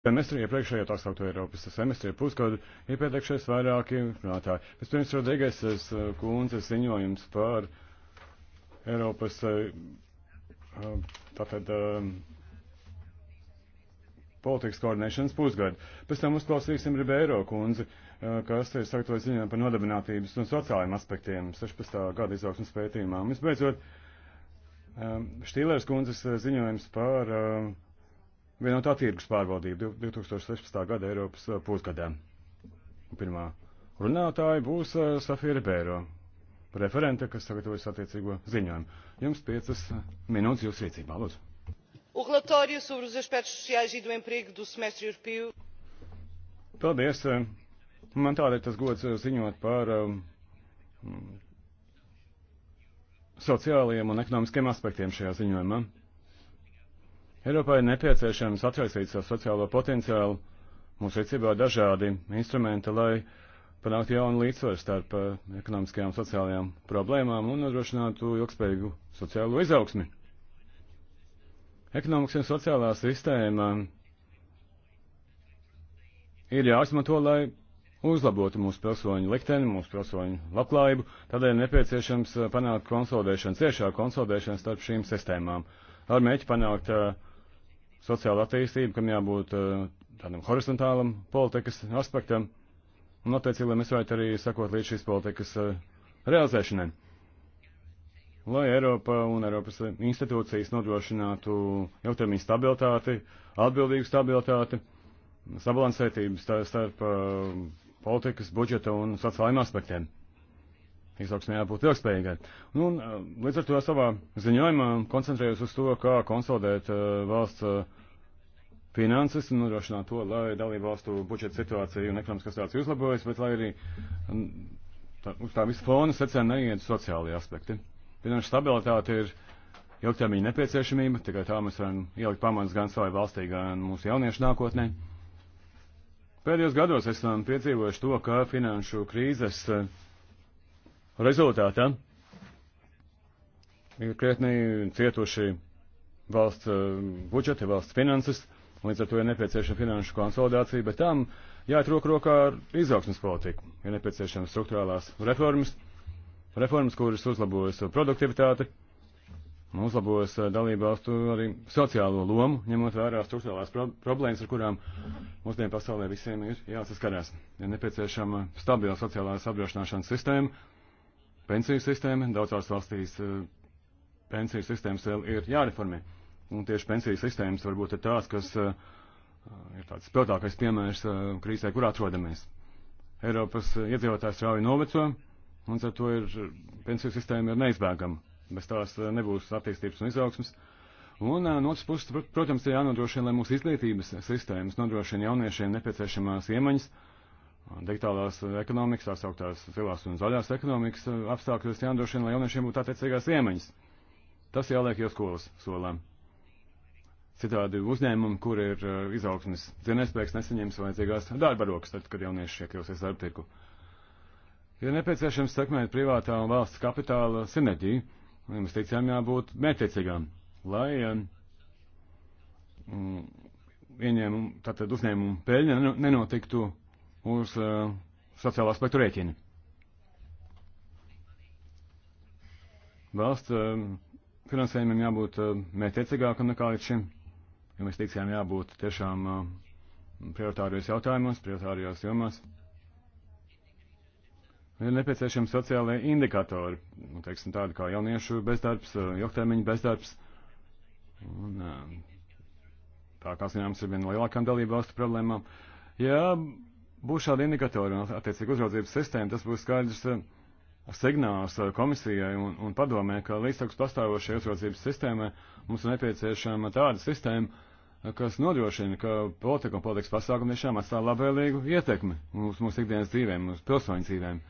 Semestri iepriekšējā tā saukto Eiropas semestri pusgadu ir pieteikšies vairāki runātāji. Vispirms Rodrīgais eh, kundzes ziņojums par Eiropas eh, eh, tātad politikas koordinēšanas pusgadu. Pēc tam uzklausīsim Ribeiro kundzi, kas ir sagatavojis ziņojumu par nodarbinātības un sociālajiem aspektiem 16. gada izaugsmas pētījumā. Visbeidzot, Štīlērs kundzes ziņojums par uh, vienotā tirgus pārvaldība 2016. gada Eiropas eh, pusgadā. Pirmā runātāja būs eh, Safira Bēro, referente, kas sagatavojas attiecīgo ziņojumu. Jums piecas eh, minūtes jūsu rīcībā, lūdzu. O relatório sobre os aspectos sociais e do emprego do semestre europeu. Paldies. Man tādēļ tas gods ziņot par um, sociālajiem un ekonomiskiem aspektiem šajā ziņojumā. Um. Eiropai ir nepieciešams atraisīt savu sociālo potenciālu. Mums rīcībā ir dažādi instrumenti, lai panāktu jaunu līdzsvaru starp eh, ekonomiskajām un sociālajām problēmām un nodrošinātu ilgspējīgu sociālo izaugsmi. Ekonomikas un sociālā sistēma ir jāizmanto, lai uzlabotu mūsu pilsoņu likteni, mūsu pilsoņu labklājību, tādēļ nepieciešams eh, panākt konsolidēšanu, ciešā konsolidēšanu starp šīm sistēmām, ar mēģi panākt uh, sociāla attīstība, kam jābūt eh, tādam horizontālam politikas aspektam, un attiecīgi, lai mēs varētu arī sakot līdz šīs politikas eh, realizēšanai. Lai Eiropa un Eiropas institūcijas nodrošinātu ilgtermiņa stabilitāti, atbildīgu stabilitāti, sabalansētību starp eh, politikas, budžeta un sociālajiem aspektiem izaugsmē jābūt ilgspējīgai. Nu, un, eh, līdz ar to savā ziņojumā koncentrējos uz to, kā konsolidēt eh, valsts eh, finanses un nodrošināt to, lai dalību valstu budžeta situācija un ekonomiskā situācija uzlabojas, bet lai arī tā, uz tā visu fonu secē neiet sociālajie aspekti. Finanšu stabilitāte ir ilgtermiņa nepieciešamība, tikai tā mēs varam ielikt pamats gan savai valstī, gan mūsu jauniešu nākotnē. Pēdējos gados esam piedzīvojuši to, ka finanšu krīzes uh, Rezultātā ir krietni cietuši valsts eh, budžeti, valsts finanses, līdz ar to ir nepieciešama finanšu konsolidācija, bet tam jāiet roku rokā ar izaugsmas politiku. Ir nepieciešamas struktūrālās reformas, reformas, kuras uzlabojas produktivitāti, uzlabojas eh, dalību valstu arī sociālo lomu, ņemot vērā struktūrālās pro problēmas, ar kurām mūsdienu pasaulē visiem ir jāsaskarās. Ir nepieciešama stabila sociālās apdrošināšanas sistēma, pensiju sistēma. Daudzās valstīs eh, pensiju sistēmas vēl ir jāreformē. Un tieši pensiju sistēmas varbūt ir tās, kas eh, ir tāds spilgtākais piemērs eh, krīzē, kur atrodamies. Eiropas iedzīvotājs strauji noveco, un ar to ir pensiju sistēma ir neizbēgama. Bez tās nebūs attīstības un izaugsmas. Un no otras puses, protams, ir jānodrošina, lai mūsu izglītības sistēmas nodrošina jauniešiem nepieciešamās iemaņas, uh, digitālās ekonomikas, tās augtās zilās un zaļās ekonomikas eh, apstākļos jānodrošina, lai jauniešiem būtu attiecīgās iemaņas. Tas jāliek jau skolas solām. Citādi uzņēmumi, kur ir eh, izaugsmes zinājumspēks, nesaņems vajadzīgās darba rokas, tad, kad jaunieši iekļausies darba tirku. Ir nepieciešams sekmēt privātā un valsts kapitāla sinerģiju, un investīcijām jābūt mērķiecīgām, lai eh, mm, ieņēmumu, tātad uzņēmumu peļņa nenotiktu uz uh, sociālo aspektu rēķini. Valsts uh, finansējumam jābūt uh, mērķiecīgākam nekā līdz šim. Investīcijām jābūt tiešām uh, prioritārijos jautājumos, prioritārijos jomās. Ir nepieciešami sociālai indikatori, nu, teiksim, tādi kā jauniešu bezdarbs, ilgtermiņa bezdarbs. Un, tā kā zināms, ir viena no lielākām dalību valstu problēmām. Ja būs šādi indikatori un attiecīgi uzraudzības sistēma, tas būs skaidrs eh, signāls eh, komisijai un, un padomē, ka līdztekus pastāvošajai uzraudzības sistēmai mums ir nepieciešama tāda sistēma, eh, kas nodrošina, ka politika un politikas pasākumi tiešām atstāja labvēlīgu ietekmi uz mūsu ikdienas dzīvēm, uz pilsoņu dzīvēm.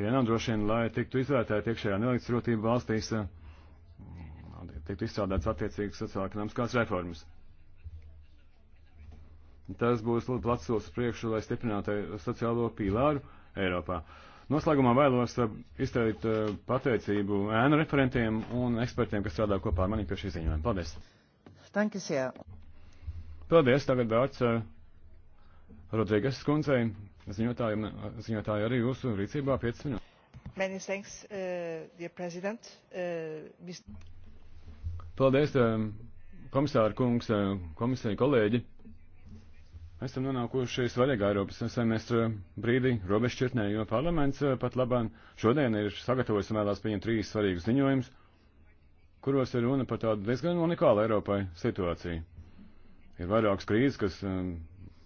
Ja nodrošina, lai tiktu izvērtēta iekšējā nelīdzsvarotība valstīs, tiktu izstrādāts attiecīgas sociālā ekonomiskās reformas. Tas būs plats solis priekšu, lai stiprinātu sociālo pīlāru Eiropā. Noslēgumā vēlos uh, izteikt uh, pateicību ēnu referentiem un ekspertiem, kas strādā kopā ar mani pie šī ziņojuma. Paldies! Tankis, jā. Paldies, tagad vārds uh, Rodrīgas skundzei. Ziņotājiem, ziņotāji arī jūsu rīcībā 5 minūtes. Many thanks, uh, dear President. Uh, Mr. Paldies, um, komisāra kungs, komisija kolēģi. Mēs esam nonākuši svarīgā Eiropas semestra brīdī, robežšķirtnē, jo parlaments eh, pat labāk šodien ir sagatavojis un vēlās pieņemt trīs svarīgus ziņojumus, kuros ir runa par tādu diezgan unikālu Eiropai situāciju. Ir vairākas krīzes, kas eh,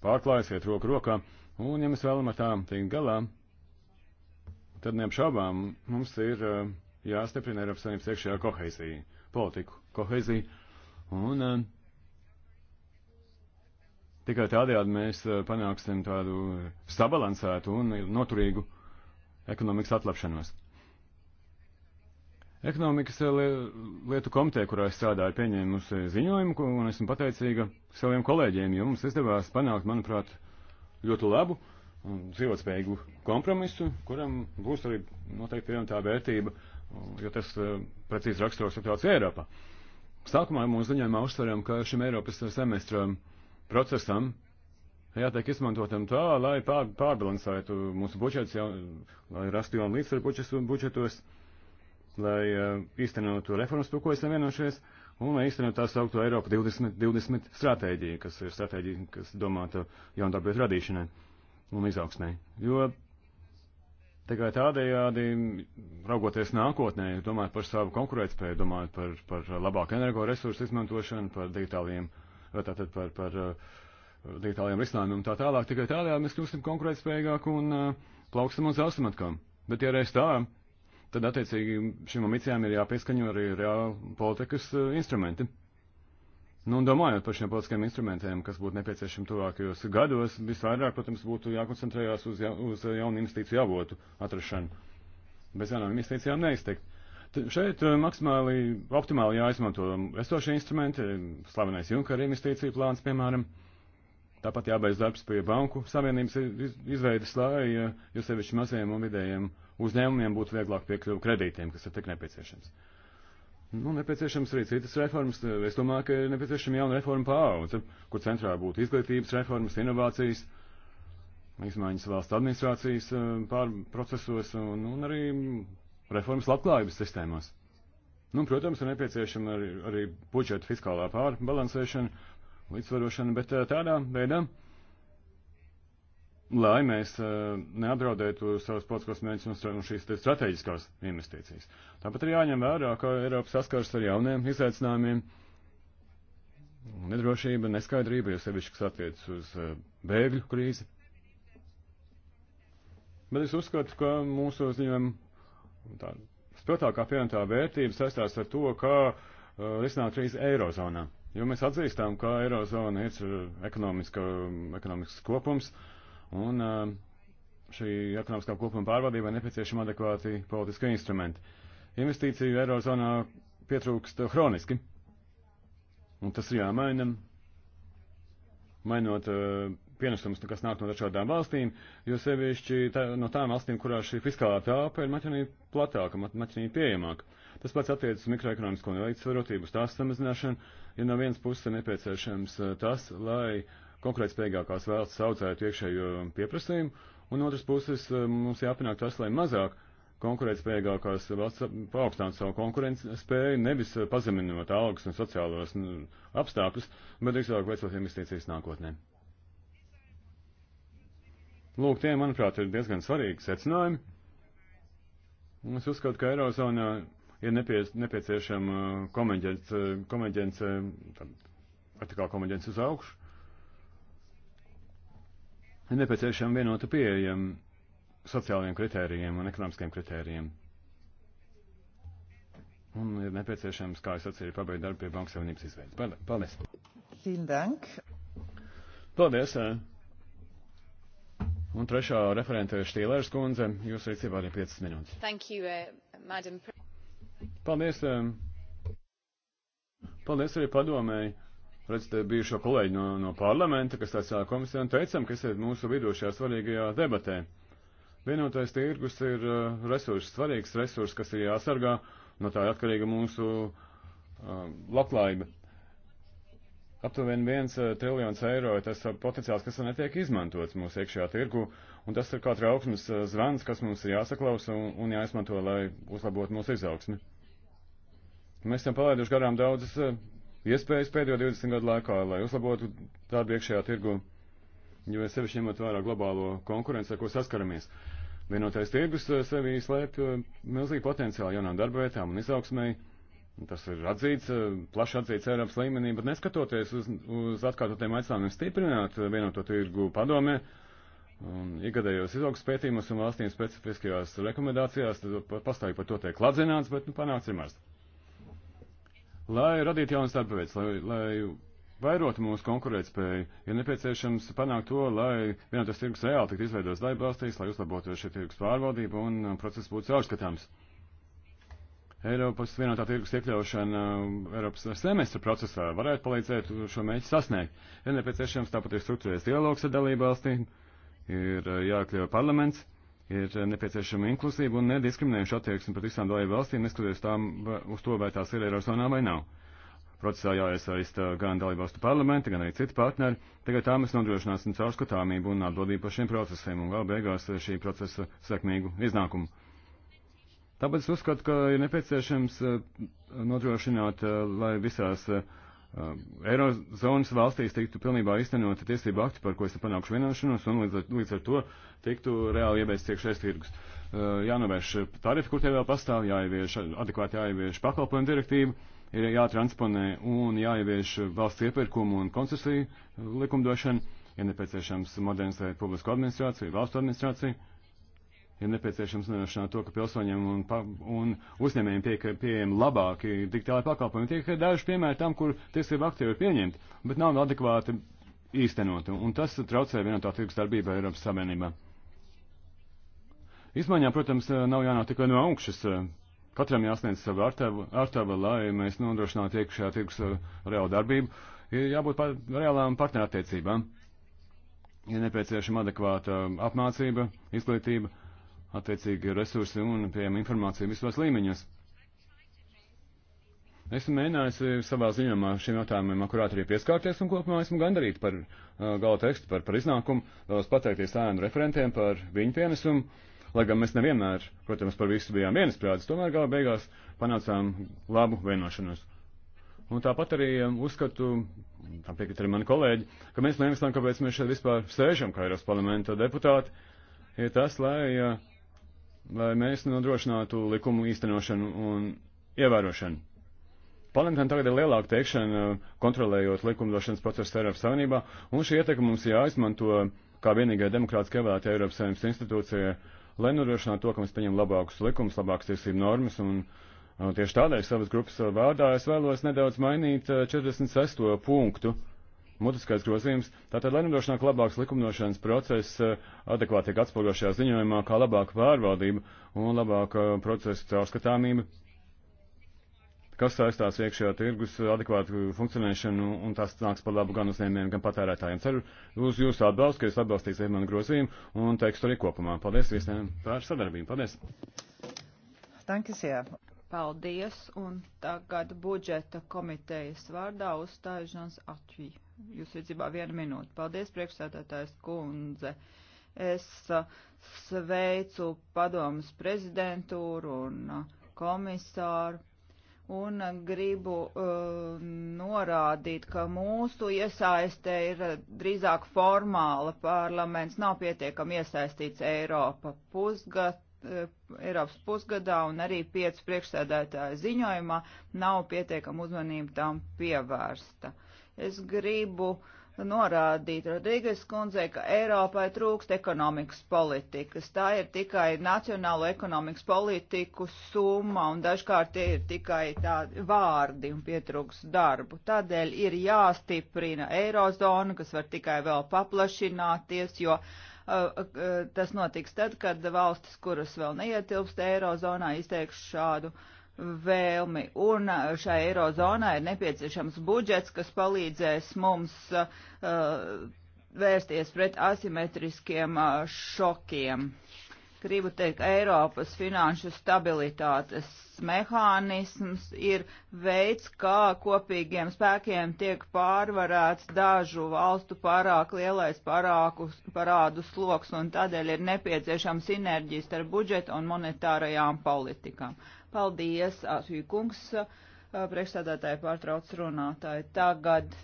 pārklājas, iet roku rokā, un ja mēs vēlam ar tām tikt galā, tad neapšaubām mums ir eh, jāstiprina Eiropas Savienības iekšējā koheizija, politiku koheizija. Un Tikai tādējādi mēs eh, panāksim tādu sabalansētu un noturīgu ekonomikas atlapšanos. Ekonomikas eh, lietu komiteja, kurā es strādāju, pieņēmusi ziņojumu, un esmu pateicīga saviem kolēģiem, jo mums izdevās panākt, manuprāt, ļoti labu un dzīvotspējīgu kompromisu, kuram būs arī noteikti pievienotā vērtība, jo tas eh, precīzi raksturo situāciju Eiropā. Sākumā mūsu ziņojumā uzsveram, ka šim Eiropas semestram procesam jātiek izmantotam tā, lai pār, pārbalansētu mūsu budžets, jā, lai rastu jaunu līdzsvaru budžetos, lai uh, īstenotu reformas, par ko esam vienojušies, un lai īstenotu tā saukto Eiropa 2020 20 stratēģiju, kas ir stratēģija, kas domāta jaunu darbu vietu radīšanai un izaugsmē. Jo tikai tādējādi, raugoties nākotnē, domājot par savu konkurētspēju, domājot par, par labāku energoresursu izmantošanu, par digitāliem uh, tātad par, par eh, digitāliem risinājumiem un tā tālāk. Tikai tādā mēs kļūstam konkurētspējīgāk un eh, plaukstam uz austrumatkām. Bet, ja reiz tā, tad attiecīgi šīm ambīcijām ir jāpieskaņo arī reāli politikas eh, instrumenti. Nu, un domājot par šiem politiskiem instrumentiem, kas būtu nepieciešami tuvākajos gados, visvairāk, protams, būtu jākoncentrējās uz, ja, uz jaunu investīciju avotu atrašanu. Bez jaunām investīcijām neiztikt. Šeit eh, maksimāli optimāli jāizmanto esošie instrumenti, eh, slavenais Junkara investīcija plāns, piemēram. Tāpat jābeidz darbs pie banku savienības izveidas, lai eh, jo sevišķi mazajiem un vidējiem uzņēmumiem būtu vieglāk piekļuvu kredītiem, kas ir tik nepieciešams. Nu, nepieciešams arī citas reformas. Es domāju, ka ir nepieciešama jauna reforma paudze, kur centrā būtu izglītības reformas, inovācijas, izmaiņas valsts administrācijas pārprocesos un, un arī reformas labklājības sistēmās. Nu, protams, ir nepieciešama arī, arī budžeta fiskālā pārbalansēšana, līdzsvarošana, bet eh, tādā veidā, lai mēs eh, neapdraudētu savus politiskos mērķus un šīs strateģiskās investīcijas. Tāpat arī jāņem vērā, ka Eiropa saskars ar jauniem izaicinājumiem. Nedrošība, neskaidrība, jo sevišķi, kas attiec uz eh, bēgļu krīzi. Bet es uzskatu, ka mūsu uzņēmumu tā spilgtākā pievienotā vērtība saistās ar to, kā uh, risināt krīzi Eirozonā. Jo mēs atzīstam, ka Eirozona ir uh, um, ekonomisks kopums, un uh, šī ekonomiskā kopuma pārvaldība ir nepieciešama adekvāti politiska instrumenti. Investīciju Eirozonā pietrūkst hroniski, un tas ir jāmaina, mainot uh, pienesums, nu, kas nāk no dažādām valstīm, jo sevišķi tā, no tām valstīm, kurā šī fiskālā tāpa ir maķinīja platāka, ma maķinīja pieejamāka. Tas pats attiecas mikroekonomisko nelīdzsvarotību, tās samazināšanu, ja no vienas puses ir nepieciešams eh, tas, lai konkurētspējīgākās valsts saucētu iekšējo pieprasījumu, un no otras puses eh, mums jāpanāk tas, lai mazāk konkurētspējīgākās valsts paaugstinātu savu konkurences spēju, nevis pazeminot algas un sociālos nu, apstākļus, bet drīzāk veicot investīcijas nākotnē. Lūk, tie, manuprāt, ir diezgan svarīgi secinājumi. Un es uzskatu, ka Eirozonā ir nepie, nepieciešama komenģence, komenģence vertikāla komenģence uz augšu. Ir nepieciešama vienota pieeja sociālajiem kritērijiem un ekonomiskiem kritērijiem. Un ir nepieciešams, kā es atceru, pabeigt darbu pie Bankas Savienības izveidas. Paldies! Paldies! Un trešā referente Štīlērs kundze, jūsu rīcībā arī 5 minūtes. Thank you, uh, madam. Paldies. Um, paldies arī padomēji. Redzat, bijušo kolēģi no, no parlamenta, kas tāds komisijā un teicam, kas ir mūsu vidū šajā svarīgajā debatē. Vienotais tirgus ir uh, resurss, svarīgs resurss, kas ir jāsargā, no tā ir atkarīga mūsu uh, labklājība aptuveni 1 eh, triljons eiro, tas potenciāls, kas netiek izmantots mūsu iekšējā tirgu, un tas ir kā trauksmes eh, zvans, kas mums ir jāsaklausa un, un jāizmanto, lai uzlabotu mūsu izaugsmi. Mēs esam palaiduši garām daudzas eh, iespējas pēdējo 20 gadu laikā, lai uzlabotu darbu iekšējā tirgu, jo es sevišķi ņemot vērā globālo konkurenci, ar ko saskaramies. Vienotais tirgus sevī slēpj milzīgu potenciālu jaunām darba vietām un izaugsmēji Tas ir atzīts, eh, plaši atzīts Eiropas līmenī, bet neskatoties uz, uz atkārtotiem aicinājumiem stiprināt eh, vienoto tirgu padomē, un ikgadējos izaugs pētījumus un valstīm specifiskajās rekomendācijās, tad pastāvīgi par to tiek ladzināts, bet nu, panāks ir maz. Lai radītu jaunas darba vietas, lai, lai vairotu mūsu konkurētspēju, ir nepieciešams panākt to, lai vienotas tirgus reāli tiktu izveidots darba valstīs, lai uzlabotu šī tirgus pārvaldība un eh, process būtu caurskatāms. Eiropas vienotā tirgus iekļaušana um, Eiropas semestra procesā varētu palīdzēt šo mērķu sasniegt. Ir nepieciešams tāpat ir struktūrēs dialogs ar dalību valstīm, ir uh, jākļauj parlaments, ir uh, nepieciešama inklusība un nediskriminējuša attieksme pret visām dalību valstīm, neskatoties tām uz to, vai tās ir Eirozonā vai nav. Procesā jāiesaist gan dalību valstu parlamenti, gan arī citi partneri. Tagad tā mēs nodrošināsim caurskatāmību un atbildību par šiem procesiem un vēl beigās šī procesa sekmīgu iznākumu. Tāpēc es uzskatu, ka ir nepieciešams eh, nodrošināt, eh, lai visās eh, Eirozonas valstīs tiktu pilnībā iztenota tiesība akti, par ko esam panākuši vienošanos, un līdz ar, līdz ar to tiktu reāli ieviests iekšējais tirgus. Jānovērš tarifi, kur tie vēl pastāv, jāievieš adekvāti jāievieš pakalpojumu direktīvu, ir jātransponē un jāievieš valsts iepirkumu un koncesiju likumdošanu, ja nepieciešams modernizēt publisko administrāciju, valstu administrāciju ir nepieciešams nodrošināt to, ka pilsoņiem un, pa, un uzņēmējiem tiek pieejami labāki digitālai pakalpojumi. Tiek daži piemēri tam, kur tiesība aktīvi ir pieņemta, bet nav adekvāti īstenota, un tas traucē vienotā tirgus darbībā Eiropas Savienībā. Izmaiņām, protams, nav jānāk tikai no augšas. Katram jāsniedz savu ārtavu, ārtavu lai mēs nodrošinātu iekšējā tirgus reālu darbību. Ir jābūt par, reālām partnerattiecībām. Ir nepieciešama adekvāta apmācība, izglītība attiecīgi resursi un pieejama informācija visos līmeņos. Esmu mēģinājis eh, savā ziņojumā šiem jautājumiem akurāt arī pieskārties un kopumā esmu gandarīti par uh, gala tekstu, par, par iznākumu, vēlos pateikties ēnu referentiem par viņu pienesumu, lai gan mēs nevienmēr, protams, par visu bijām vienasprādes, tomēr gala beigās panācām labu vienošanos. Un tāpat arī eh, uzskatu, tam piekrīt arī mani kolēģi, ka mēs nevienam, kāpēc mēs šeit vispār sēžam, kā Eiropas parlamenta deputāti, ir tas, lai uh, lai mēs nodrošinātu likumu īstenošanu un ievērošanu. Parlamentam tagad ir lielāka teikšana uh, kontrolējot likumdošanas procesu Eiropas Savienībā, un šī ietekme mums jāizmanto kā vienīgai demokrātiski ievēlētai Eiropas Savienības institūcijai, lai nodrošinātu to, ka mēs pieņem labākus likumus, labākas tiesību normas, un uh, tieši tādēļ savas grupas vārdā es vēlos nedaudz mainīt 46. Uh, punktu mutiskais grozījums. Tātad, lai nodrošinātu labāks likumdošanas process, eh, adekvātāk atspoguļošajā ziņojumā, kā labāka pārvaldība un labāka eh, procesa caurskatāmība, kas saistās iekšējā tirgus eh, adekvātu funkcionēšanu un tas nāks par labu gan uzņēmējiem, gan patērētājiem. Ceru uz jūsu atbalstu, ka jūs atbalstīsiet manu grozījumu un tekstu arī kopumā. Paldies visiem par sadarbību. Paldies! Tankis, jā. Paldies, un tagad budžeta komitejas vārdā uzstājušās atvīja jūs rīcībā vienu minūti. Paldies, priekšsēdētājs kundze. Es uh, sveicu padomus prezidentūru un uh, komisāru un uh, gribu uh, norādīt, ka mūsu iesaiste ir drīzāk formāla. Parlaments nav pietiekami iesaistīts Eiropa pusgad, uh, Eiropas pusgadā un arī piec priekšsēdētāja ziņojumā nav pietiekama uzmanība tam pievērsta. Es gribu norādīt Rodrīgas kundzei, ka Eiropai trūkst ekonomikas politikas. Tā ir tikai nacionālo ekonomikas politiku summa un dažkārt tie ir tikai tādi vārdi un pietrūks darbu. Tādēļ ir jāstiprina Eirozona, kas var tikai vēl paplašināties, jo uh, uh tas notiks tad, kad valstis, kuras vēl neietilpst Eirozonā, izteiks šādu uh, vēlmi. Un uh, šai eirozonai ir nepieciešams budžets, kas palīdzēs mums uh, vērsties pret asimetriskiem uh, šokiem. Gribu teikt, Eiropas finanšu stabilitātes mehānisms ir veids, kā kopīgiem spēkiem tiek pārvarēts dažu valstu pārāk lielais parāku, parādu sloks, un tādēļ ir nepieciešama sinerģijas starp budžetu un monetārajām politikām Paldies, Āfī kungs, priekšstādātāja pārtrauc runātāji. Tagad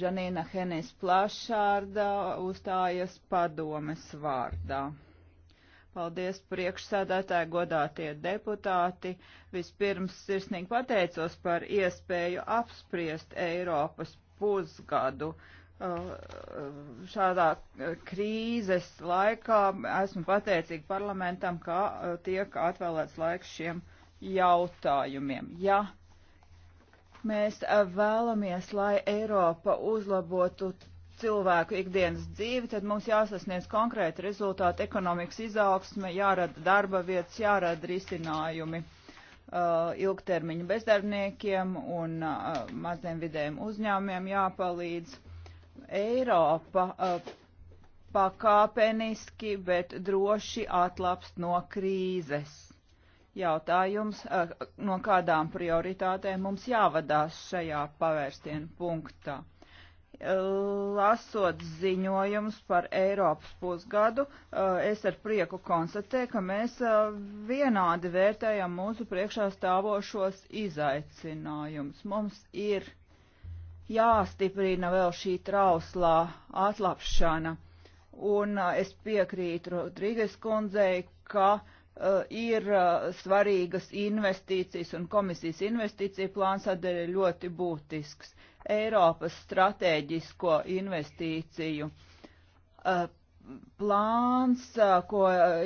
Žanīna Henis Plašārda uzstājas padomes vārdā. Paldies priekšsēdētāji, godātie deputāti. Vispirms sirsnīgi pateicos par iespēju apspriest Eiropas pusgadu. Uh, Uh, šādā krīzes laikā esmu pateicīga parlamentam, ka uh, tiek atvēlēts laiks šiem jautājumiem. Ja mēs uh, vēlamies, lai Eiropa uzlabotu cilvēku ikdienas dzīvi, tad mums jāsasniedz konkrēti rezultāti ekonomikas izaugsme, jārada darba vietas, jārada risinājumi uh, ilgtermiņu bezdarbniekiem un uh, maziem vidējiem uzņēmumiem jāpalīdz Eiropa eh, pakāpeniski, bet droši atlapst no krīzes. Jautājums, eh, no kādām prioritātēm mums jāvadās šajā pavērstienu punktā. Lasot ziņojums par Eiropas pusgadu, eh, es ar prieku konstatēju, ka mēs vienādi vērtējam mūsu priekšā stāvošos izaicinājumus. Mums ir jāstiprina vēl šī trauslā atlapšana. Un uh, es piekrītu Rodrīgas kundzei, ka uh, ir uh, svarīgas investīcijas un komisijas investīcija plāns tādēļ ir ļoti būtisks. Eiropas stratēģisko investīciju uh, plāns, ko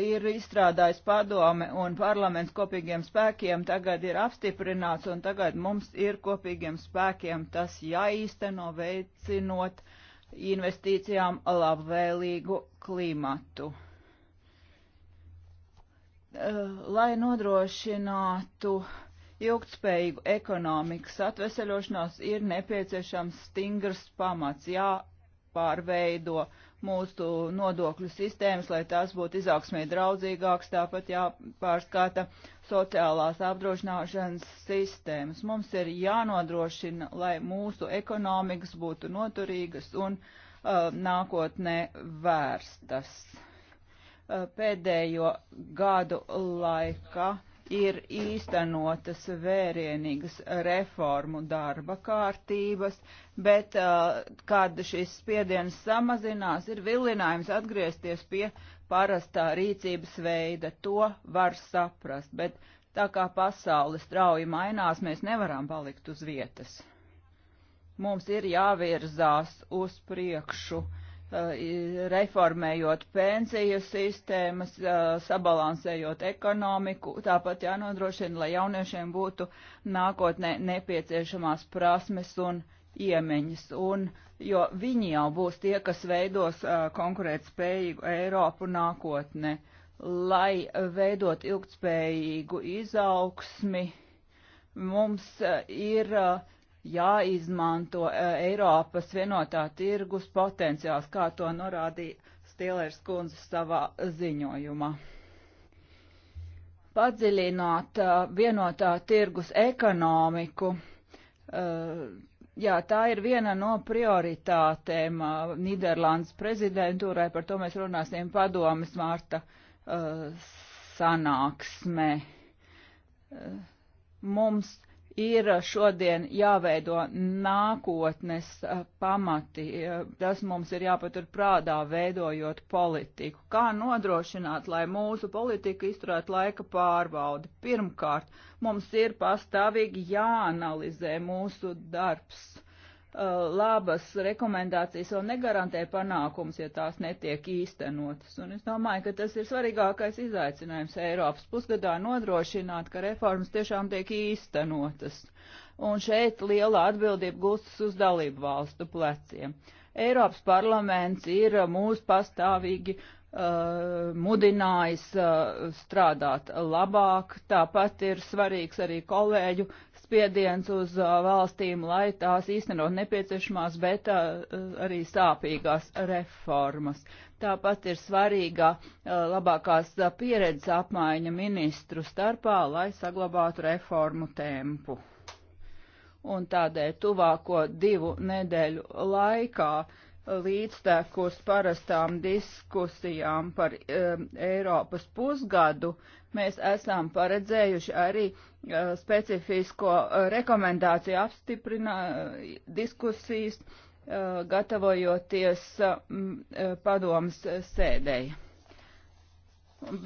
ir izstrādājis padome un parlaments kopīgiem spēkiem, tagad ir apstiprināts un tagad mums ir kopīgiem spēkiem tas jāīsteno veicinot investīcijām labvēlīgu klimatu. Lai nodrošinātu ilgtspējīgu ekonomikas atveseļošanos, ir nepieciešams stingrs pamats, jāpārveido mūsu nodokļu sistēmas, lai tās būtu izaugsmē draudzīgākas, tāpat jāpārskata sociālās apdrošināšanas sistēmas. Mums ir jānodrošina, lai mūsu ekonomikas būtu noturīgas un uh, nākotnē vērstas. Uh, pēdējo gadu laikā uh, ir īstenotas vērienīgas reformu darba kārtības, bet uh, kad šis spiediens samazinās, ir vilinājums atgriezties pie parastā rīcības veida. To var saprast, bet tā kā pasaule strauji mainās, mēs nevaram palikt uz vietas. Mums ir jāvirzās uz priekšu Uh, reformējot pensiju sistēmas, uh, sabalansējot ekonomiku, tāpat jānodrošina, lai jauniešiem būtu nākotnē nepieciešamās prasmes un iemeņas, un, jo viņi jau būs tie, kas veidos uh, konkurētspējīgu Eiropu nākotnē, lai veidot ilgtspējīgu izaugsmi. Mums ir uh, jāizmanto eh, Eiropas vienotā tirgus potenciāls, kā to norādīja Stīlers kundze savā ziņojumā. Padziļināt eh, vienotā tirgus ekonomiku, eh, jā, tā ir viena no prioritātēm Niderlandes prezidentūrai, par to mēs runāsim padomas Mārta sanāksmē. Mums ir šodien jāveido nākotnes eh, pamati. Eh, tas mums ir jāpatur prādā, veidojot politiku. Kā nodrošināt, lai mūsu politika izturētu laika pārbaudi? Pirmkārt, mums ir pastāvīgi jāanalizē mūsu darbs labas rekomendācijas vēl negarantē panākums, ja tās netiek īstenotas. Un es domāju, ka tas ir svarīgākais izaicinājums Eiropas pusgadā nodrošināt, ka reformas tiešām tiek īstenotas. Un šeit liela atbildība gulstas uz dalību valstu pleciem. Eiropas parlaments ir mūs pastāvīgi uh, mudinājis uh, strādāt labāk, tāpat ir svarīgs arī kolēģu spiediens uz uh, valstīm, lai tās īstenot nepieciešamās, bet uh, arī sāpīgās reformas. Tāpat ir svarīga uh, labākās pieredzes apmaiņa ministru starpā, lai saglabātu reformu tempu. Un tādēļ tuvāko divu nedēļu laikā uh, līdztekus parastām diskusijām par um, Eiropas pusgadu, mēs esam paredzējuši arī uh, specifisko uh, rekomendāciju apstiprinā uh, diskusijas, uh, gatavojoties uh, uh padomas sēdēji.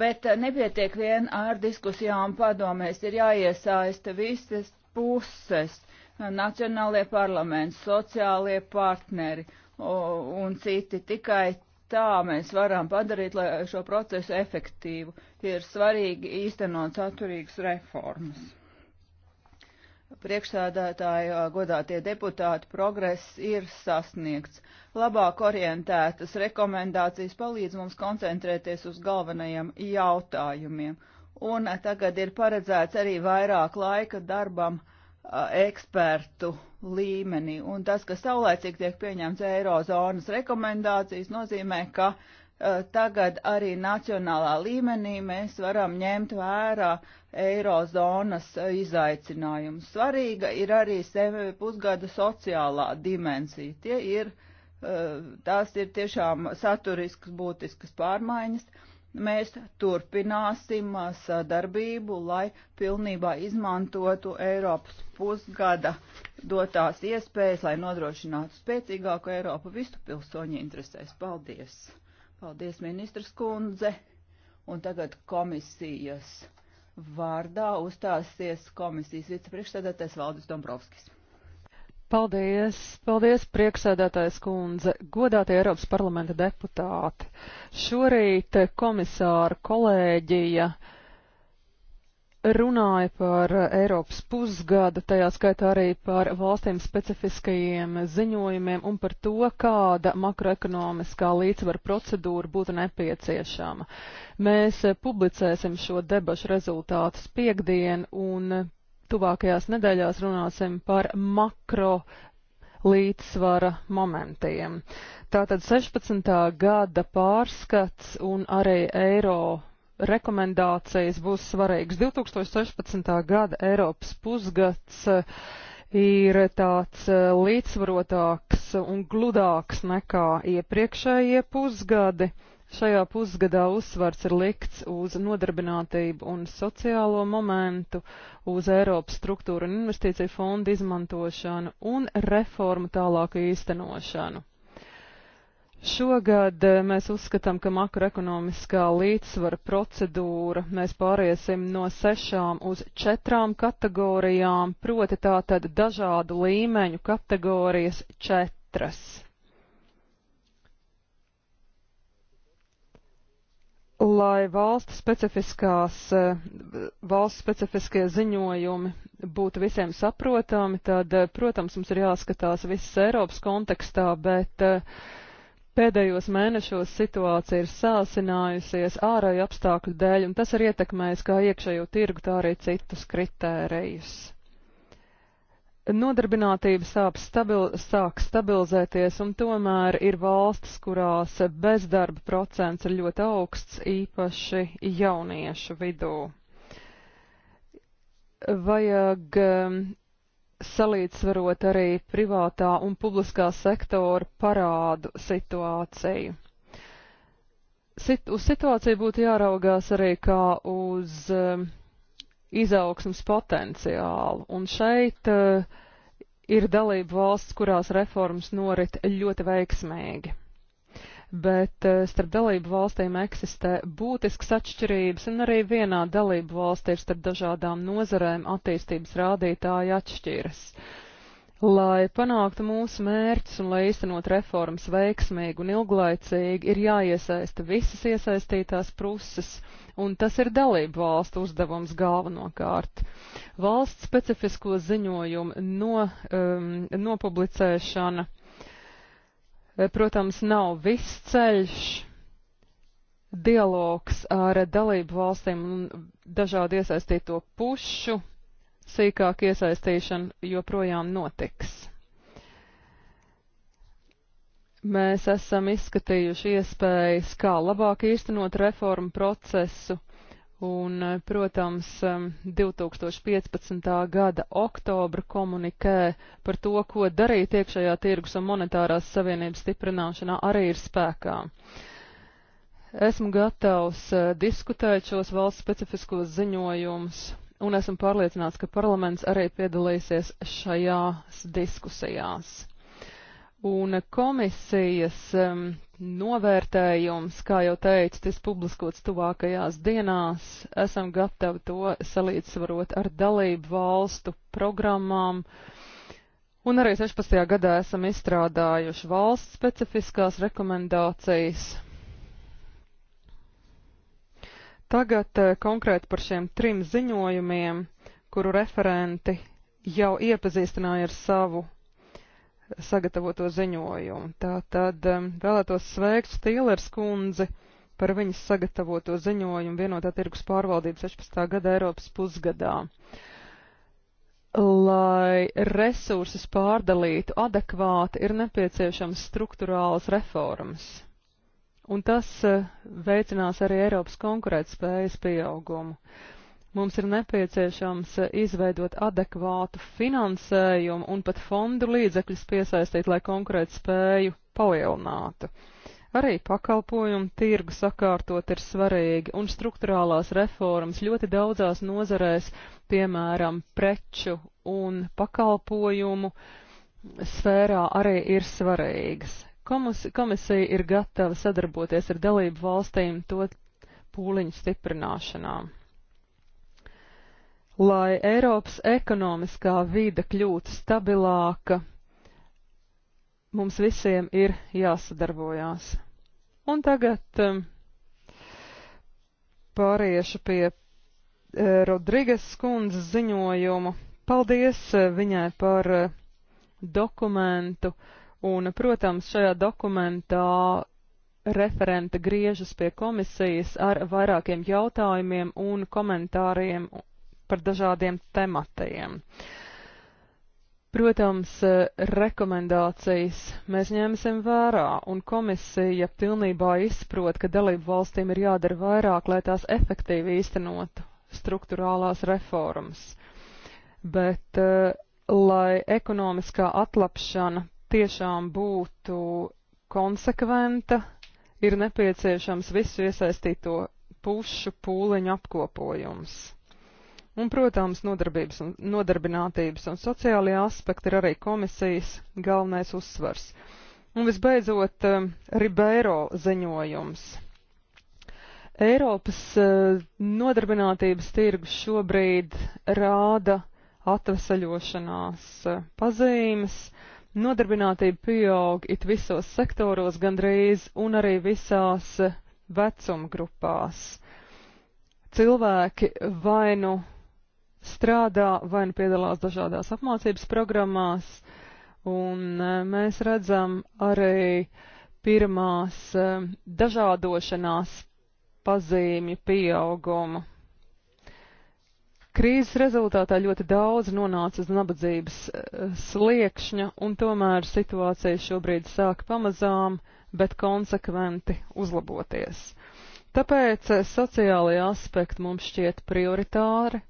Bet uh, nepietiek vien ar diskusijām padomēs, ir jāiesaista visas puses, nacionālie parlamenti, sociālie partneri, uh, un citi. Tikai tā mēs varam padarīt lai šo procesu efektīvu. Tie ir svarīgi īstenot saturīgas reformas. Priekšsādātāji, godātie deputāti, progress ir sasniegts. Labāk orientētas rekomendācijas palīdz mums koncentrēties uz galvenajiem jautājumiem. Un tagad ir paredzēts arī vairāk laika darbam uh, Uh, ekspertu līmenī. Un tas, ka saulēcīgi tiek pieņemts eirozonas rekomendācijas, nozīmē, ka uh, tagad arī nacionālā līmenī mēs varam ņemt vērā eirozonas uh, izaicinājumus. Svarīga ir arī pusgada sociālā dimensija. Tie ir, uh, tās ir tiešām saturiskas, būtiskas pārmaiņas Mēs turpināsim uh, sadarbību, lai pilnībā izmantotu Eiropas pusgada dotās iespējas, lai nodrošinātu spēcīgāku Eiropu visu pilsoņu interesēs. Paldies! Paldies, ministrs kundze! Un tagad komisijas vārdā uzstāsies komisijas vicepriekšsēdētājs Valdis Dombrovskis. Paldies, paldies, prieksēdētājs kundze, godātie Eiropas parlamenta deputāti. Šorīt komisāra kolēģija runāja par Eiropas pusgadu, tajā skaitā arī par valstīm specifiskajiem ziņojumiem un par to, kāda makroekonomiskā līdzsvara procedūra būtu nepieciešama. Mēs publicēsim šo debašu rezultātus piekdien un tuvākajās nedēļās runāsim par makro līdzsvara momentiem. Tātad 16. gada pārskats un arī eiro rekomendācijas būs svarīgs. 2016. gada Eiropas pusgads eh, ir tāds eh, līdzsvarotāks un gludāks nekā iepriekšējie pusgadi, Šajā pusgadā uzsvars ir likts uz nodarbinātību un sociālo momentu, uz Eiropas struktūru un investīciju fondu izmantošanu un reformu tālāku īstenošanu. Šogad eh, mēs uzskatām, ka makroekonomiskā līdzsvara procedūra mēs pāriesim no sešām uz četrām kategorijām, proti tātad dažādu līmeņu kategorijas četras. lai valsts specifiskās, eh, valsts specifiskie ziņojumi būtu visiem saprotami, tad, eh, protams, mums ir jāskatās viss Eiropas kontekstā, bet eh, pēdējos mēnešos situācija ir sāsinājusies ārēju apstākļu dēļ, un tas ir ietekmējis kā iekšējo tirgu, tā arī citus kritērijus. Nodarbinātība sāp stabil, sāk stabilizēties, un tomēr ir valstis, kurās bezdarba procents ir ļoti augsts, īpaši jauniešu vidū. Vajag um, salīdzvarot arī privātā un publiskā sektora parādu situāciju sit, uz situāciju būtu jāraugās arī kā uz um, izaugsmas potenciālu. Un šeit uh, ir dalību valsts, kurās reformas norit ļoti veiksmīgi. Bet uh, starp dalību valstīm eksistē būtisks atšķirības, un arī vienā dalību valstī ir starp dažādām nozarēm attīstības rādītāji atšķiras. Uh, Lai panāktu mūsu mērķus un lai īstenot reformas veiksmīgi un ilglaicīgi, ir jāiesaista visas iesaistītās puses, un tas ir dalību valstu uzdevums galvenokārt. Valsts specifisko ziņojumu no, um, nopublicēšana, eh, protams, nav viss ceļš, dialogs ar dalību valstīm un dažādu iesaistīto pušu sīkāk iesaistīšana joprojām notiks. Mēs esam izskatījuši iespējas, kā labāk īstenot reformu procesu, un, protams, 2015. Um, gada oktobra komunikē par to, ko darīt iekšējā tirgus un monetārās savienības stiprināšanā arī ir spēkā. Esmu gatavs uh, diskutēt šos valsts specifiskos ziņojumus un esmu pārliecināts, ka parlaments arī piedalīsies šajās diskusijās. Un komisijas um, novērtējums, kā jau teicu, tas publiskots tuvākajās dienās. Esam gatavi to salīdzvarot ar dalību valstu programmām. Un arī 16. gadā esam izstrādājuši valsts specifiskās rekomendācijas, Tagad eh, konkrēti par šiem trim ziņojumiem, kuru referenti jau iepazīstināja ar savu eh, sagatavoto ziņojumu. Tātad eh, vēlētos sveikt Stīlers kundzi par viņas sagatavoto ziņojumu vienotā tirgus pārvaldību 16. gada Eiropas pusgadā. Lai resursus pārdalītu adekvāti, ir nepieciešams struktūrāls reformas un tas eh, veicinās arī Eiropas konkurētspējas pieaugumu. Mums ir nepieciešams eh, izveidot adekvātu finansējumu un pat fondu līdzekļus piesaistīt, lai konkurētspēju palielinātu. Arī pakalpojumu tirgu sakārtot ir svarīgi, un struktūrālās reformas ļoti daudzās nozarēs, piemēram, preču un pakalpojumu sfērā arī ir svarīgas. Komis, komisija ir gatava sadarboties ar dalību valstīm to pūliņu stiprināšanā. Lai Eiropas ekonomiskā vīda kļūtu stabilāka, mums visiem ir jāsadarbojās. Un tagad um, pāriešu pie e, eh, Rodrigas skundzes ziņojumu. Paldies e, viņai par e, dokumentu. Un, protams, šajā dokumentā referente griežas pie komisijas ar vairākiem jautājumiem un komentāriem par dažādiem tematiem. Protams, rekomendācijas mēs ņemsim vērā, un komisija pilnībā izprot, ka dalību valstīm ir jādara vairāk, lai tās efektīvi īstenotu struktūrālās reformas. Bet, eh, lai ekonomiskā atlapšana tiešām būtu konsekventa, ir nepieciešams visu iesaistīto pušu pūliņu apkopojums. Un, protams, nodarbības un, nodarbinātības un sociālajie aspekti ir arī komisijas galvenais uzsvars. Un visbeidzot, eh, Ribeiro ziņojums. Eiropas eh, nodarbinātības tirgus šobrīd rāda atvesaļošanās eh, pazīmes, uh, Nodarbinātība pieaug it visos sektoros gandrīz un arī visās vecuma grupās. Cilvēki vai nu strādā, vai nu piedalās dažādās apmācības programmās, un e, mēs redzam arī pirmās e, dažādošanās pazīmi pieaugumu. Krīzes rezultātā ļoti daudz nonāca uz nabadzības eh, sliekšņa, un tomēr situācija šobrīd sāk pamazām, bet konsekventi uzlaboties. Tāpēc eh, sociālajie aspekti mums šķiet prioritāri,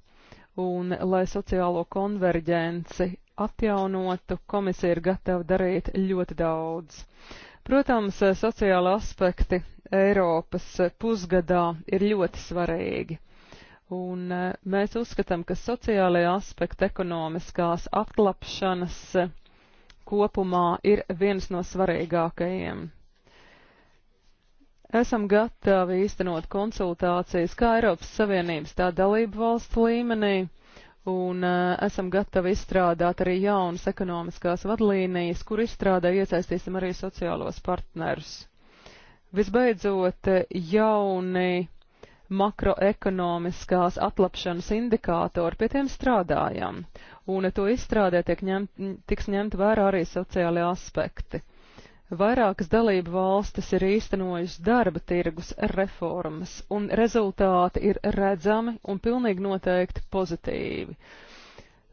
un lai sociālo konverģenci atjaunotu, komisija ir gatava darīt ļoti daudz. Protams, eh, sociāla aspekti Eiropas pusgadā ir ļoti svarīgi Un eh, mēs uzskatām, ka sociālajā aspekta ekonomiskās atlapšanas eh, kopumā ir viens no svarīgākajiem. Esam gatavi īstenot konsultācijas kā Eiropas Savienības tā dalību valstu līmenī, un eh, esam gatavi izstrādāt arī jaunas ekonomiskās vadlīnijas, kur izstrādē iesaistīsim arī sociālos partnerus. Visbeidzot, jauni makroekonomiskās atlapšanas indikātori, pie tiem strādājam, un to izstrādē tiek ņemt, tiks ņemt vērā arī sociālie aspekti. Vairākas dalību valstis ir īstenojusi darba tirgus reformas, un rezultāti ir redzami un pilnīgi noteikti pozitīvi.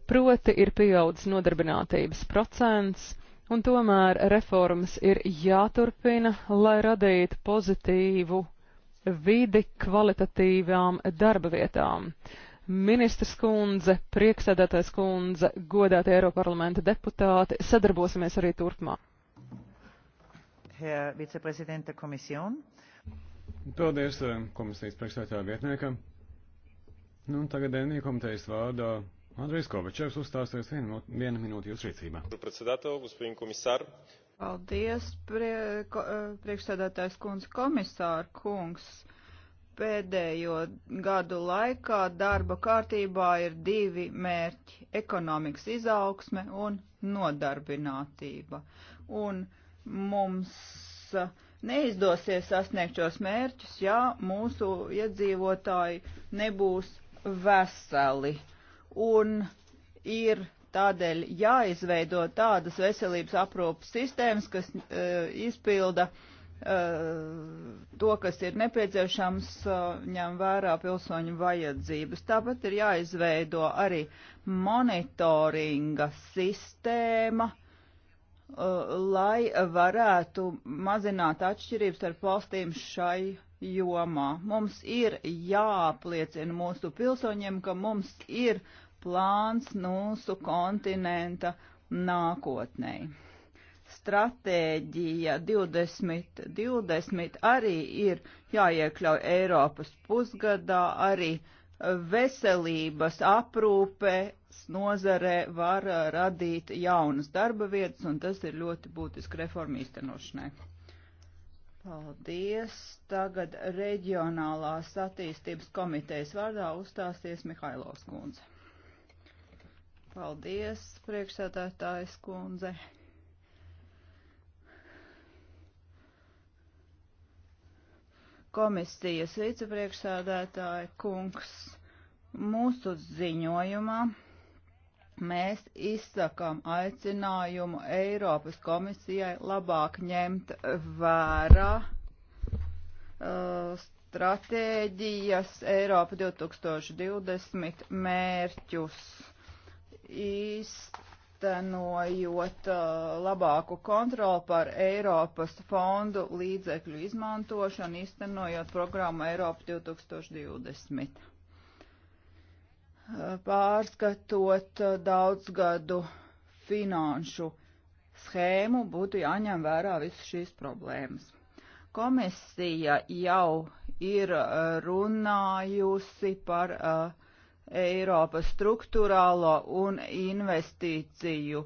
Proti ir pieaudzis nodarbinātības procents, un tomēr reformas ir jāturpina, lai radītu pozitīvu vidi kvalitatīvām darba vietām. Ministrs kundze, prieksēdētais kundze, godātie Eiroparlamenta deputāti, sadarbosimies arī turpmāk. Paldies eh, komisijas priekšsētā vietniekam. Nu, tagad Dienija komitejas vārdā Andrejs Kovačevs uzstāsies vienu, vienu minūti jūsu rīcībā. Paldies, prie, ko, eh, priekšsēdētājs kundze, komisāra kungs. Pēdējo gadu laikā darba kārtībā ir divi mērķi - ekonomikas izaugsme un nodarbinātība. Un mums eh, neizdosies sasniegt šos mērķus, ja mūsu iedzīvotāji nebūs veseli. Un ir Tādēļ jāizveido tādas veselības aprūpas sistēmas, kas uh, izpilda eh, to, kas ir nepieciešams, eh, ņem vērā pilsoņu vajadzības. Tāpat ir jāizveido arī monitoringa sistēma, lai varētu mazināt atšķirības starp valstīm šai jomā. Mums ir jāapliecina mūsu pilsoņiem, ka mums ir plāns mūsu kontinenta nākotnei. Stratēģija 2020 arī ir jāiekļauj Eiropas pusgadā, arī veselības aprūpes nozare var uh, radīt jaunas darba vietas, un tas ir ļoti būtiski reformu īstenošanai. Paldies! Tagad reģionālās attīstības komitejas vārdā uzstāsies Mihailovs Kundze. Paldies, priekšsēdētājs kundze. Komisijas vicepriekšsēdētāja kungs mūsu ziņojumā mēs izsakām aicinājumu Eiropas komisijai labāk ņemt vērā uh, stratēģijas Eiropa 2020 mērķus. Uh, īstenojot uh, labāku kontroli par Eiropas fondu līdzekļu izmantošanu, īstenojot programmu Eiropa 2020. Uh, pārskatot uh, daudzgadu finanšu schēmu, būtu jāņem vērā visas šīs problēmas. Komisija jau ir runājusi par uh, Eiropas struktūrālo un investīciju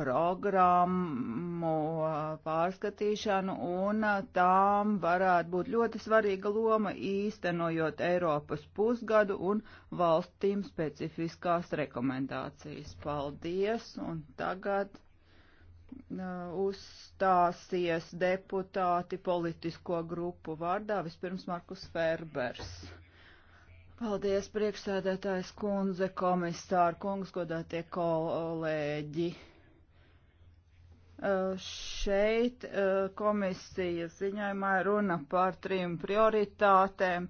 programmu uh, pārskatīšanu, un uh, tām varētu būt ļoti svarīga loma īstenojot Eiropas pusgadu un valstīm specifiskās rekomendācijas. Paldies, un tagad uh, uzstāsies deputāti politisko grupu vārdā, vispirms Markus Ferbers. Paldies, priekšsēdētājs kundze, komisāri, kungs, godātie kolēģi. Šeit komisijas ziņojumā runa par trim prioritātēm.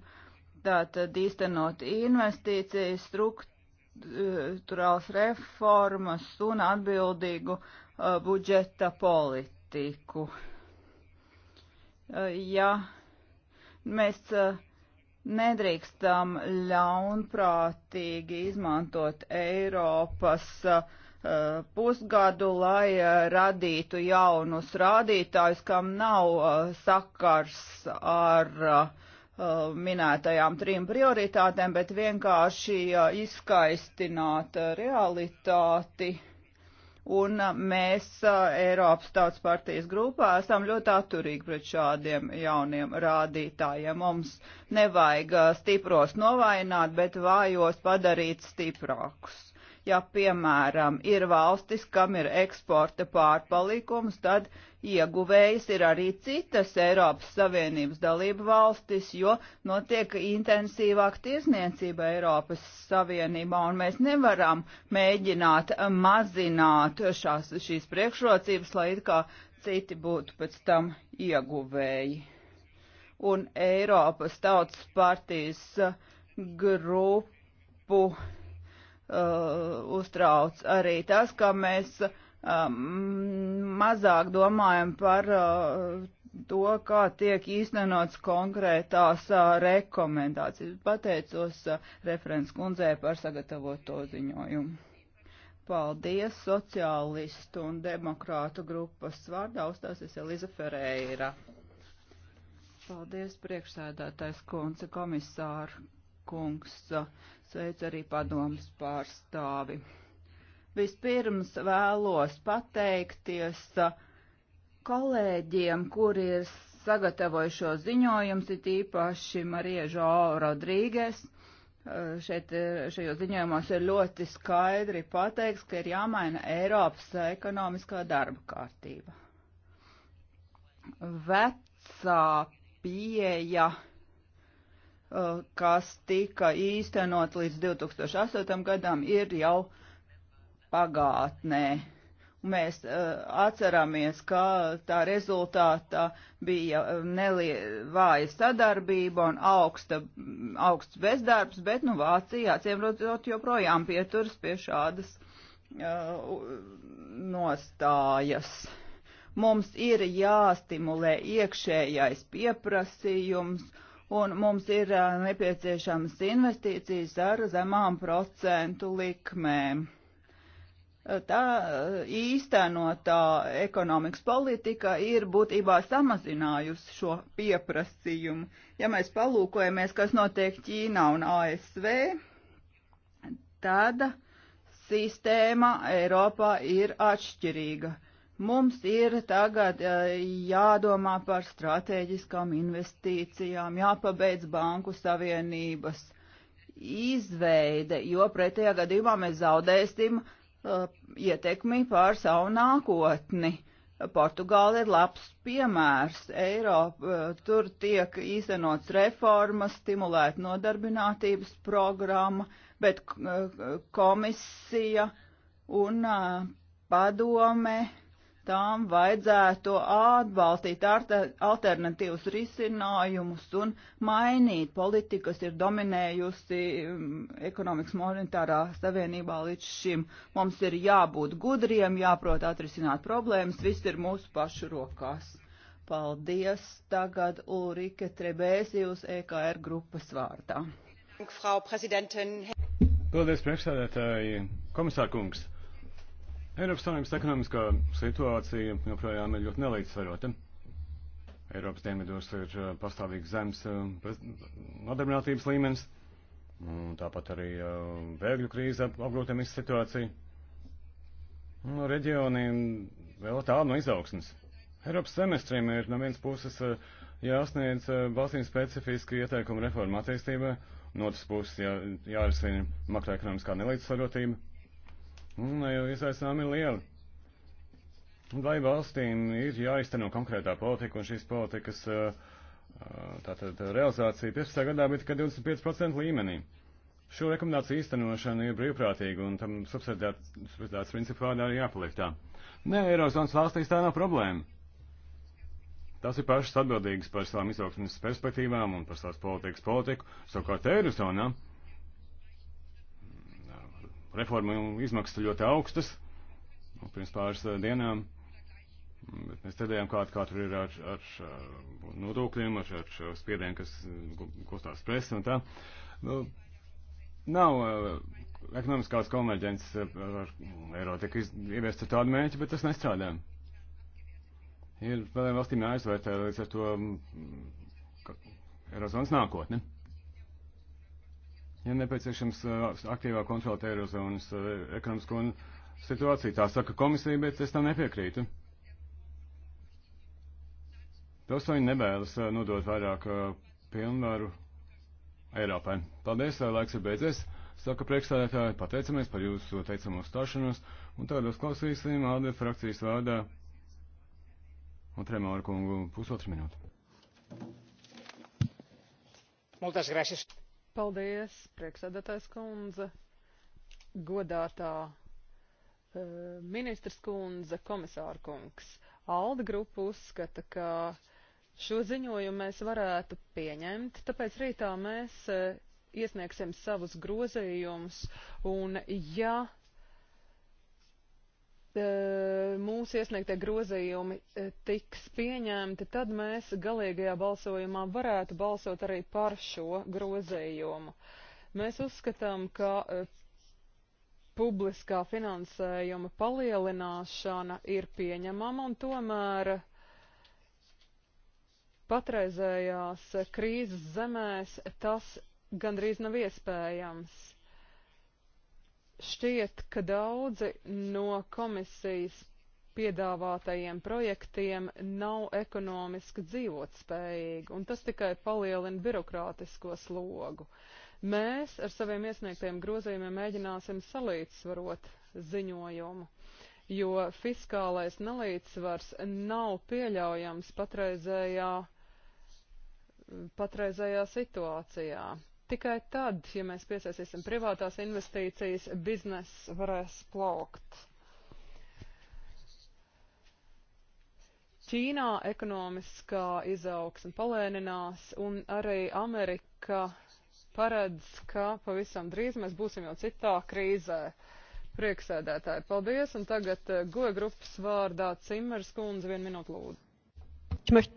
Tātad īstenot investīcijas, struktūrāls reformas un atbildīgu budžeta politiku. Ja mēs uh, nedrīkstam ļaunprātīgi izmantot Eiropas uh, pusgadu, lai uh, radītu jaunus rādītājus, kam nav uh, sakars ar minētajām trim prioritātēm, bet vienkārši izskaistināt realitāti un mēs Eiropas Tautas partijas grupā esam ļoti atturīgi pret šādiem jauniem rādītājiem. Mums nevajag stipros novainot, bet vājos padarīt stiprākus. Ja, piemēram, ir valstis, kam ir eksporta pārpalikums, tad uh, Ieguvējas ir arī citas Eiropas Savienības dalību valstis, jo notiek intensīvāk tirzniecība Eiropas Savienībā, un mēs nevaram mēģināt mazināt šās, šīs priekšrocības, lai it kā citi būtu pēc tam ieguvēji. Un Eiropas Tautas partijas grupu uh, uztrauc arī tas, ka mēs uh, um, mazāk domājam par uh, to, kā tiek īstenots konkrētās uh, rekomendācijas. Pateicos uh, referents kundzē par sagatavoto ziņojumu. Paldies sociālistu un demokrātu grupas vārdā uzstāsies Eliza Ferreira. Paldies priekšsēdētājs kundze komisāru kungs, sveic arī padomas pārstāvi. Vispirms vēlos pateikties uh, kolēģiem, kuri ir sagatavojuši šo ziņojumu, it īpaši Mariežo Rodrīges. Uh, šeit, uh, šajos ziņojumos ir ļoti skaidri pateikts, ka ir jāmaina Eiropas ekonomiskā darba kārtība. Vecā pieeja kas tika īstenot līdz 2008. gadam, ir jau pagātnē. Mēs uh, atceramies, ka tā rezultātā bija eh, vāja sadarbība un augsta, augsts bezdarbs, bet nu, Vācija acīm redzot joprojām pieturas pie šādas uh, nostājas. Mums ir jāstimulē iekšējais pieprasījums un mums ir nepieciešamas investīcijas ar zemām procentu likmēm tā eh, īstenotā ekonomikas politika ir būtībā samazinājusi šo pieprasījumu. Ja mēs palūkojamies, kas notiek Ķīnā un ASV, tad sistēma Eiropā ir atšķirīga. Mums ir tagad eh, jādomā par strateģiskām investīcijām, jāpabeidz banku savienības izveide, jo pretējā gadījumā mēs zaudēsim uh, Uh, ietekmi pār savu nākotni. Portugāla ir labs piemērs. Eiropa, uh, tur tiek īstenots reformas, stimulēt nodarbinātības programma, bet uh, komisija un padome tām vajadzētu atbalstīt alternatīvus risinājumus un mainīt politiku, kas ir dominējusi mm, ekonomikas monetārā savienībā līdz šim. Mums ir jābūt gudriem, jāprot atrisināt problēmas, viss ir mūsu pašu rokās. Paldies tagad Ulrike Trebēzijus EKR grupas vārdā. Paldies, priekšsēdētāji, komisārkungs. Eiropas Savienības ekonomiskā situācija joprojām ir ļoti nelīdzsvarota. Eiropas dienvidos ir eh, pastāvīgs zemes eh, nodarbinātības līmenis, un tāpat arī eh, bēgļu krīze apgrūtina visu situāciju. No nu, reģioni vēl tālu no izaugsmas. Eiropas semestriem ir no vienas puses jāsniedz valstīm specifiski ieteikumi reformu attīstībai, no otras puses jā, jārisina makroekonomiskā nelīdzsvarotība. Un nu, izaicinājumi ir lieli. Vai valstīm ir jāizteno konkrētā politika un šīs politikas tātad realizācija 15. gadā bija tikai 25% līmenī. Šo rekomendāciju īstenošana ir brīvprātīga un tam subsidētas principā arī jāpaliek tā. Nē, Eirozonas valstīs tā nav problēma. Tās ir pašas atbildīgas par savām izaugsmes perspektīvām un par savas politikas politiku, savukārt Eirozonā. No? reformu izmaksas ļoti augstas, nu, pirms pāris eh, dienām, bet mēs redzējām, kā, kā tur ir ar, ar, ar nodokļiem, ar, ar spiedienu, kas eh, kustās presa un tā. Nu, nav eh, ekonomiskās konverģences ar eiro tika ieviesta ar tādu mēķi, bet tas nestrādā. Ir vēl valstīm jāizvērtē līdz ar to mm, Eirozonas nākotne. Ne? Ja nepieciešams aktīvā kontrolēt Eirozonas ekonomisko situāciju, tā saka komisija, bet es tam nepiekrītu. Pilsoņi nevēlas nodot vairāk pilnvaru Eiropai. Paldies, laiks ir beidzies. Saka priekšstādātāji, pateicamies par jūsu teicamo stāšanos, un tagad uzklausīsim ALDE frakcijas vārdā un Tremoru kungu pusotru minūtu. Moltes gràcies. Paldies, priekšsēdētājs kundze, godātā e, ministrs kundze, komisāra kungs. Alda grupa uzskata, ka šo ziņojumu mēs varētu pieņemt, tāpēc rītā mēs e, iesniegsim savus grozījumus, un ja Eh, mūsu iesniegtie grozījumi eh, tiks pieņemti, tad mēs galīgajā balsojumā varētu balsot arī par šo grozījumu. Mēs uzskatām, ka eh, publiskā finansējuma palielināšana ir pieņemama un tomēr patreizējās krīzes zemēs tas gandrīz nav iespējams Šķiet, ka daudzi no komisijas piedāvātajiem projektiem nav ekonomiski dzīvotspējīgi, un tas tikai palielina birokrātisko slogu. Mēs ar saviem iesniegtiem grozījumiem mēģināsim salīdzsvarot ziņojumu, jo fiskālais nelīdzsvars nav pieļaujams patreizējā, patreizējā situācijā. Tikai tad, ja mēs piesaistīsim privātās investīcijas, bizness varēs plaukt. Ķīnā ekonomiskā izaugsme palēninās, un arī Amerika paredz, ka pavisam drīz mēs būsim jau citā krīzē. Prieksēdētāji, paldies, un tagad eh, goja grupas vārdā Cimers kundze vienu minūtu lūdzu. Ich möchte,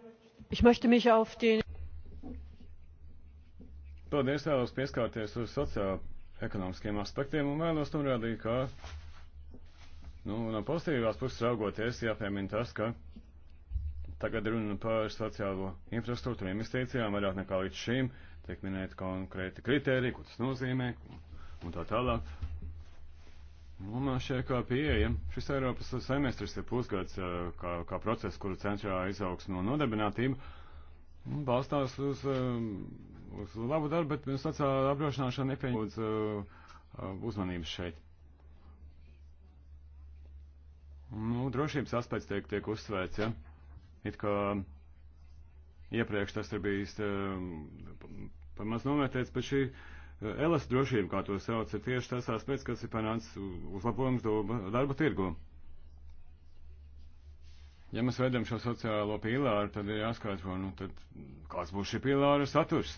ich möchte mich auf den Paldies, vēlos pieskārties uz sociālo-ekonomiskiem aspektiem un vēlos norādīt, ka nu, no pozitīvās puses raugoties jāpiemina tas, ka tagad runa par sociālo infrastruktūru investīcijām vairāk nekā līdz šim, tiek minēti konkrēti kriteriji, ko tas nozīmē un tā tālāk. Un šie kā pieeja, šis Eiropas semestris ir pusgads eh, kā, kā process, kuru centrā izaugs no nodarbinātība, balstās uz um, uz labu darbu, bet sociālā apdrošināšana nepieņemot uh, uh uzmanības šeit. Nu, drošības aspekts tiek, tiek uzsvērts, ja? It kā iepriekš tas ir bijis uh, par maz novērtēts, bet šī uh, elas drošība, kā to sauc, ir tieši tas aspekts, kas ir panācis uzlabojums darba tirgu. Ja mēs veidam šo sociālo pīlāru, tad ir jāskaidro, nu, tad kāds būs šī pīlāra saturs.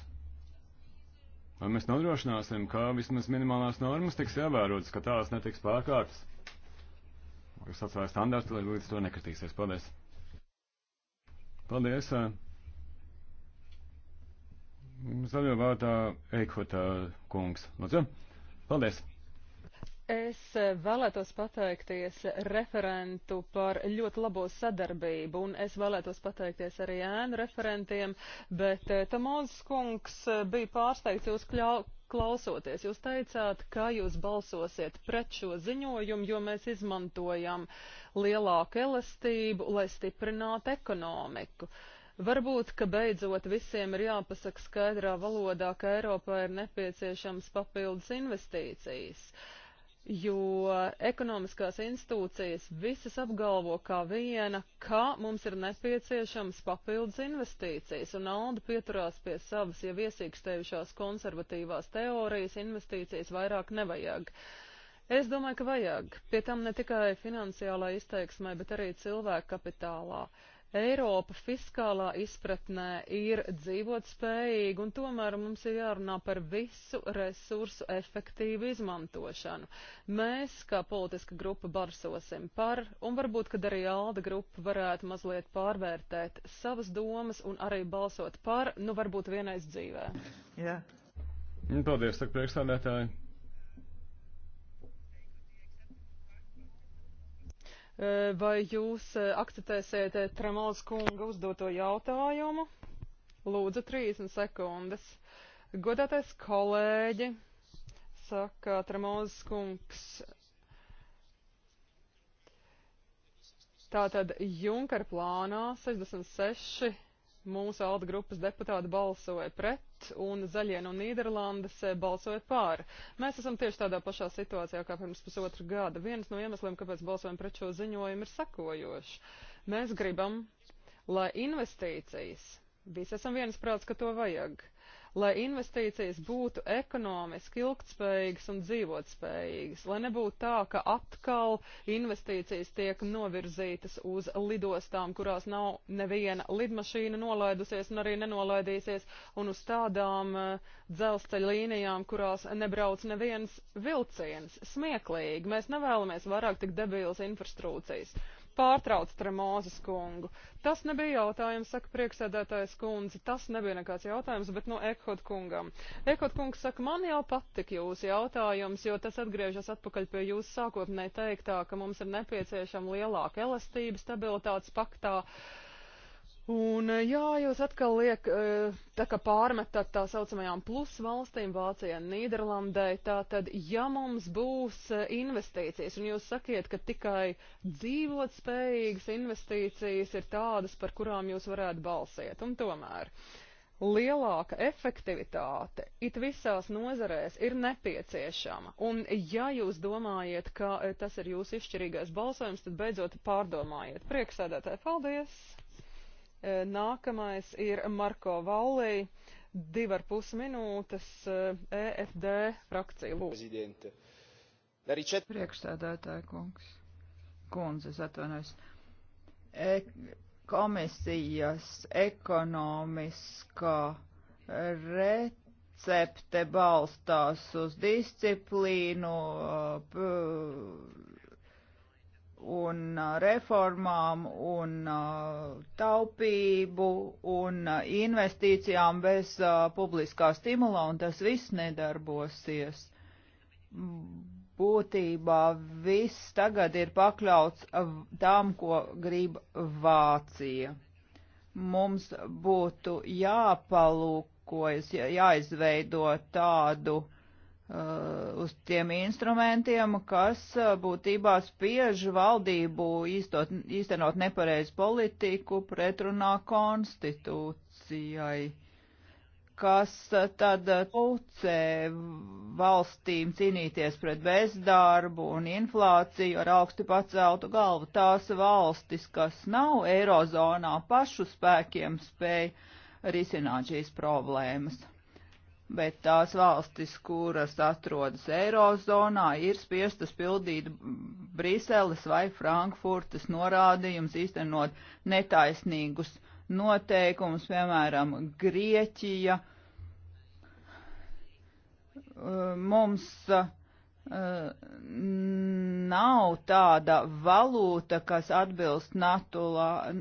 Vai mēs nodrošināsim, ka vismaz minimālās normas tiks ievērotas, ka tās netiks pārkārtas? Jūs atsvērst standārtu, lai līdz to nekritīsies. Paldies! Paldies! Zaļo vārdā Eikota kungs. Lūdzu! Paldies! Es eh, vēlētos pateikties referentu par ļoti labo sadarbību, un es vēlētos pateikties arī ēnu referentiem, bet eh, Tamozes kungs eh, bija pārsteigts jūs klausoties. Jūs teicāt, ka jūs balsosiet pret šo ziņojumu, jo mēs izmantojam lielāku elastību, lai stiprinātu ekonomiku. Varbūt, ka beidzot visiem ir jāpasaka skaidrā valodā, ka Eiropā ir nepieciešams papildus investīcijas. Uh, jo ekonomiskās institūcijas visas apgalvo kā viena, ka mums ir nepieciešams papildus investīcijas, un Alda pieturās pie savas jau iesīkstējušās konservatīvās teorijas, investīcijas vairāk nevajag. Es domāju, ka vajag. Pie tam ne tikai finansiālā izteiksmē, bet arī cilvēku kapitālā. Uh, Eiropa fiskālā izpratnē ir dzīvot spējīga, un tomēr mums ir jārunā par visu resursu efektīvu izmantošanu. Mēs, kā politiska grupa, barsosim par, un varbūt, kad arī Alda grupa varētu mazliet pārvērtēt savas domas un arī balsot par, nu varbūt vienais dzīvē. Jā. Yeah. Paldies, tak priekšstādētāji. Eh, vai jūs eh, akceptēsiet eh, Tremals kunga uzdoto jautājumu? Lūdzu, 30 sekundes. Godātais kolēģi, saka Tremals kungs. Tātad Junkar plānā 66 mūsu alda grupas deputāti balsoja pret un zaļie no Nīderlandes eh, balsoja pār. Mēs esam tieši tādā pašā situācijā kā pirms pusotra gada. Viens no iemesliem, kāpēc balsojam pret šo ziņojumu, ir sekojošs. Mēs gribam, lai investīcijas, visi esam viensprāts, ka to vajag, lai investīcijas būtu ekonomiski ilgtspējīgas un dzīvotspējīgas, lai nebūtu tā, ka atkal investīcijas tiek novirzītas uz lidostām, kurās nav neviena lidmašīna nolaidusies un arī nenolaidīsies, un uz tādām uh, dzelzceļa līnijām, kurās nebrauc neviens vilciens. Smieklīgi, mēs nevēlamies vairāk tik debīlas infrastruktūras pārtrauc Tremozes kungu. Tas nebija jautājums, saka prieksēdētājs kundze, tas nebija nekāds jautājums, bet no Ekhot kungam. Ekhot kungs saka, man jau patika jūsu jautājums, jo tas atgriežas atpakaļ pie jūsu sākotnē teiktā, ka mums ir nepieciešama lielāka elastība stabilitātes paktā. Uh, Un eh, jā, jūs atkal liek, eh, tā kā pārmetat tā saucamajām plus valstīm, Vācijai un Nīderlandai, tā tad, ja mums būs eh, investīcijas, un jūs sakiet, ka tikai dzīvot spējīgas investīcijas ir tādas, par kurām jūs varētu balsiet, un tomēr lielāka efektivitāte it visās nozarēs ir nepieciešama. Un ja jūs domājat, ka tas ir jūsu izšķirīgais balsojums, tad beidzot pārdomājiet. Prieksēdētāji, paldies! Nākamais ir Marko Vallī, divar pus minūtes EFD frakcija. Lūdzu. Priekšsēdētāja kungs, kundzes atvainojas. E komisijas ekonomiskā recepte balstās uz disciplīnu, un uh, reformām un uh, taupību un uh, investīcijām bez publiskā stimula, un tas viss nedarbosies. Būtībā viss tagad ir pakļauts tam, ko grib Vācija. Mums būtu jāpalūkojas, jāizveido tādu Uh, uz tiem instrumentiem, kas uh, būtībā spiež valdību īstot, īstenot nepareizu politiku pretrunā konstitūcijai, kas uh, tad pulcē valstīm cīnīties pret bezdarbu un inflāciju ar augstu paceltu galvu. Tās valstis, kas nav eirozonā, pašu spēkiem spēj risināt šīs problēmas bet tās valstis, kuras atrodas Eirozonā, ir spiestas pildīt Briseles vai Frankfurtas norādījums, īstenot netaisnīgus noteikumus, piemēram, Grieķija. Mums uh, nav tāda valūta, kas atbilst natulā,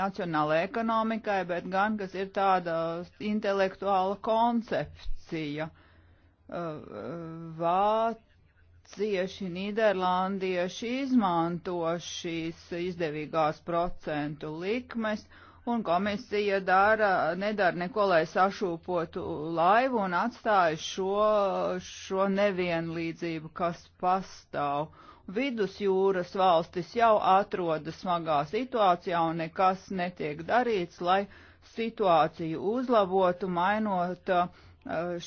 nacionālajai ekonomikai, bet gan, kas ir tāda intelektuāla koncepcija. Vāt Cieši Nīderlandieši izmanto šīs izdevīgās procentu likmes, uh, un komisija dara, nedara neko, lai sašūpotu laivu un atstāja šo, šo nevienlīdzību, kas pastāv. Vidusjūras valstis jau atrodas smagā situācijā un nekas netiek darīts, lai situāciju uzlabotu, mainot uh,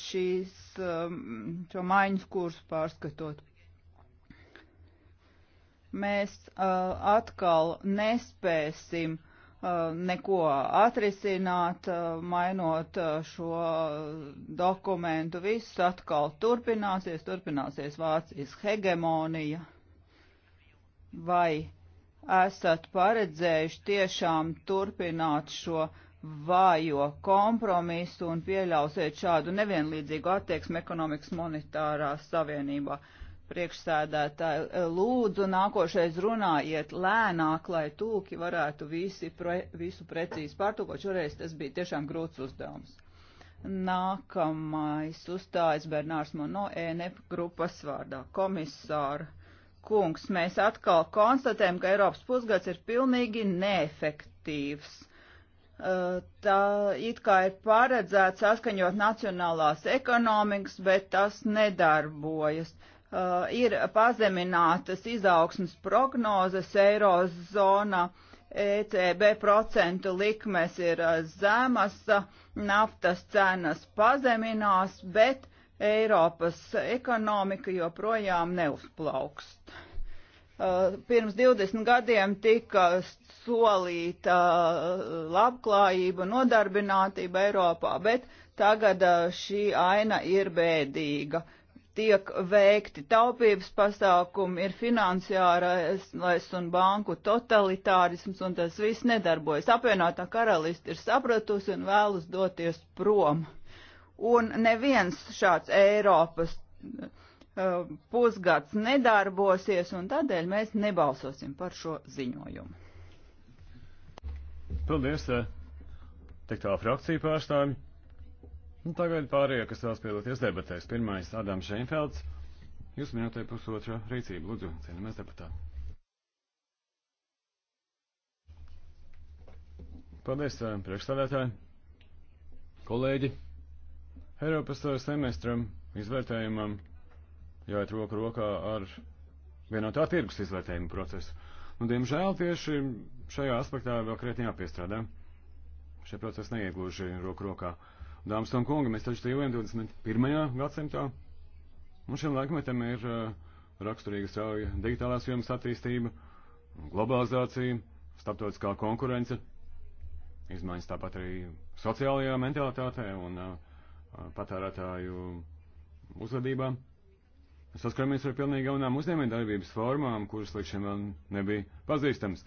šīs, um, šo maiņas kursu pārskatot mēs uh, atkal nespēsim Uh, neko atrisināt, uh, mainot uh, šo dokumentu. Viss atkal turpināsies, turpināsies Vācijas hegemonija. Vai esat paredzējuši tiešām turpināt šo vājo kompromisu un pieļausiet šādu nevienlīdzīgu attieksmi ekonomikas monetārā savienībā? Uh, priekšsēdētāji, e, lūdzu nākošais runājiet lēnāk, lai tūki varētu visi pre, visu precīzi pārtūkot. Šoreiz tas bija tiešām grūts uzdevums. Nākamais uzstājas Bernārs Mono ENF grupas vārdā. Komisāra kungs, mēs atkal konstatējam, ka Eiropas pusgads ir pilnīgi neefektīvs e, tā it kā ir paredzēts saskaņot nacionālās ekonomikas, bet tas nedarbojas uh, ir pazeminātas izaugsmas prognozes eirozona, ECB procentu likmes ir uh, zemas, naftas cenas pazeminās, bet Eiropas ekonomika joprojām neuzplaukst. Uh, pirms 20 gadiem tika solīta uh, labklājība, nodarbinātība Eiropā, bet tagad uh, šī aina ir bēdīga. Uh, tiek veikti taupības pasākumi, ir finansiārais un banku totalitārisms, un tas viss nedarbojas. Apvienotā karaliste ir sapratusi un vēlas doties prom. Un neviens šāds Eiropas uh, pusgads nedarbosies, un tādēļ mēs nebalsosim par šo ziņojumu. Paldies, uh, te tā frakcija pārstāvji. Un nu, tagad pārējie, kas vēlas piedalīties debatēs. Pirmais - Adams Šeinfelds. Jūs minūtē pusotra rīcība. Lūdzu, cienījamies deputāti. Paldies, eh, priekšstādātāji, kolēģi. Eiropas eh, semestram izvērtējumam jāiet roku rokā ar vienotā tirgus izvērtējumu procesu. Un, diemžēl, tieši šajā aspektā vēl krietni jāpiestrādā. Šie procesi neiegluži roku rokā. Uh, Dāmas un kungi, mēs taču dzīvojam 21. gadsimtā, un šim laikmetam ir eh, raksturīga strauja digitālās jomas attīstība, globalizācija, starptautiskā konkurence, izmaiņas tāpat arī sociālajā mentalitātē un eh, patērētāju uzvedībā. Saskaramies ar pilnīgi jaunām uzņēmējdarbības formām, kuras līdz šim vēl nebija pazīstams.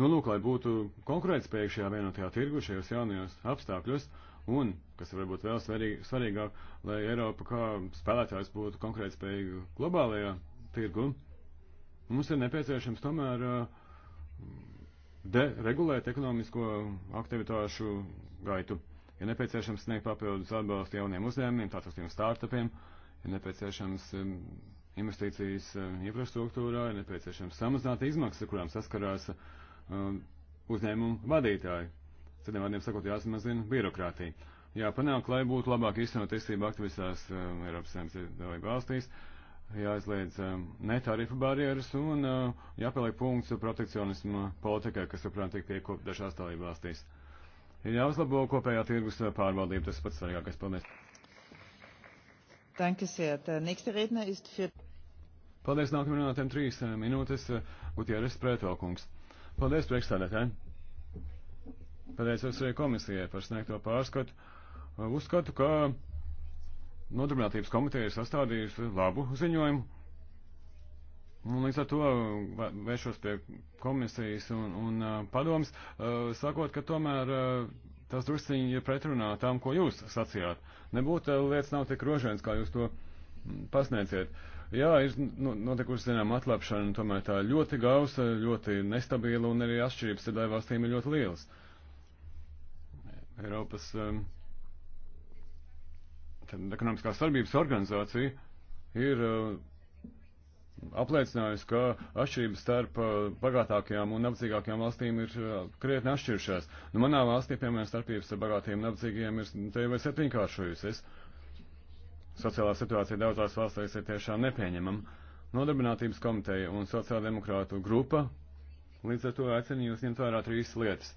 Nu, lūk, lai būtu konkurētspēja šajā vienotajā tirgu, šajos jaunajos apstākļos, uh, un, kas varbūt vēl svarīg, svarīgāk, lai Eiropa kā spēlētājs būtu konkurētspējīga globālajā tirgu, mums ir nepieciešams tomēr uh, deregulēt ekonomisko aktivitāšu gaitu. Ir nepieciešams sniegt papildus atbalstu jauniem uzņēmumiem, tātad tiem startupiem, ir nepieciešams um, investīcijas uh, infrastruktūrā, ir nepieciešams samazināt izmaksas, kurām saskarās um, uzņēmumu vadītāji. Citiem vārdiem sakot, jāsamazina birokrātija. Jāpanāk, lai būtu labāk īstenot tiesību aktu visās um, Eiropas Savienības dalību valstīs, jāizliedz um, netarifu barjeras un uh, jāpieliek punkts protekcionismu politikai, kas, saprāt, tiek piekopta dažās dalību valstīs. Ir jāuzlabo kopējā tirgus pārvaldība, tas pats svarīgākais. Paldies! Danke sehr. Der nächste Redner ist für. Paldies nākamajam runātājam trīs minūtes, Gutieres Prētokungs. Paldies priekšstādātājiem! pateicos arī komisijai par sniegto pārskatu. Uzskatu, ka nodarbinātības komiteja ir sastādījusi labu ziņojumu. Un līdz ar to vēršos pie komisijas un, un padomas, sakot, ka tomēr tas drusciņi ir pretrunā tam, ko jūs sacījāt. Nebūtu lietas nav tik rožēns, kā jūs to pasnieciet. Jā, ir nu, notikusi, zinām, atlapšana, tomēr tā ļoti gausa, ļoti nestabila un arī atšķirības ir daivās tīm ir ļoti lielas. Uh, Eiropas um, ekonomiskās sadarbības organizācija ir uh, apliecinājusi, ka atšķirības starp uh, bagātākajām un nabadzīgākajām valstīm ir uh, krietni atšķiršās. Nu, manā valstī, piemēram, starpības starp bagātiem un nabadzīgiem ir te vai septiņkāršojusies. Sociālā situācija daudzās valstīs ir tiešām nepieņemama. Nodarbinātības komiteja un sociāldemokrātu grupa līdz ar to aicinu jūs ņemt vērā trīs lietas.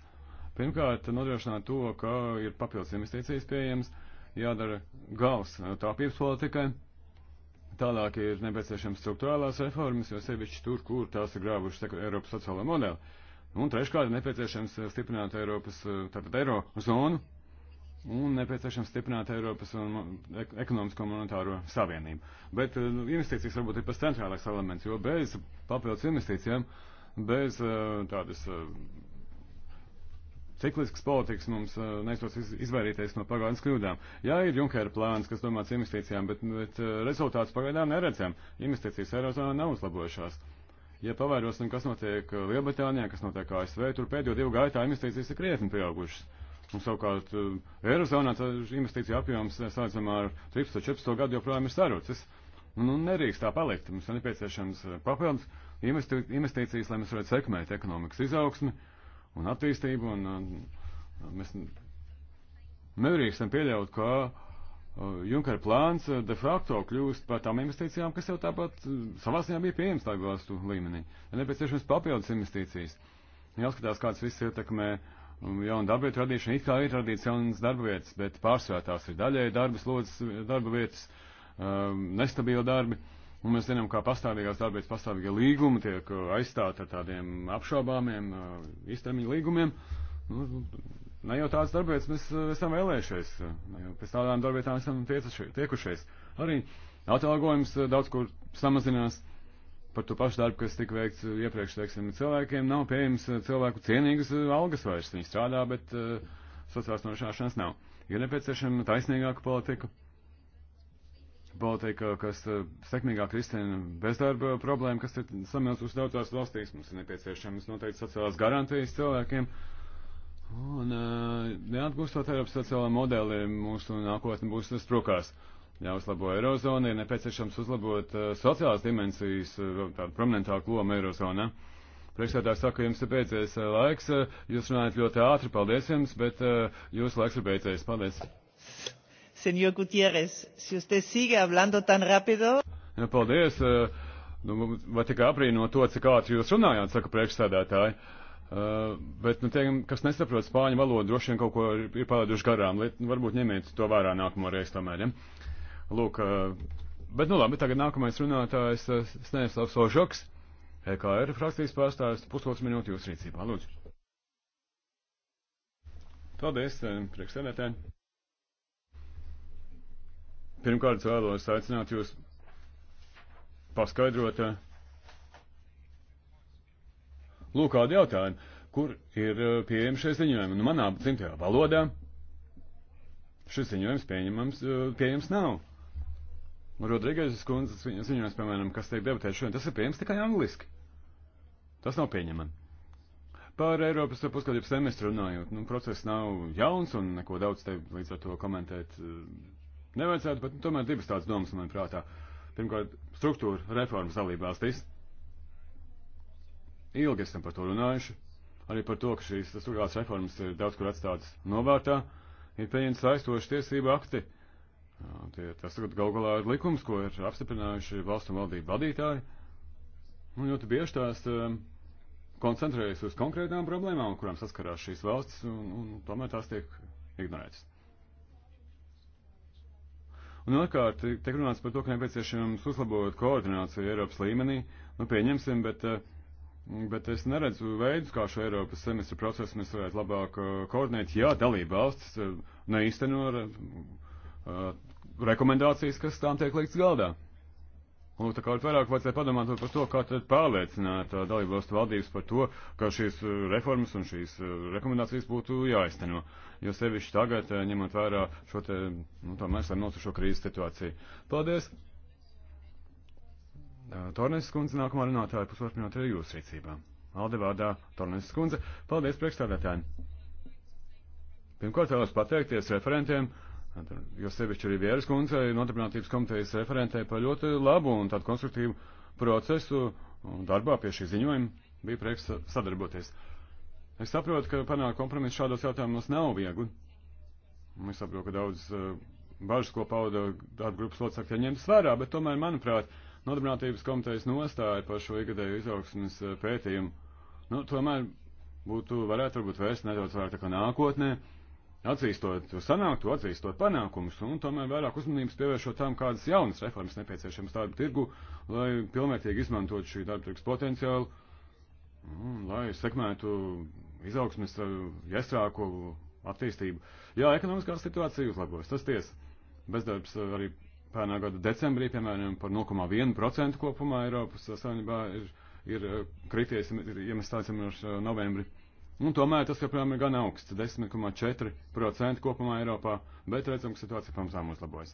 Pirmkārt, nodrošināt to, ka ir papildus investīcijas pieejams, jādara gals tāpības politikai. Tālāk ir nepieciešams struktūrālās reformas, jo sevišķi tur, kur tās ir grāvušas Eiropas sociālo modeli. Un treškārt, nepieciešams stiprināt Eiropas, tātad Eiro zonu, un nepieciešams stiprināt Eiropas un ekonomisko monetāro savienību. Bet eh, investīcijas varbūt ir pats centrālais elements, jo bez papildus investīcijām, bez eh, tādas eh, cikliskas politikas mums uh, eh, neizdos izvairīties no pagātnes kļūdām. Jā, ir Junkera plāns, kas domāts investīcijām, bet, bet uh, rezultātus pagaidām neredzam. Investīcijas Eirozonā nav uzlabojušās. Ja pavērosim, kas notiek eh, Lielbritānijā, kas notiek ASV, tur pēdējo divu gaitā investīcijas ir krietni pieaugušas. Un savukārt uh, Eirozonā investīcija apjoms sācamā ar 13-14 gadu joprojām ir sarucis. Nu, nerīkst tā palikt. Mums ir nepieciešams papildus investīcijas, lai mēs varētu sekmēt ekonomikas izaugsmi. Uh, un attīstību, un, un mēs nedrīkstam pieļaut, ka uh, Junkara plāns uh, de facto kļūst par tām investīcijām, kas jau tāpat uh, savā ziņā bija pieejams tā valstu līmenī. Ir nepieciešams papildus investīcijas. Jāskatās, kāds viss ietekmē um, jaunu darba vietu radīšanu. It kā ir radīts jaunas darba vietas, bet pārsvarā tās ir daļēji darbas lodzes, darba vietas, um, nestabili darbi. Uh, Un mēs zinām, kā pastāvīgās darbības pastāvīgie līgumi tiek uh, aizstāti ar tādiem apšaubāmiem uh, īstermiņa līgumiem. Nu, ne jau tādas darbības mēs uh, esam vēlējušies, ne jau pēc tādām darbībām esam tiecuši, tiekušies. Arī atalgojums daudz kur samazinās par to pašu darbu, kas tika veikts iepriekš, teiksim, cilvēkiem. Nav pieejams cilvēku cienīgas algas vairs. Viņi strādā, bet uh, sociālās nošāšanas nav. Ir nepieciešama taisnīgāka politika politika, kas eh, sekmīgāk risina bezdarba problēmu, kas ir samilzus daudzās valstīs. Mums ir nepieciešams noteikti sociālās garantijas cilvēkiem. Un eh, neatgūstot Eiropas sociālā modeli, mūsu nākotne būs sprukās. Jāuzlabo Eirozona, ir nepieciešams uzlabot eh, sociālās dimensijas, tādu prominentāku lomu Eirozonā. Priekšsēdājs saka, jums ir beidzies laiks, jūs runājat ļoti ātri, paldies jums, bet jūsu laiks ir beidzies. Paldies! señor Gutiérrez, si usted sigue hablando tan rápido. Ja, nu, paldies. Eh, nu, vai tikai aprīno to, cik ātri jūs runājāt, saka priekšsēdētāji. Uh, bet, nu, tiem, kas nesaprot spāņu valodu, droši vien kaut ko ir, ir palaiduši garām. Liet, nu, varbūt ņemiet to vērā nākamo reizi tomēr, ja? Lūk, uh, bet, nu, labi, tagad nākamais runātājs uh, Sneslavs Ožoks, EKR frakcijas pārstāvis, pusotras minūtes jūsu rīcībā, lūdzu. Paldies, priekšsēdētāji. Pirmkārt, vēlos aicināt jūs paskaidrot, eh, lūk, kādi jautājumi, kur ir eh, pieejami šie ziņojumi. Nu, manā dzimtajā valodā šis ziņojums pieņemams, eh, pieejams nav. Rodrīgais kundzes ziņojums, piemēram, kas tiek debatēts šodien, tas ir pieejams tikai angliski. Tas nav pieņemami. Par Eiropas pusgadu semestru runājot, nu, process nav jauns un neko daudz te līdz ar to komentēt Nevajadzētu, bet tomēr divas tādas domas man prātā. Pirmkārt, struktūra reformas dalība valstīs. Ilgi esam par to runājuši. Arī par to, ka šīs struktūrās reformas ir daudz kur atstātas novārtā. Ir pieņemts saistoši tiesību akti. Tie, tas tagad gal galā ir likums, ko ir apstiprinājuši valstu un valdību vadītāji. Un ļoti bieži tās um, koncentrējas uz konkrētām problēmām, kurām saskarās šīs valsts, un, un tomēr tās tiek ignorētas. Un otrkārt, tiek runāts par to, ka nepieciešams uzlabot koordināciju Eiropas līmenī. Nu, pieņemsim, bet, eh, bet es neredzu veidus, kā šo Eiropas semestra procesu mēs varētu labāk eh, koordinēt. Jā, dalība valsts eh, neīsteno rekomendācijas, kas tām tiek likts galdā. Un tā kā ar vairāk vajadzētu padomāt par to, kā tad pārliecināt uh, dalībvalstu valdības par to, ka šīs uh, reformas un šīs uh, rekomendācijas būtu jāizteno. Jo sevišķi tagad, ņemot vērā šo te, nu, tomēr ar notušo krīzes situāciju. Paldies! Tornesis kundze nākamā runātāja pusotru minūte ir jūsu rīcībā. Aldevādā Tornesis kundze. Paldies priekšstādātājiem! Pirmkārt vēlos pateikties referentiem Jo sevišķi arī Vieras kundzei, notarbinātības komitejas referentē par ļoti labu un tādu konstruktīvu procesu un darbā pie šī ziņojuma bija prieks sadarboties. Es saprotu, ka panākt kompromisu šādos jautājumos nav viegli. Es saprotu, ka daudz eh, bažas, ko pauda darba grupas locekļi, ir ņemtas vērā, bet tomēr, manuprāt, nodarbinātības komitejas nostāja par šo ikgadēju izaugsmes eh, pētījumu, nu, tomēr būtu, varētu varbūt vērst nedaudz vairāk tā kā nākotnē, atzīstot sanāktu, atzīstot panākumus, un tomēr vairāk uzmanības pievēršot tam, kādas jaunas reformas nepieciešamas darba tirgu, lai pilnvērtīgi izmantot šī darba tirgus potenciālu, un, lai sekmētu izaugsmes jastrāku eh, attīstību. Jā, ekonomiskā situācija uzlabojas, tas tiesa. Bezdarbs eh, arī pērnā gada decembrī, piemēram, par 0,1% kopumā Eiropas Savienībā ir, ir eh, krities, ja mēs stāstām ar novembri. Uh, Un nu, tomēr tas joprojām ir gan augsts - 10,4% kopumā Eiropā, bet redzam, ka situācija pamazām uzlabojas.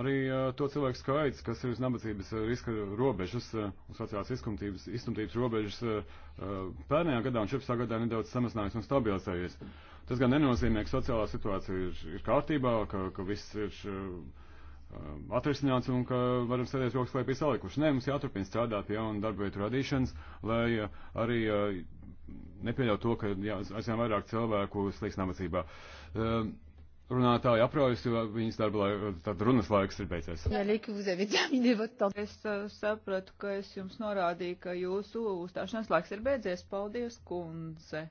Arī uh, to cilvēku skaits, kas ir uz nabadzības riska robežas, uh, uz sociālās izstumtības, izstumtības robežas, uh, pērnējā gadā un 14. gadā nedaudz samazinājās un stabilizējies. Tas gan nenozīmē, ka sociālā situācija ir, ir kārtībā, ka, ka viss ir. Uh, Um, atrisināts un ka varam sēdēt rokas klēpī salikuši. Nē, mums jāturpina strādāt pie jaunu darba vietu radīšanas, lai uh, arī uh, nepieļaut to, ka aizvien vairāk cilvēku slīks nabadzībā. Um, runātāji apraujas, jo viņas darba laiks, tad runas laiks ir beidzies. Jā, Līka, jūs esat ģēmini, bet tā. Es uh, sapratu, ka es jums norādīju, ka jūsu uzstāšanās laiks ir beidzies. Paldies, kundze.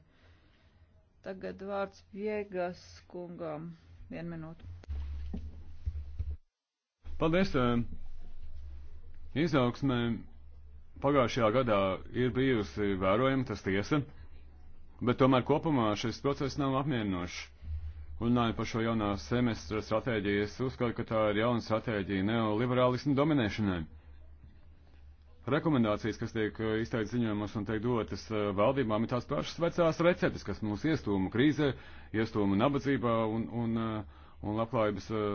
Tagad vārds Viegas kungam. Vienu minūtu. Paldies! Eh, Izaugsmē pagājušajā gadā ir bijusi vērojama, tas tiesa, bet tomēr kopumā šis process nav apmierinošs. Runājot par šo jaunā semestra stratēģiju, es uzskatu, ka tā ir jauna stratēģija neoliberālismu dominēšanai. Rekomendācijas, kas tiek eh, izteikts ziņojumos un tiek dotas eh, valdībām, ir tās pašas vecās receptes, kas mūs iestūma krīzē, iestūma nabadzībā un, un uh, un labklājības eh,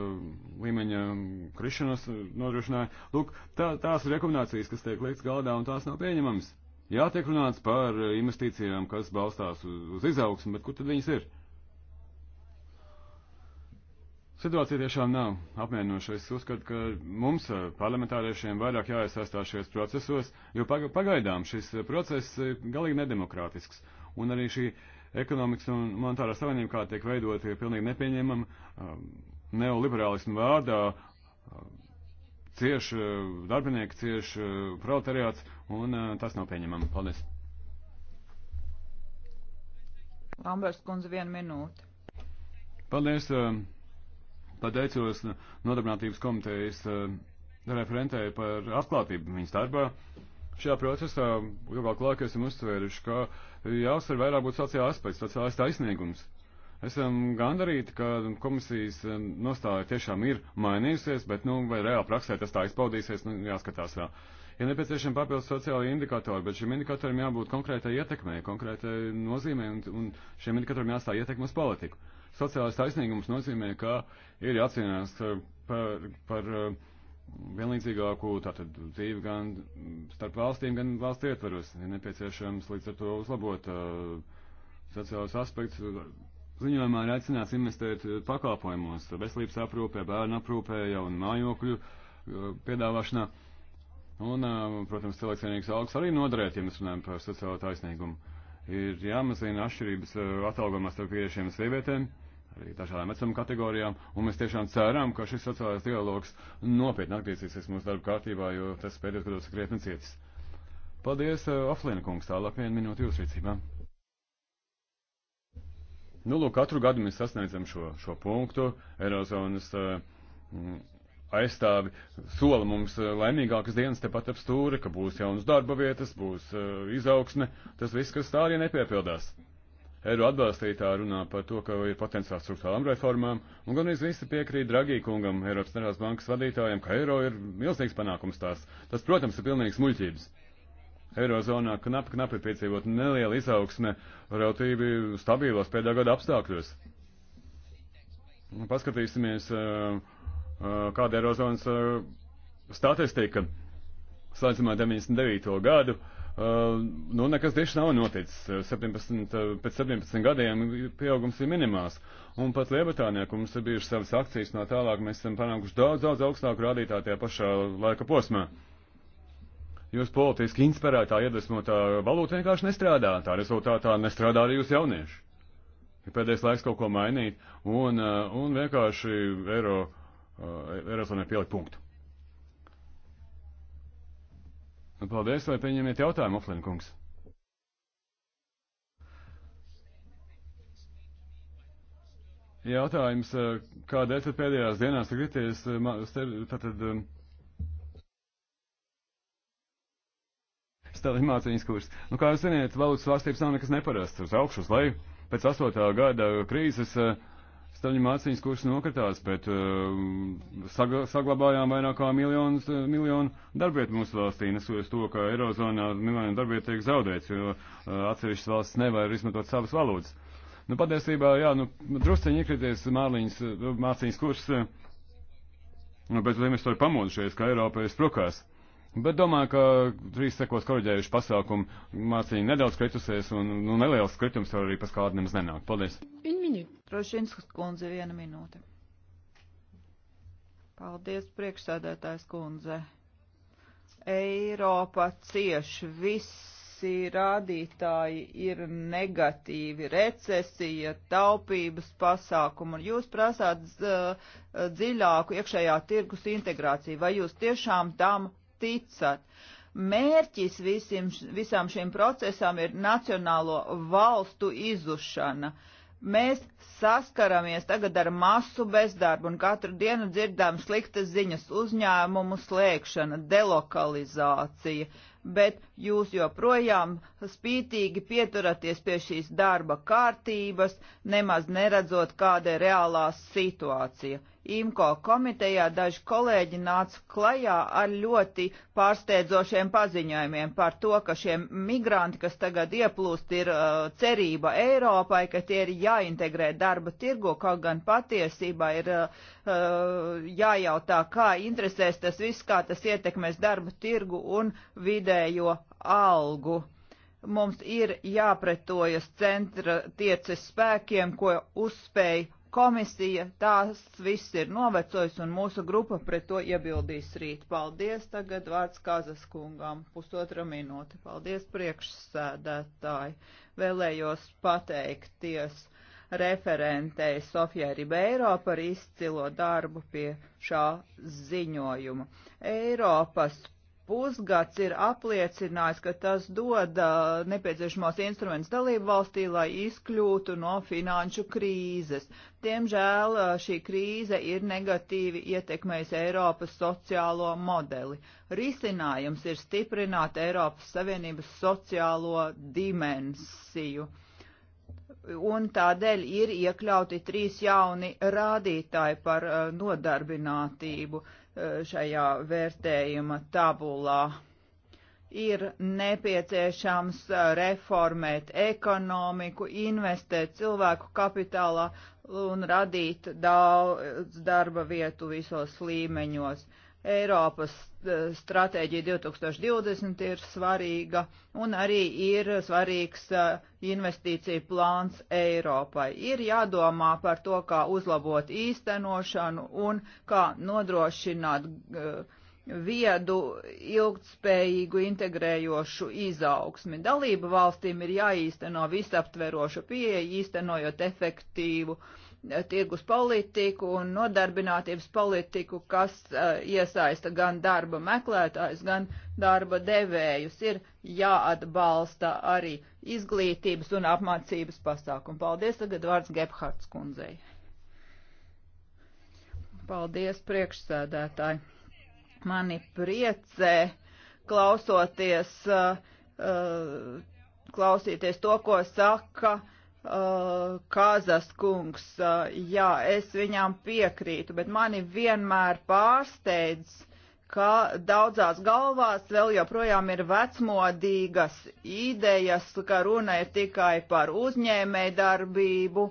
līmeņa mm, krišanas eh, nodrošināja. Lūk, tā, tās ir rekomendācijas, kas tiek liekts galdā, un tās nav pieņemamas. Jā, tiek runāts par eh, investīcijām, kas balstās uz, uz izaugsmu, bet kur tad viņas ir? Situācija tiešām nav apmierinoša. Es uzskatu, ka mums, parlamentāriešiem, vairāk jāiesaistās šajos procesos, jo pagaidām šis process ir galīgi nedemokrātisks. Un arī šī uh, ekonomikas un monetārā savienība, kā tiek veidot, ir pilnīgi nepieņemama um, neoliberālismu vārdā. Um, cieši uh, darbinieki, cieši uh, proletariāts, un uh, tas nav pieņemama. Paldies. Lamberts kundze, viena minūte. Paldies. Um, pateicos Nodarbinātības komitejas referentēju par atklātību viņas darbā. Šajā procesā ilgāk laikā esam uzsvēruši, ka uh, jāuzsver vairāk būtu sociāla aspekts, sociālais taisnīgums. Esam gandarīti, ka komisijas eh, nostāja tiešām ir mainījusies, bet, nu, vai reāli praksē tas tā izpaudīsies, nu, jāskatās vēl. Ja nepieciešami papildus sociālai indikatori, bet šiem indikatoriem jābūt konkrētai ietekmē, konkrētai nozīmē, un, un šiem indikatoriem jāstāja ietekme uz politiku. Sociālais taisnīgums nozīmē, ka ir jācīnās eh, par, par, par eh, vienlīdzīgāku tātad dzīvi gan starp valstīm, gan valsts ietveros. Ir nepieciešams līdz ar to uzlabot uh, sociālos aspektus. Ziņojumā ir aicināts investēt uh, pakalpojumos, veselības aprūpē, bērnu aprūpē, jau un mājokļu uh, piedāvāšanā. Un, uh, protams, cilvēcienīgs algas arī noderēt, ja mēs runājam par sociālo taisnīgumu. Ir jāmazina atšķirības uh, atalgojumā starp vīriešiem un sievietēm arī dažādām vecuma kategorijām, un mēs tiešām ceram, ka šis sociālais dialogs nopietni atgriezīsies mūsu darba kārtībā, jo tas pēdējos gados ir krietni cietis. Paldies, Aflēna eh, kungs, tālāk vienu minūti jūsu rīcībā. Nu, lūk, katru gadu mēs sasniedzam šo, šo punktu. Eirozonas eh, aizstāvi sola mums eh, laimīgākas dienas tepat ap stūri, ka būs jaunas darba vietas, būs izaugsme. Tas viss, kas tā arī nepiepildās. Eiro atbalstītā runā par to, ka ir potenciāls struktūrālām reformām, un gan visi piekrīt Dragī kungam, Eiropas Centrālās bankas vadītājiem, ka eiro ir milzīgs panākums tās. Tas, protams, ir pilnīgs muļķības. Eirozonā knapi, knapi piedzīvot neliela izaugsme relatīvi stabilos pēdējā gada apstākļos. Paskatīsimies, kāda Eirozonas statistika. Slēdzamā 99. gadu nu, nekas tieši nav noticis. 17, pēc 17 gadiem pieaugums ir minimāls. Un pat Lielbritānijā, kur mums ir bijušas savas akcijas, no tālāk mēs esam panākuši daudz, daudz augstāku rādītāju tajā pašā laika posmā. Jūs politiski inspirētā, iedvesmotā valūta vienkārši nestrādā. Tā rezultātā nestrādā arī jūs jaunieši. Ir pēdējais laiks kaut ko mainīt un, un vienkārši eiro, eirozonai pielikt punktu. Nu, paldies, vai pieņemiet jautājumu, Oflin kungs? Jautājums, eh, kādēļ tad pēdējās dienās ir krities, eh, tātad, stāvīgi eh, mācīņas kurs. Nu, kā jūs ziniet, valūtas svārstības nav nekas neparasts, uz augšu, uz leju. Pēc 8. gada krīzes uh, Staļņu mācīs kurs nokritās, bet eh, saga, saglabājām vairāk kā miljonus, eh, miljonu darbietu mūsu valstī, nesoties to, ka Eirozonā miljonu darbietu tiek zaudēts, jo eh, atsevišķas valsts nevar izmantot savas valūtas. Nu, patiesībā, jā, nu, drusceņi iekrities mācīs kurs, nu, bet, lai mēs to ir pamodušies, ka Eiropā ir sprukās. Bet domāju, ka trīs sekos koriģējuši pasākumu mācīja nedaudz kritusies, un nu, neliels kritums jau arī pēc kāda nemaz nenāk. Paldies. Trošinskas kundze, viena minūte. Paldies, priekšsēdētājs kundze. Eiropa cieš visi rādītāji ir negatīvi, recesija, taupības pasākumu, un jūs prasāt dziļāku iekšējā tirgus integrāciju. Vai jūs tiešām tam ticat. Mērķis visim, visām šīm procesām ir nacionālo valstu izušana. Mēs saskaramies tagad ar masu bezdarbu un katru dienu dzirdām sliktas ziņas uzņēmumu slēgšana, delokalizācija, bet jūs joprojām spītīgi pieturaties pie šīs darba kārtības, nemaz neredzot, kāda ir reālā situācija. IMCO komitejā daži kolēģi nāca klajā ar ļoti pārsteidzošiem paziņojumiem par to, ka šie migranti, kas tagad ieplūst, ir uh, cerība Eiropai, ka tie ir jāintegrē darba tirgu, kaut gan patiesībā ir uh, uh jājautā, kā interesēs tas viss, kā tas ietekmēs darba tirgu un vidējo algu mums ir jāpretojas centra tieces spēkiem, ko uzspēj komisija, tās viss ir novecojis un mūsu grupa pret to iebildīs rīt. Paldies, tagad vārds Kazas kungām, pusotra minūte. Paldies priekšsēdētāji. Vēlējos pateikties referentei Sofijai Ribeiro par izcilo darbu pie šā ziņojuma. Eiropas pusgads ir apliecinājis, ka tas dod uh, nepieciešamos instrumentus dalību valstī, lai izkļūtu no finanšu krīzes. Diemžēl uh, šī krīze ir negatīvi ietekmējusi Eiropas sociālo modeli. Risinājums ir stiprināt Eiropas Savienības sociālo dimensiju. Un tādēļ ir iekļauti trīs jauni rādītāji par uh, nodarbinātību. Uh, Eh, šajā vērtējuma tabulā. Ir nepieciešams eh, reformēt ekonomiku, investēt cilvēku kapitālā un radīt daudz darba vietu visos līmeņos. Uh, Eiropas e, stratēģija 2020 ir svarīga un arī ir svarīgs e, investīcija plāns Eiropai. Ir jādomā par to, kā uzlabot īstenošanu un kā nodrošināt e, viedu, ilgtspējīgu, integrējošu izaugsmi. Dalību valstīm ir jāīsteno visaptveroša pieeja, īstenojot efektīvu uh, tirgus politiku un nodarbinātības politiku, kas uh, iesaista gan darba meklētājus, gan darba devējus. Ir jāatbalsta arī izglītības un apmācības pasākumu. Paldies, tagad vārds Gebhards kundzei. Paldies, priekšsēdētāji. Mani priecē klausoties, uh, uh, klausīties to, ko saka uh, Uh, Kāzas kungs, uh, jā, es viņām piekrītu, bet mani vienmēr pārsteidz, ka daudzās galvās vēl joprojām ir vecmodīgas idejas, ka runa ir tikai par uzņēmēju darbību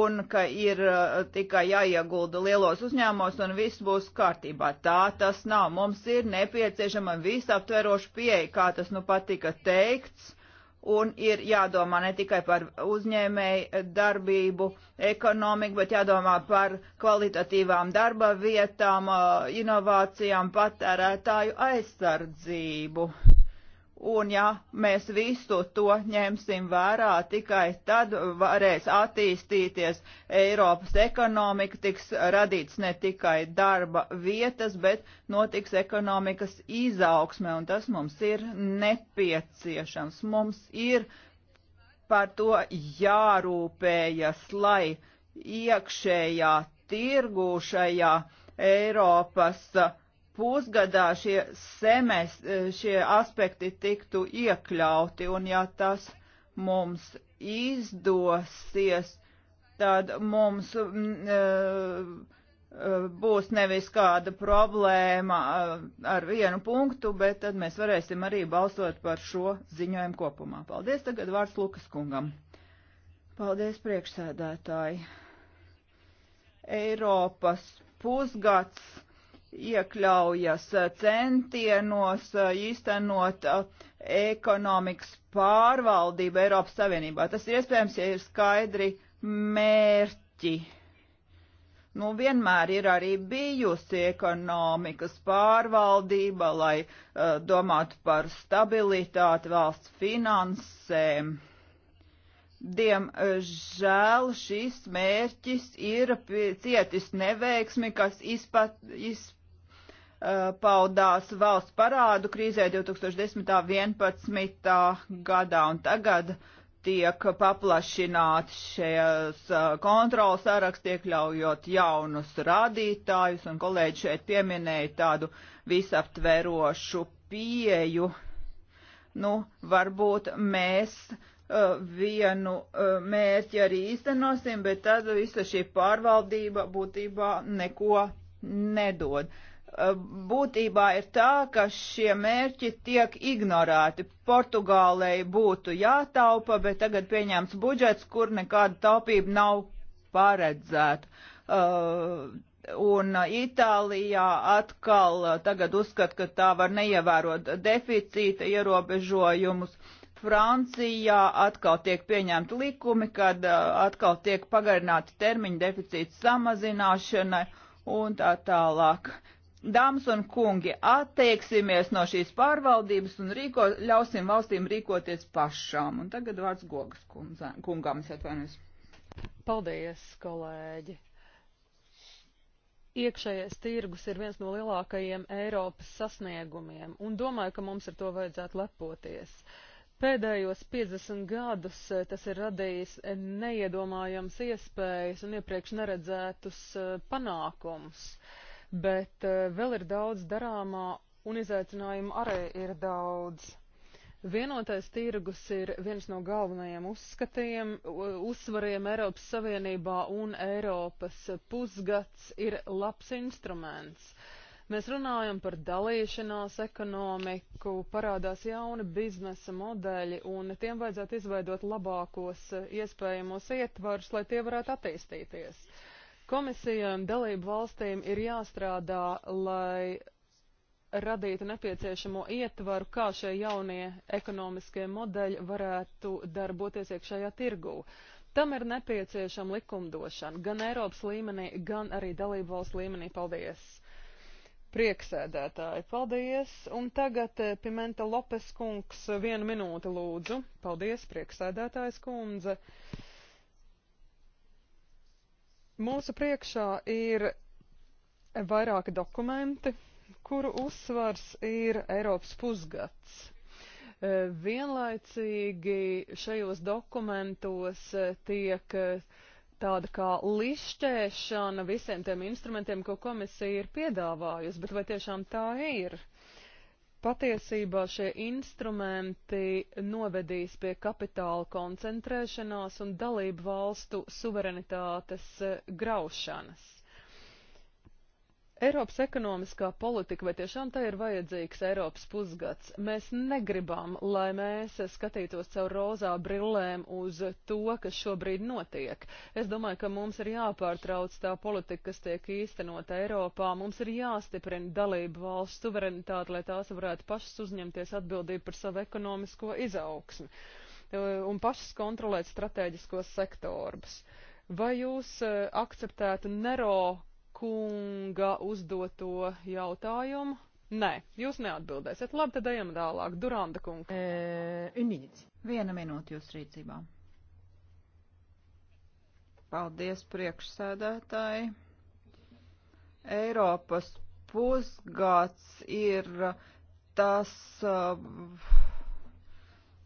un ka ir uh, tikai jāiegulda lielos uzņēmos un viss būs kārtībā. Tā tas nav. Mums ir nepieciešama visaptveroša pieeja, kā tas nu patika teikts un ir jādomā ne tikai par uzņēmēju darbību, ekonomiku, bet jādomā par kvalitatīvām darba vietām, inovācijām, patērētāju aizsardzību. Un ja mēs visu to ņemsim vērā, tikai tad varēs attīstīties Eiropas ekonomika, tiks radīts ne tikai darba vietas, bet notiks ekonomikas izaugsme, un tas mums ir nepieciešams. Mums ir par to jārūpējas, lai iekšējā tirgū šajā Eiropas uh, pusgadā šie, semes, šie aspekti tiktu iekļauti, un ja tas mums izdosies, tad mums mm, eh, eh, būs nevis kāda problēma eh, ar vienu punktu, bet tad mēs varēsim arī balsot par šo ziņojumu kopumā. Paldies, tagad vārds Lukas kungam. Paldies, priekšsēdētāji. Eiropas pusgads iekļaujas eh, centienos eh, īstenot eh, ekonomikas pārvaldību Eiropas Savienībā. Tas ir iespējams, ja ir skaidri mērķi. Nu, vienmēr ir arī bijusi ekonomikas pārvaldība, lai uh, domātu par stabilitāti valsts finansēm. Diemžēl šis mērķis ir cietis neveiksmi, kas izpat, izpat Eh, paudās valsts parādu krīzē 2010.11. gadā, un tagad tiek paplašināti šies eh, kontrols saraksti, iekļaujot jaunus rādītājus, un kolēģi šeit pieminēja tādu visaptverošu pieju. Nu, varbūt mēs eh, vienu mērķi arī īstenosim, bet tad visa šī pārvaldība būtībā neko nedod būtībā ir tā, ka šie mērķi tiek ignorēti. Portugālei būtu jātaupa, bet tagad pieņēmts budžets, kur nekāda taupība nav paredzēta. Uh, un Itālijā atkal tagad uzskat, ka tā var neievērot deficīta ierobežojumus. Francijā atkal tiek pieņemti likumi, kad uh, atkal tiek pagarināti termiņi deficīta samazināšanai un tā tālāk. Dāmas un kungi, atteiksimies no šīs pārvaldības un rīko, ļausim valstīm rīkoties pašām. Un tagad vārds Gogas kundze, kungām, es atvainojos. Paldies, kolēģi! Iekšējais tirgus ir viens no lielākajiem Eiropas sasniegumiem, un domāju, ka mums ar to vajadzētu lepoties. Pēdējos 50 gadus eh, tas ir radījis neiedomājams iespējas un iepriekš neredzētus eh, panākumus. Uh, bet eh, vēl ir daudz darāmā un izaicinājumu arī ir daudz. Vienotais tirgus ir viens no galvenajiem uzskatiem, uzsvariem Eiropas Savienībā un Eiropas pusgads ir labs instruments. Mēs runājam par dalīšanās ekonomiku, parādās jauni biznesa modeļi un tiem vajadzētu izveidot labākos eh, iespējamos ietvarus, lai tie varētu attīstīties. Uh, Komisijām dalību valstīm ir jāstrādā, lai radītu nepieciešamo ietvaru, kā šie jaunie ekonomiskie modeļi varētu darboties iekšējā tirgū. Tam ir nepieciešama likumdošana gan Eiropas līmenī, gan arī dalību valsts līmenī. Paldies! Prieksēdētāji, paldies! Un tagad eh, Pimenta Lopes kungs vienu minūti lūdzu. Paldies, prieksēdētājs kundze! Mūsu priekšā ir vairāki dokumenti, kuru uzsvars ir Eiropas pusgads. E, vienlaicīgi šajos dokumentos e, tiek e, tāda kā lišķēšana visiem tiem instrumentiem, ko komisija ir piedāvājusi, bet vai tiešām tā ir? Patiesībā šie instrumenti novedīs pie kapitāla koncentrēšanās un dalību valstu suverenitātes eh, graušanas. Eiropas ekonomiskā politika, vai tiešām tā ir vajadzīgs Eiropas pusgads? Mēs negribam, lai mēs skatītos caur rozā brillēm uz to, kas šobrīd notiek. Es domāju, ka mums ir jāpārtrauc tā politika, kas tiek īstenot Eiropā. Mums ir jāstiprina dalību valsts suverenitāte, lai tās varētu pašas uzņemties atbildību par savu ekonomisko izaugsmi eh, un pašas kontrolēt strateģiskos sektorus. Vai jūs eh, akceptētu Nero kunga uzdoto jautājumu? Nē, jūs neatbildēsiet. Labi, tad ejam tālāk. Duranda kungs. E, Viena minūte jūs rīcībā. Paldies, priekšsēdētāji. Eiropas pusgads ir tas uh,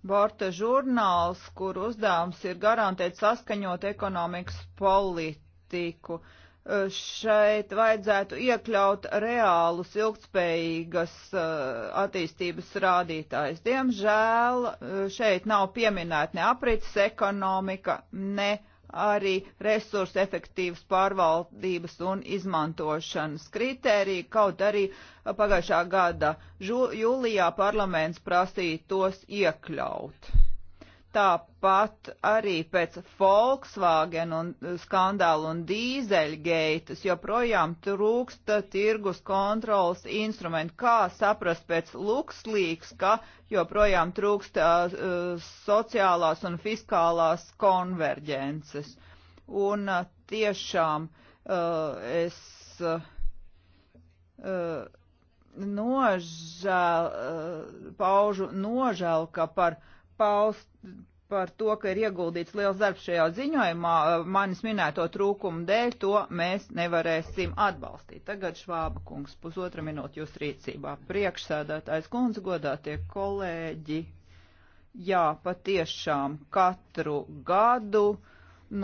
Borta žurnāls, kur uzdevums ir garantēt saskaņot ekonomikas politiku. Uh, Eh, šeit vajadzētu iekļaut reālus ilgtspējīgas eh, attīstības rādītājus. Diemžēl eh, šeit nav pieminēta ne aprits ekonomika, ne arī resursu efektīvas pārvaldības un izmantošanas kritērija, kaut arī pagājušā gada jūlijā parlaments prasīja tos iekļaut. Tāpat arī pēc Volkswagen un e, skandāla un dīzeļgeitas joprojām trūkst tirgus kontrolas instrumentu. Kā saprast pēc lukslīgs, ka joprojām trūkst uh, sociālās un fiskālās konverģences. Un uh, tiešām uh, es. Uh, nožēl, paužu nožēlu, ka par uh, paust par to, ka ir ieguldīts liels darbs šajā ziņojumā. Manis minēto trūkumu dēļ to mēs nevarēsim atbalstīt. Tagad Švāba kungs, pusotra minūte jūs rīcībā. Priekšsēdētājs kundze, godātie kolēģi. Jā, patiešām katru gadu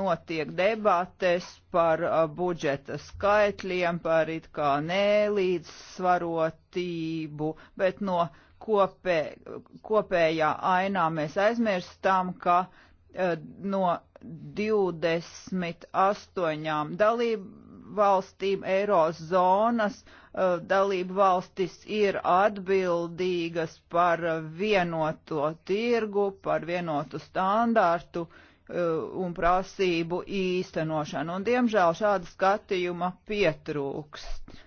notiek debates par uh, budžeta skaitļiem, par it kā nelīdzsvarotību, bet no kopē, kopējā ainā mēs aizmirstām, ka e, no 28 dalību valstīm Eirozonas e, dalību valstis ir atbildīgas par vienoto tirgu, par vienotu standārtu e, un prasību īstenošanu. Un, diemžēl, šāda skatījuma pietrūkst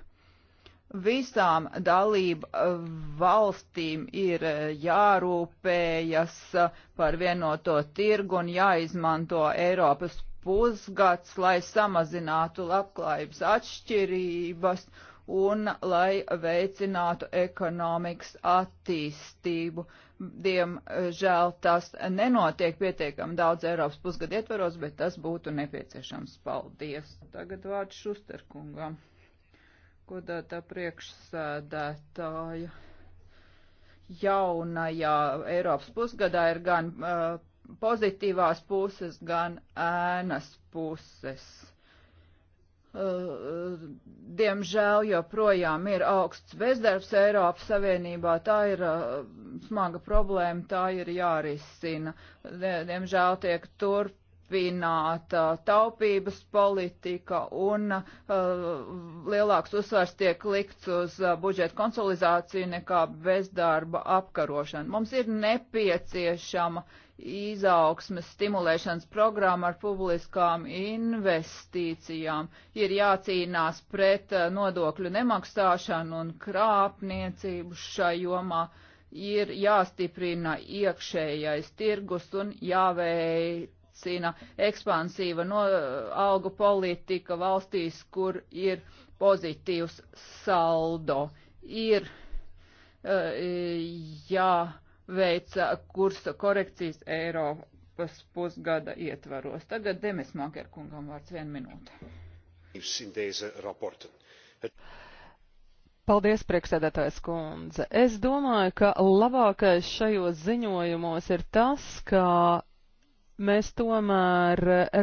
visām dalību eh, valstīm ir eh, jārūpējas eh, par vienoto tirgu un jāizmanto Eiropas pusgads, lai samazinātu labklājības atšķirības un lai veicinātu ekonomikas attīstību. Diemžēl tas nenotiek pietiekam daudz Eiropas pusgadu ietvaros, bet tas būtu nepieciešams. Paldies. Tagad vārds Šusterkungam godātā priekšsēdētāja. Jaunajā Eiropas pusgadā ir gan uh, pozitīvās puses, gan ēnas puses. Uh, diemžēl joprojām ir augsts bezdarbs Eiropas Savienībā, tā ir uh, smaga problēma, tā ir jārisina. Diemžēl tiek turp turpināta taupības politika un uh, lielāks uzsvars tiek likts uz budžeta konsolidāciju nekā bezdarba apkarošana. Mums ir nepieciešama izaugsmes stimulēšanas programma ar publiskām investīcijām. Ir jācīnās pret nodokļu nemaksāšanu un krāpniecību šajomā ir jāstiprina iekšējais tirgus un jāveic jārisina ekspansīva no augu politika valstīs, kur ir pozitīvs saldo. Ir eh, jāveic kursa korekcijas Eiropas pusgada ietvaros. Tagad Demis Makerkungam vārds vienu minūti. Paldies, priekšsēdētājs kundze. Es domāju, ka labākais šajos ziņojumos ir tas, ka mēs tomēr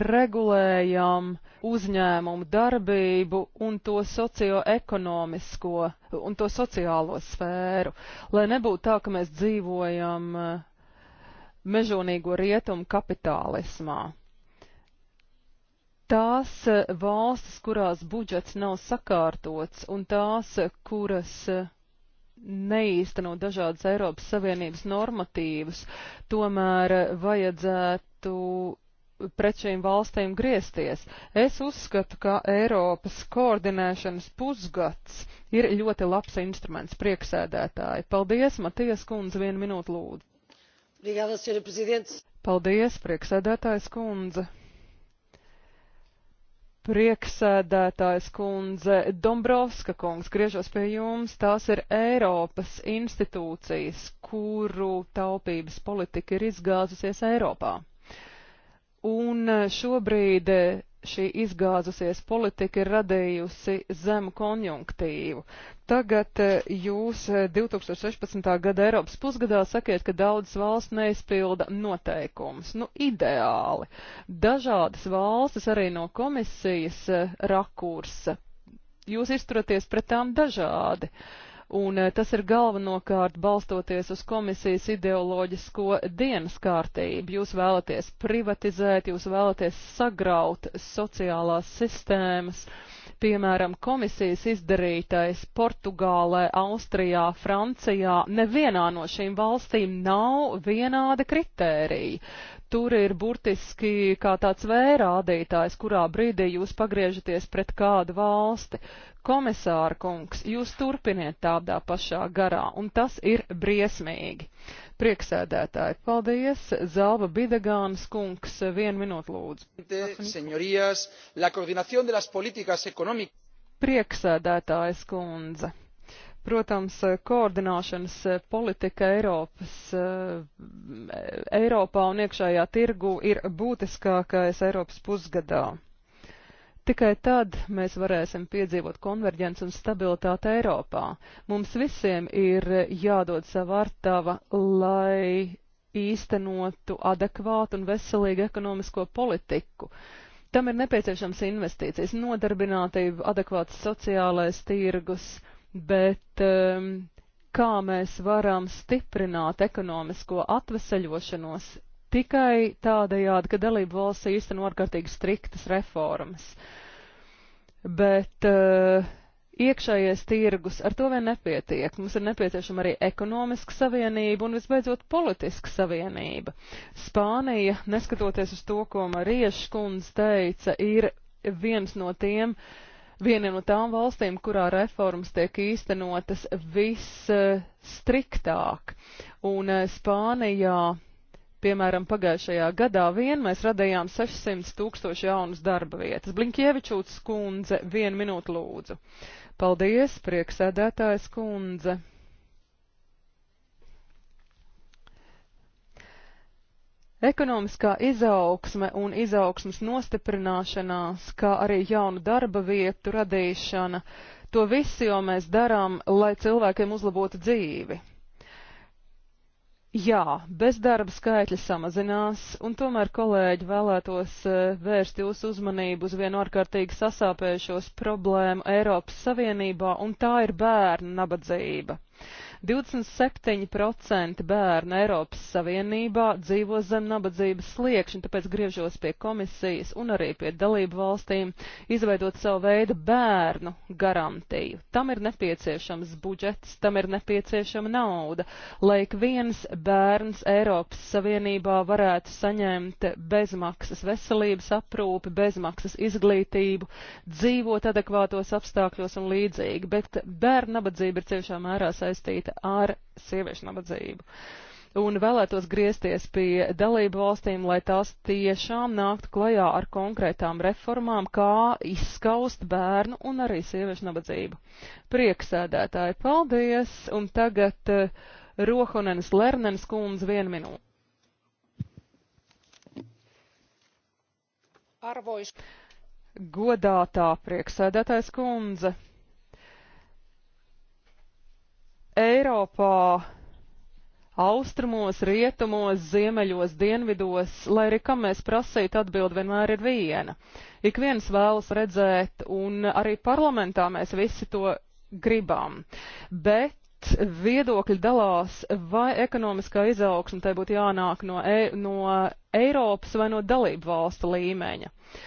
regulējam uzņēmumu darbību un to socioekonomisko un to sociālo sfēru, lai nebūtu tā, ka mēs dzīvojam eh, mežonīgo rietumu kapitālismā. Tās eh, valstis, kurās budžets nav sakārtots, un tās, kuras eh, neīstenot dažādas Eiropas Savienības normatīvas, tomēr vajadzētu pret šīm valstīm griezties. Es uzskatu, ka Eiropas koordinēšanas pusgads ir ļoti labs instruments prieksēdētāji. Paldies, Matijas kundze, vienu minūtu lūdzu. Brigādas, Paldies, prieksēdētājs kundze. Prieksēdētājs kundze Dombrovska kungs, griežos pie jums, tās ir Eiropas institūcijas, kuru taupības politika ir izgāzusies Eiropā. Un šobrīd šī izgāzusies politika ir radījusi zemu konjunktīvu. Tagad eh, jūs 2016. Eh, gada Eiropas pusgadā sakiet, ka daudzas valsts neizpilda noteikumus. Nu, ideāli. Dažādas valstis arī no komisijas eh, rakursa. Jūs izturaties pret tām dažādi. Un tas ir galvenokārt balstoties uz komisijas ideoloģisko dienas kārtību. Jūs vēlaties privatizēt, jūs vēlaties sagraut sociālās sistēmas. Uh, piemēram, komisijas izdarītais Portugālē, Austrijā, Francijā, nevienā no šīm valstīm nav vienāda kritērija. Tur ir burtiski kā tāds vērādītājs, kurā brīdī jūs pagriežaties pret kādu valsti. Komisāra kungs, jūs turpiniet tādā pašā garā, un tas ir briesmīgi. Prieksēdētāji, paldies, Zalba Bidegānas kungs, vienu minūtu lūdzu. Prieksēdētājs kundze. Protams, koordināšanas politika Eiropas, Eiropā un iekšējā tirgu ir būtiskākais Eiropas pusgadā. Tikai tad mēs varēsim piedzīvot konverģents un stabilitāti Eiropā. Mums visiem ir jādod sava artava, lai īstenotu adekvātu un veselīgu ekonomisko politiku. Tam ir nepieciešams investīcijas, nodarbinātība, adekvāts sociālais tirgus, bet um, kā mēs varam stiprināt ekonomisko atveseļošanos, tikai tādējādi, ka dalību valsts īsten ārkārtīgi striktas reformas. Bet uh, iekšējais tirgus ar to vien nepietiek. Mums ir nepieciešama arī ekonomiska savienība un visbeidzot politiska savienība. Spānija, neskatoties uz to, ko Marieša kundze teica, ir viens no tiem, viena no tām valstīm, kurā reformas tiek īstenotas visstriktāk. Un eh, Spānijā Piemēram, pagājušajā gadā vien mēs radījām 600 tūkstoši jaunas darba vietas. Blinkievičūtas kundze, vienu minūtu lūdzu. Paldies, prieksēdētājs kundze. Ekonomiskā izaugsme un izaugsmas nostiprināšanās, kā arī jaunu darba vietu radīšana, to visu jau mēs darām, lai cilvēkiem uzlabotu dzīvi. Jā, bezdarba skaitļi samazinās, un tomēr, kolēģi, vēlētos eh, vērst jūsu uzmanību uz vienu ārkārtīgi sasāpējušos problēmu Eiropas Savienībā, un tā ir bērnu nabadzība. 27% bērnu Eiropas Savienībā dzīvo zem nabadzības sliekšņa, tāpēc griežos pie komisijas un arī pie dalību valstīm izveidot savu veidu bērnu garantiju. Tam ir nepieciešams budžets, tam ir nepieciešama nauda, lai ik viens bērns Eiropas Savienībā varētu saņemt bezmaksas veselības aprūpi, bezmaksas izglītību, dzīvot adekvātos apstākļos un līdzīgi, bet bērnu nabadzība ir ciešā mērā saistīta saistīta ar sieviešu nabadzību. Un vēlētos griezties pie dalību valstīm, lai tās tiešām nāktu klajā ar konkrētām reformām, kā izskaust bērnu un arī sieviešu nabadzību. Prieksēdētāji, paldies! Un tagad uh, Rohonenes Lernenes kundze vienu minūti. Arvois. Godātā prieksēdētājs kundze, Eiropā, austrumos, rietumos, ziemeļos, dienvidos, lai arī kam mēs prasītu atbildi, vienmēr ir viena. Ik viens vēlas redzēt, un arī parlamentā mēs visi to gribam. Bet viedokļi dalās, vai ekonomiskā izaugsme tai būtu jānāk no, e no Eiropas vai no dalību valstu līmeņa. Uh,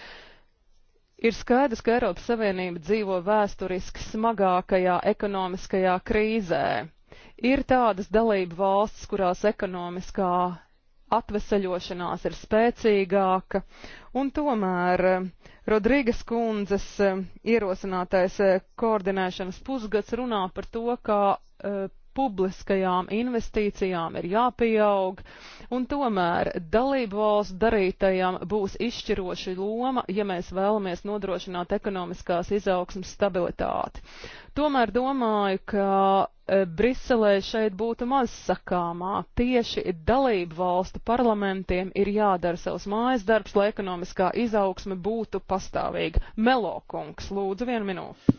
Ir skaidrs, ka Eiropas Savienība dzīvo vēsturiski smagākajā ekonomiskajā krīzē. Ir tādas dalību valsts, kurās ekonomiskā atveseļošanās ir spēcīgāka, un tomēr eh, Rodrīgas kundzes eh, ierosinātais eh, koordinēšanas pusgads runā par to, kā publiskajām investīcijām ir jāpieaug, un tomēr dalību valsts darītajam būs izšķiroša loma, ja mēs vēlamies nodrošināt ekonomiskās izaugsmas stabilitāti. Tomēr domāju, ka e, Briselē šeit būtu maz sakāmā. Tieši dalību valstu parlamentiem ir jādara savs mājas darbs, lai ekonomiskā izaugsme būtu pastāvīga. Melokungs, lūdzu, vienu minūti.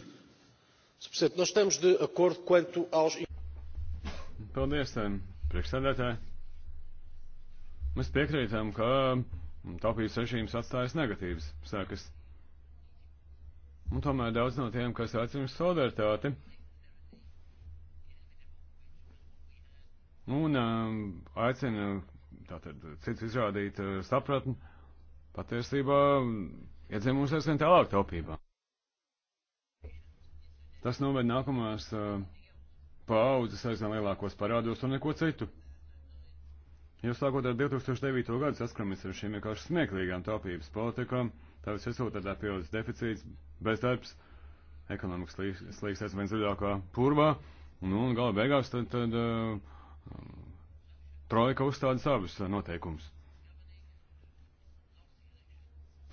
Paldies, eh, priekšsēdētāji. Mēs piekrītam, ka mm, taupības režīms atstājas negatīvas sekas. Un tomēr daudz no tiem, kas aicina solidaritāti, un um, aicina tātad cits izrādīt uh, sapratni, patiesībā mm, iedzimušies vien tālāk taupībā. Tas noved nākamās uh, paudzes aizvien lielākos parādos un neko citu. Jau sākot ar 2009. gadu saskaramies ar šīm vienkārši smieklīgām taupības politikām, tāpēc esot tādā pieaudzes deficīts, bezdarbs, ekonomikas slīgs aizvien zaļākā purvā, nu un gala beigās tad, tad uh, trojka uzstāda savus noteikumus.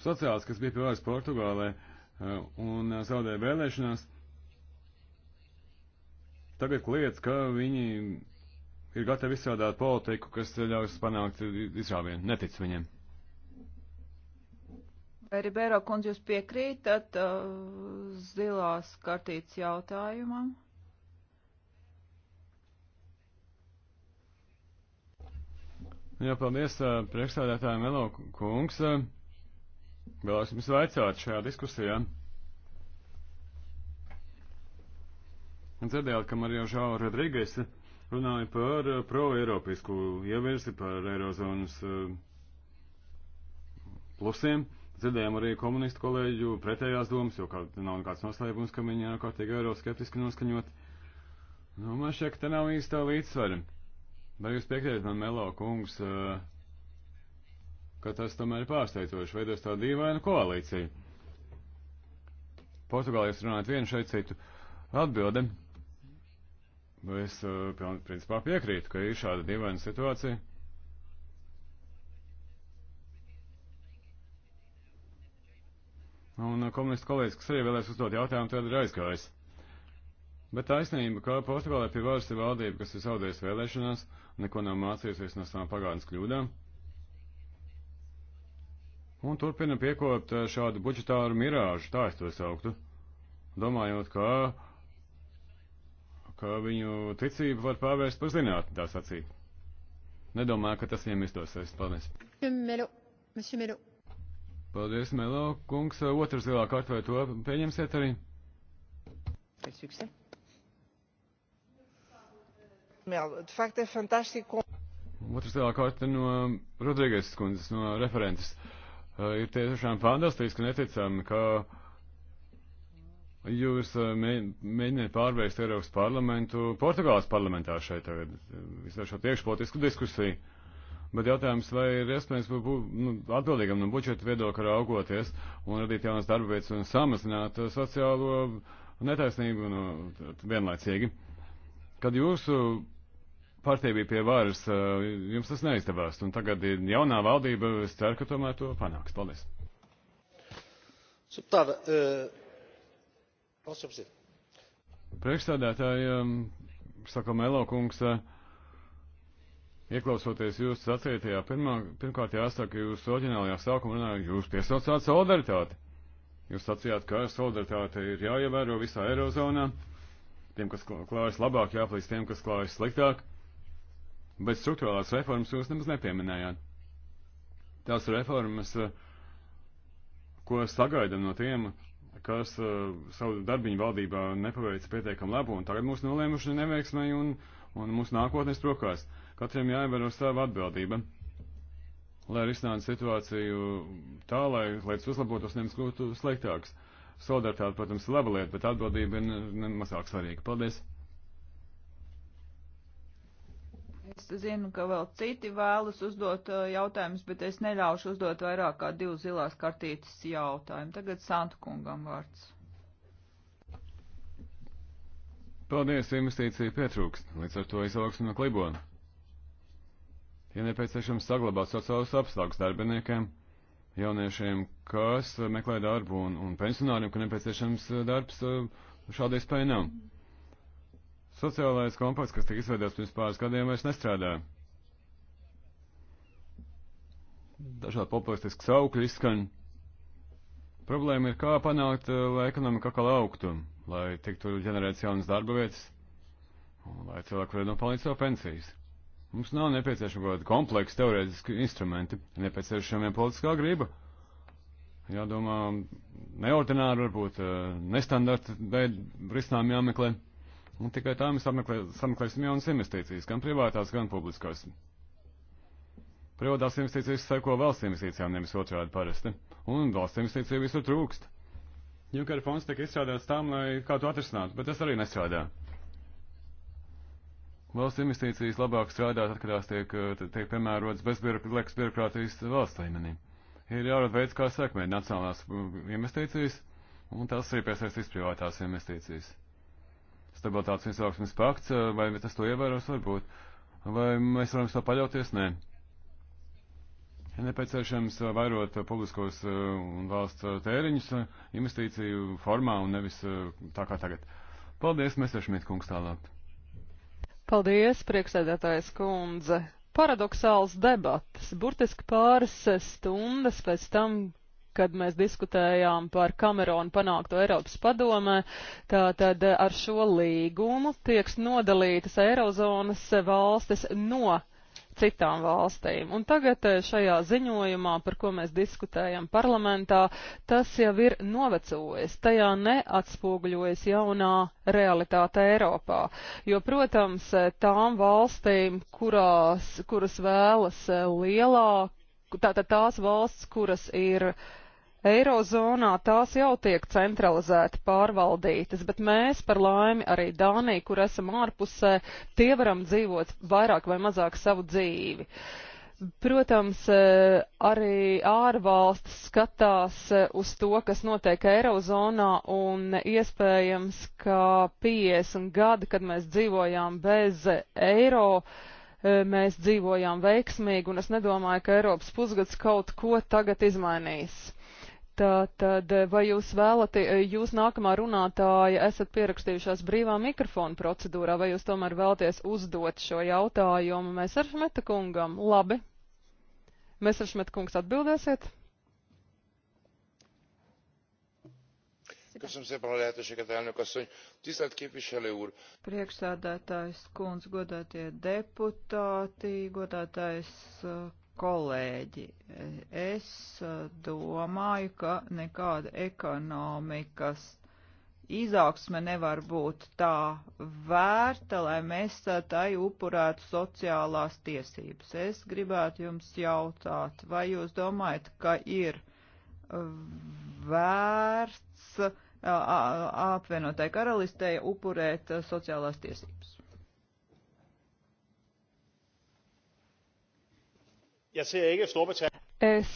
Sociāls, kas bija pievērsts Portugālē uh, un zaudēja vēlēšanās, tagad kliedz, ka viņi ir gatavi izstrādāt politiku, kas ļaus panākt izrāvienu. Netic viņiem. Vai Ribeiro kundze jūs piekrītat uh, zilās kartītes jautājumam? Jā, paldies uh, priekšstādātājiem Melo kungs. Uh, Vēlos jums vaicāt šajā diskusijā. Uh, Dzirdējāt, ka Marija Žāla Rodrīgais runāja par eh, pro-eiropisku ievirsi, par eirozonas eh, plusiem. Dzirdējām arī komunistu kolēģu pretējās domas, jo kā, nav nekāds noslēpums, ka viņi ir kārtīgi eiroskeptiski noskaņot. Nu, man šķiet, ka te nav īstā līdzsvara. Vai jūs piekrītat man, Melo kungs, eh, ka tas tomēr ir pārsteidzoši, veidos tā dīvaina koalīcija? Portugālijas runājot vienu šeit citu. Atbilde. Nu, es eh, principā piekrītu, ka ir šāda dīvaina situācija. Un eh, komunistu kolēģis, kas arī vēlēs uzdot jautājumu, tad ir aizgājis. Bet taisnība, ka Portugālē pie varas ir valdība, kas ir zaudējusi vēlēšanās, neko nav mācījusies no savām pagātnes kļūdām. Un turpina piekopt šādu budžetāru mirāžu, tā es to sauktu, domājot, ka ka viņu ticību var pārvērst par zinātni, tā sacīt. Nedomāju, ka tas viņiem izdosies. Paldies. Melo. Monsieur Melo. Paldies, Melo. Kungs, otrs zilā kārta vai to pieņemsiet arī? Quel succès. Melo, de facto, ir fantastiski. Otrs zilā kārta no Rodrīgas skundzes, no referentes. Eh, ir tiešām fantastiski, neticami, ka. Jūs eh, mēģiniet pārvērst Eiropas parlamentu, Portugāles parlamentā šeit tagad, visā šo iekšpolitisku diskusiju. Bet jautājums, vai ir iespējams būt nu, atbildīgam no nu, budžeta viedokļa raugoties un radīt jaunas darba vietas un samazināt eh, sociālo netaisnību nu, vienlaicīgi. Kad jūsu partija bija pie varas, eh, jums tas neizdevās, un tagad ir jaunā valdība, es ceru, ka tomēr to panāks. Paldies. Subtāda, uh... Priekšstādātāji, um, saka Melo kungs, uh, ieklausoties jūsu sacītajā, pirmā, pirmkārt jāsaka, jūs oriģinālajā sākumā runājāt, jūs piesaucāt solidaritāti. Jūs sacījāt, ka solidaritāte ir jāievēro visā Eirozonā, tiem, kas klājas labāk, jāplīst tiem, kas klājas sliktāk, bet struktūrālās reformas jūs nemaz nepieminējāt. Tās reformas, uh, ko sagaidam no tiem, kas uh, savu darbiņu valdībā nepaveica pietiekam labu, un tagad mūs nolēmuši neveiksmē un, un mūsu nākotnes prokās. Katram jāievēro sava atbildība, lai risinātu situāciju tā, lai lietas uzlabotos, nevis kļūtu sliktāks. Solidaritāte, protams, ir laba lieta, bet atbildība ir nemazāk svarīga. Paldies! Es zinu, ka vēl citi vēlas uzdot uh, jautājumus, bet es neļaušu uzdot vairāk kā divu zilās kartītes jautājumu. Tagad Santu kungam vārds. Paldies, investīcija pietrūkst, līdz ar to izaugsme no klibona. Ja nepieciešams saglabāt sociālus apstākļus darbiniekiem, jauniešiem, kas meklē darbu un, un pensionāriem, ka nepieciešams uh, darbs uh, šādai spējai nav. Mm. Sociālais kompas, kas tika izveidots pirms pāris gadiem, vairs nestrādā. Dažādi populistiski saukļi izskan. Problēma ir, kā panākt, eh, lai ekonomika atkal augtu, lai tiktu ģenerēts jaunas darba vietas, un lai cilvēki varētu nopelnīt savu pensijas. Mums nav nepieciešama kaut kāda kompleksa teorētiska instrumenti, nepieciešama politiskā griba. Jādomā, neordināri varbūt, eh, nestandarta veidu risinājumi jāmeklē. Un tikai tā mēs apmeklē, sameklēsim jaunas investīcijas, gan privātās, gan publiskās. Privātās investīcijas seko valsts investīcijām, nevis otrādi parasti. Un valsts investīcija visur trūkst. Junkera fonds tika izstrādāts tam, lai kā to atrisinātu, bet tas arī nestrādā. Valsts investīcijas labāk strādāt atkarās tiek, tiek piemērots bez liekas birokrātijas valsts līmenī. Ir jārod veids, kā sekmēt nacionālās investīcijas, un tas arī piesaistīs privātās investīcijas stabilitātes izaugsmes pakts, eh, vai tas to ievēros varbūt? Vai mēs varam to paļauties? Nē. Ir nepieciešams eh, vairot eh, publiskos un valsts tēriņus investīciju formā un nevis tā kā tagad. Paldies, Mesešmit kungs tālāk. Paldies, priekšsēdētājs kundze. Paradoxāls debatas, burtiski pāris stundas pēc tam, kad mēs diskutējām par Kameronu panākto Eiropas padomē, tātad ar šo līgumu tieks nodalītas Eirozonas valstis no citām valstīm. Un tagad eh, šajā ziņojumā, par ko mēs diskutējam parlamentā, tas jau ir novecojis. Tajā neatspoguļojas jaunā realitāte Eiropā. Jo, protams, tām valstīm, kurās, kuras vēlas eh, lielāku, tātad tās valsts, kuras ir uh, Eirozonā tās jau tiek centralizēti pārvaldītas, bet mēs, par laimi, arī Dānija, kur esam ārpusē, tie varam dzīvot vairāk vai mazāk savu dzīvi. Protams, e, arī ārvalstis skatās e, uz to, kas notiek Eirozonā, un iespējams, ka 50 gadi, kad mēs dzīvojām bez eiro, e, mēs dzīvojām veiksmīgi, un es nedomāju, ka Eiropas pusgads kaut ko tagad izmainīs. Tātad, vai jūs vēlaties, jūs nākamā runātāja esat pierakstījušās brīvā mikrofona procedūrā, vai jūs tomēr vēlaties uzdot šo jautājumu Mēsaršmeta kungam? Labi. Mēsaršmeta kungs atbildēsiet? Köszönöm szépen a lehetőséget, elnök asszony. Tisztelt képviselő úr! Priekšsādātājs kundz, godātie deputāti, godātājs kolēģi, es eh, domāju, ka nekāda ekonomikas izaugsme nevar būt tā vērta, lai mēs tai upurētu sociālās tiesības. Es gribētu jums jautāt, vai jūs domājat, ka ir vērts apvienotai karalistei upurēt eh, sociālās tiesības? jeg ser ikke Es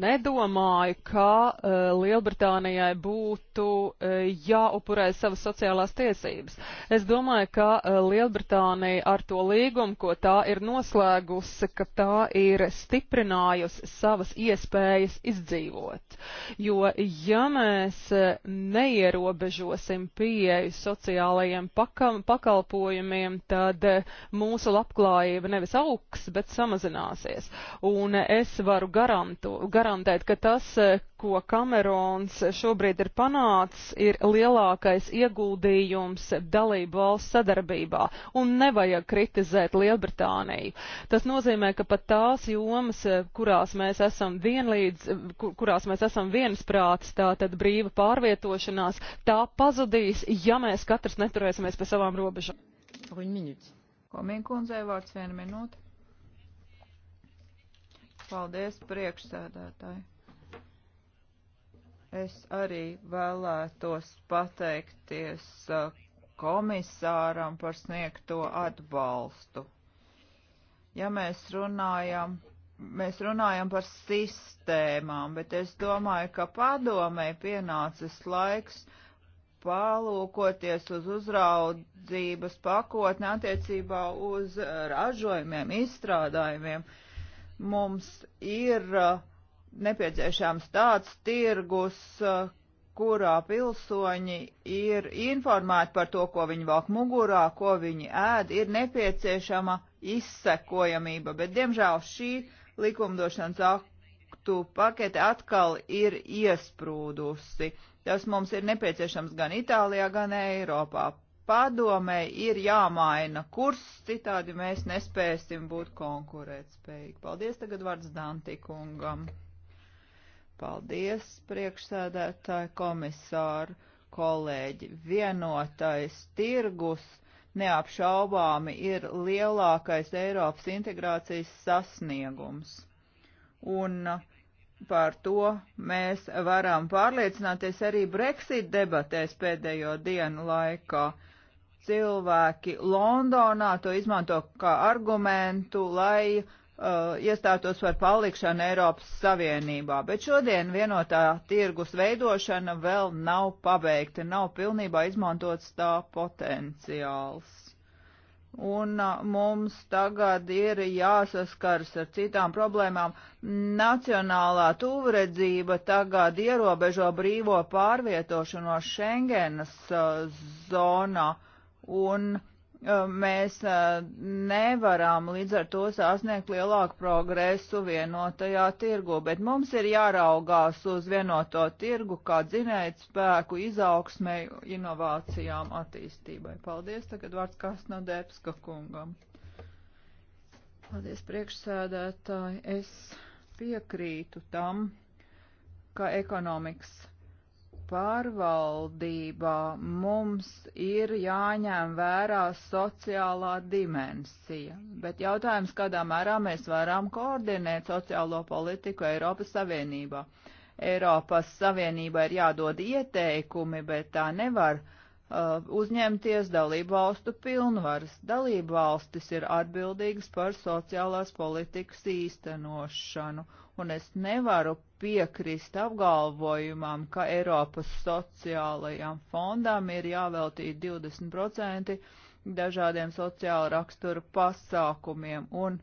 nedomāju, ka uh, Lielbritānijai būtu uh, jāupurē savas sociālās tiesības. Es domāju, ka uh, Lielbritānija ar to līgumu, ko tā ir noslēgusi, ka tā ir stiprinājusi savas iespējas izdzīvot. Jo ja mēs uh, neierobežosim pieeju sociālajiem pakam, pakalpojumiem, tad uh, mūsu labklājība nevis augs, bet samazināsies. Un, uh, es varu garanto, garantēt, ka tas, eh, ko Kamerons šobrīd ir panācis, ir lielākais ieguldījums dalību valsts sadarbībā, un nevajag kritizēt Lielbritāniju. Tas nozīmē, ka pat tās jomas, eh, kurās mēs esam vienlīdz, eh, kur, kurās mēs esam viensprāts, tā tad brīva pārvietošanās, tā pazudīs, ja mēs katrs neturēsimies pie savām robežām. Komienkundzei vārds viena minūte. Paldies, priekšsēdētāji. Es arī vēlētos pateikties uh, komisāram par sniegto atbalstu. Ja mēs runājam, mēs runājam par sistēmām, bet es domāju, ka padomē pienācis laiks palūkoties uz uzraudzības pakotni attiecībā uz ražojumiem, izstrādājumiem. Uh, Mums ir uh, nepieciešams tāds tirgus, uh, kurā pilsoņi ir informēti par to, ko viņi valk mugurā, ko viņi ēd, ir nepieciešama izsekojamība, bet diemžēl šī likumdošanas aktu pakete atkal ir iesprūdusi. Tas mums ir nepieciešams gan Itālijā, gan Eiropā padomē ir jāmaina kurs, citādi mēs nespēsim būt konkurētspējīgi. Paldies, tagad vārds Dantikungam. Paldies, priekšsēdētāji komisāri, kolēģi. Vienotais tirgus neapšaubāmi ir lielākais Eiropas integrācijas sasniegums. Un par to mēs varam pārliecināties arī Brexit debatēs pēdējo dienu laikā cilvēki Londonā to izmanto kā argumentu, lai uh, iestātos par palikšanu Eiropas Savienībā. Bet šodien vienotā tirgus veidošana vēl nav pabeigta, nav pilnībā izmantots tā potenciāls. Un uh, mums tagad ir jāsaskars ar citām problēmām. Nacionālā tūredzība tagad ierobežo brīvo pārvietošanos Schengenas uh, zonā un uh, mēs uh, nevaram līdz ar to sasniegt lielāku progresu vienotajā tirgu, bet mums ir jāraugās uz vienoto tirgu kā dzinēt spēku izaugsmei, inovācijām, attīstībai. Paldies, tagad vārds Kasna Debska kungam. Paldies, priekšsēdētāji. Es piekrītu tam, ka ekonomikas pārvaldībā mums ir jāņem vērā sociālā dimensija, bet jautājums, kādā mērā mēs varam koordinēt sociālo politiku Eiropas Savienībā. Eiropas Savienība ir jādod ieteikumi, bet tā nevar uh, uh, uzņemties dalību valstu pilnvaras. Dalību valstis ir atbildīgas par sociālās politikas īstenošanu, un es nevaru piekrist apgalvojumam, ka Eiropas sociālajām fondām ir jāveltīt 20% dažādiem sociāla rakstura pasākumiem, un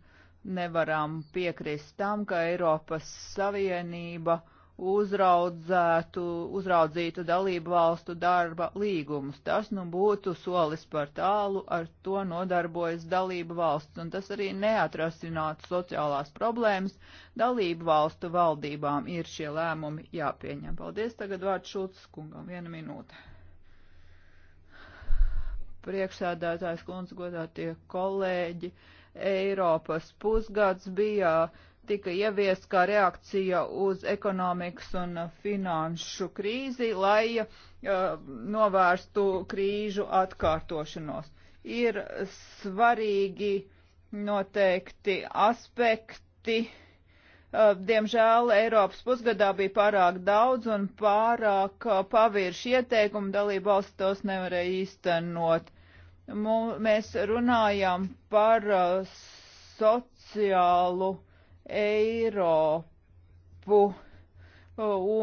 nevaram piekrist tam, ka Eiropas Savienība uzraudzētu, uzraudzītu dalību valstu darba līgumus. Tas nu būtu solis par tālu, ar to nodarbojas dalību valsts, un tas arī neatrasinātu sociālās problēmas. Dalību valstu valdībām ir šie lēmumi jāpieņem. Paldies, tagad vārds Šulcis kungam, viena minūte. Priekšsēdētājs kundze godā tie kolēģi. Eiropas pusgads bija uh, tika ieviest kā reakcija uz ekonomikas un uh, finanšu krīzi, lai uh, novērstu krīžu atkārtošanos. Ir svarīgi noteikti aspekti. Uh, diemžēl Eiropas pusgadā bija pārāk daudz un pārāk uh, pavirši ieteikumu dalību valsts tos nevarēja īstenot. Mū, mēs runājam par uh, sociālu uh, Eiropu.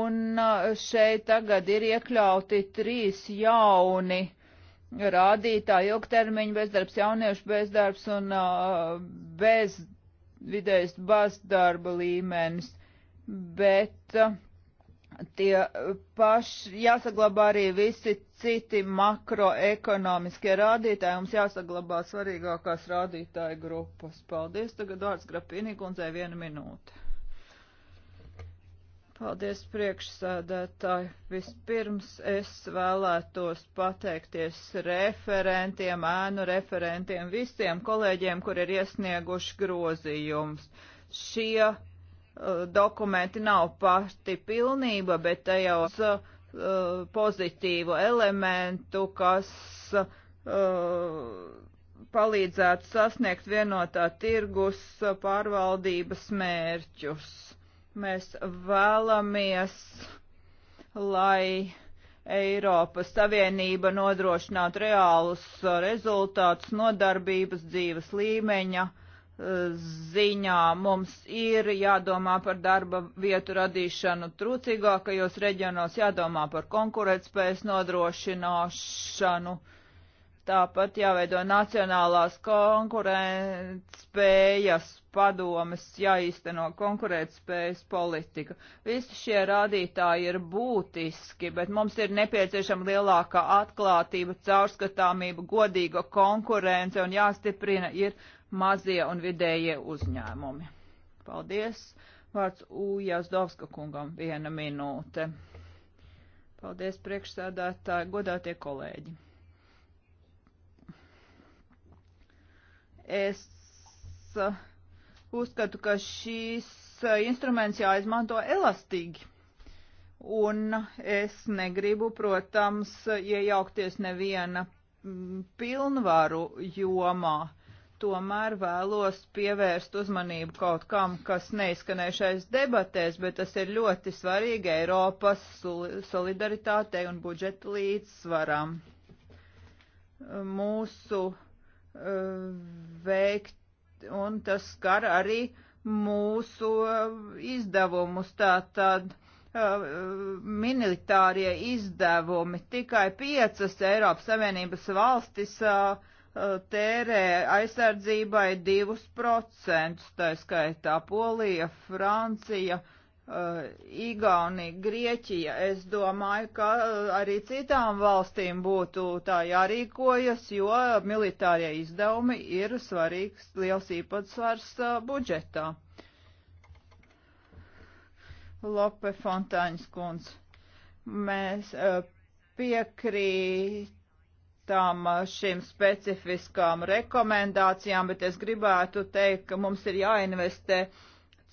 Un uh, šeit tagad ir iekļauti trīs jauni rādītāji - ilgtermiņa bezdarbs, jauniešu bezdarbs un uh, bez vidējs bezdarba līmenis. Bet uh, tie paši jāsaglabā arī visi citi makroekonomiskie rādītāji. Mums jāsaglabā svarīgākās rādītāju grupas. Paldies. Tagad vārds Grapinī kundzei viena minūte. Paldies priekšsēdētāji. Vispirms es vēlētos pateikties referentiem, ēnu referentiem, visiem kolēģiem, kur ir iesnieguši grozījums. Šie uh, dokumenti nav pati pilnība, bet te jau. Uh, Uh, pozitīvu elementu, kas uh, palīdzētu sasniegt vienotā tirgus pārvaldības mērķus. Mēs vēlamies, lai Eiropas Savienība nodrošinātu reālus uh, rezultātus nodarbības dzīves līmeņa uh, ziņā mums ir jādomā par darba vietu radīšanu trūcīgākajos reģionos, jādomā par konkurētspējas nodrošināšanu, tāpat jāveido nacionālās konkurētspējas padomes, jāīsteno konkurētspējas politika. Visi šie rādītāji ir būtiski, bet mums ir nepieciešama lielākā atklātība, caurskatāmība, godīga konkurence un jāstiprina ir mazie un vidējie uzņēmumi. Paldies! Vārds Ujas Dovska kungam viena minūte. Paldies priekšsēdētāji, godātie kolēģi. Es uh, uzskatu, ka šīs uh, instruments jāizmanto elastīgi. Un es negribu, protams, iejaukties neviena mm, pilnvaru jomā tomēr vēlos pievērst uzmanību kaut kam, kas neizskanējušais debatēs, bet tas ir ļoti svarīgi Eiropas solidaritātei un budžeta līdzsvaram. Mūsu eh, veikt, un tas skar arī mūsu eh, izdevumus, tātad eh, militārie izdevumi. Tikai piecas Eiropas Savienības valstis uh, tērē aizsardzībai 2%, tā skaitā Polija, Francija, eh, Igaunija, Grieķija. Es domāju, ka eh, arī citām valstīm būtu tā jārīkojas, jo militārie izdevumi ir svarīgs liels īpatsvars eh, budžetā. Lope Fontaņas kundz. Mēs piekrīt tām eh, šīm specifiskām rekomendācijām, bet es gribētu teikt, ka mums ir jāinvestē uh,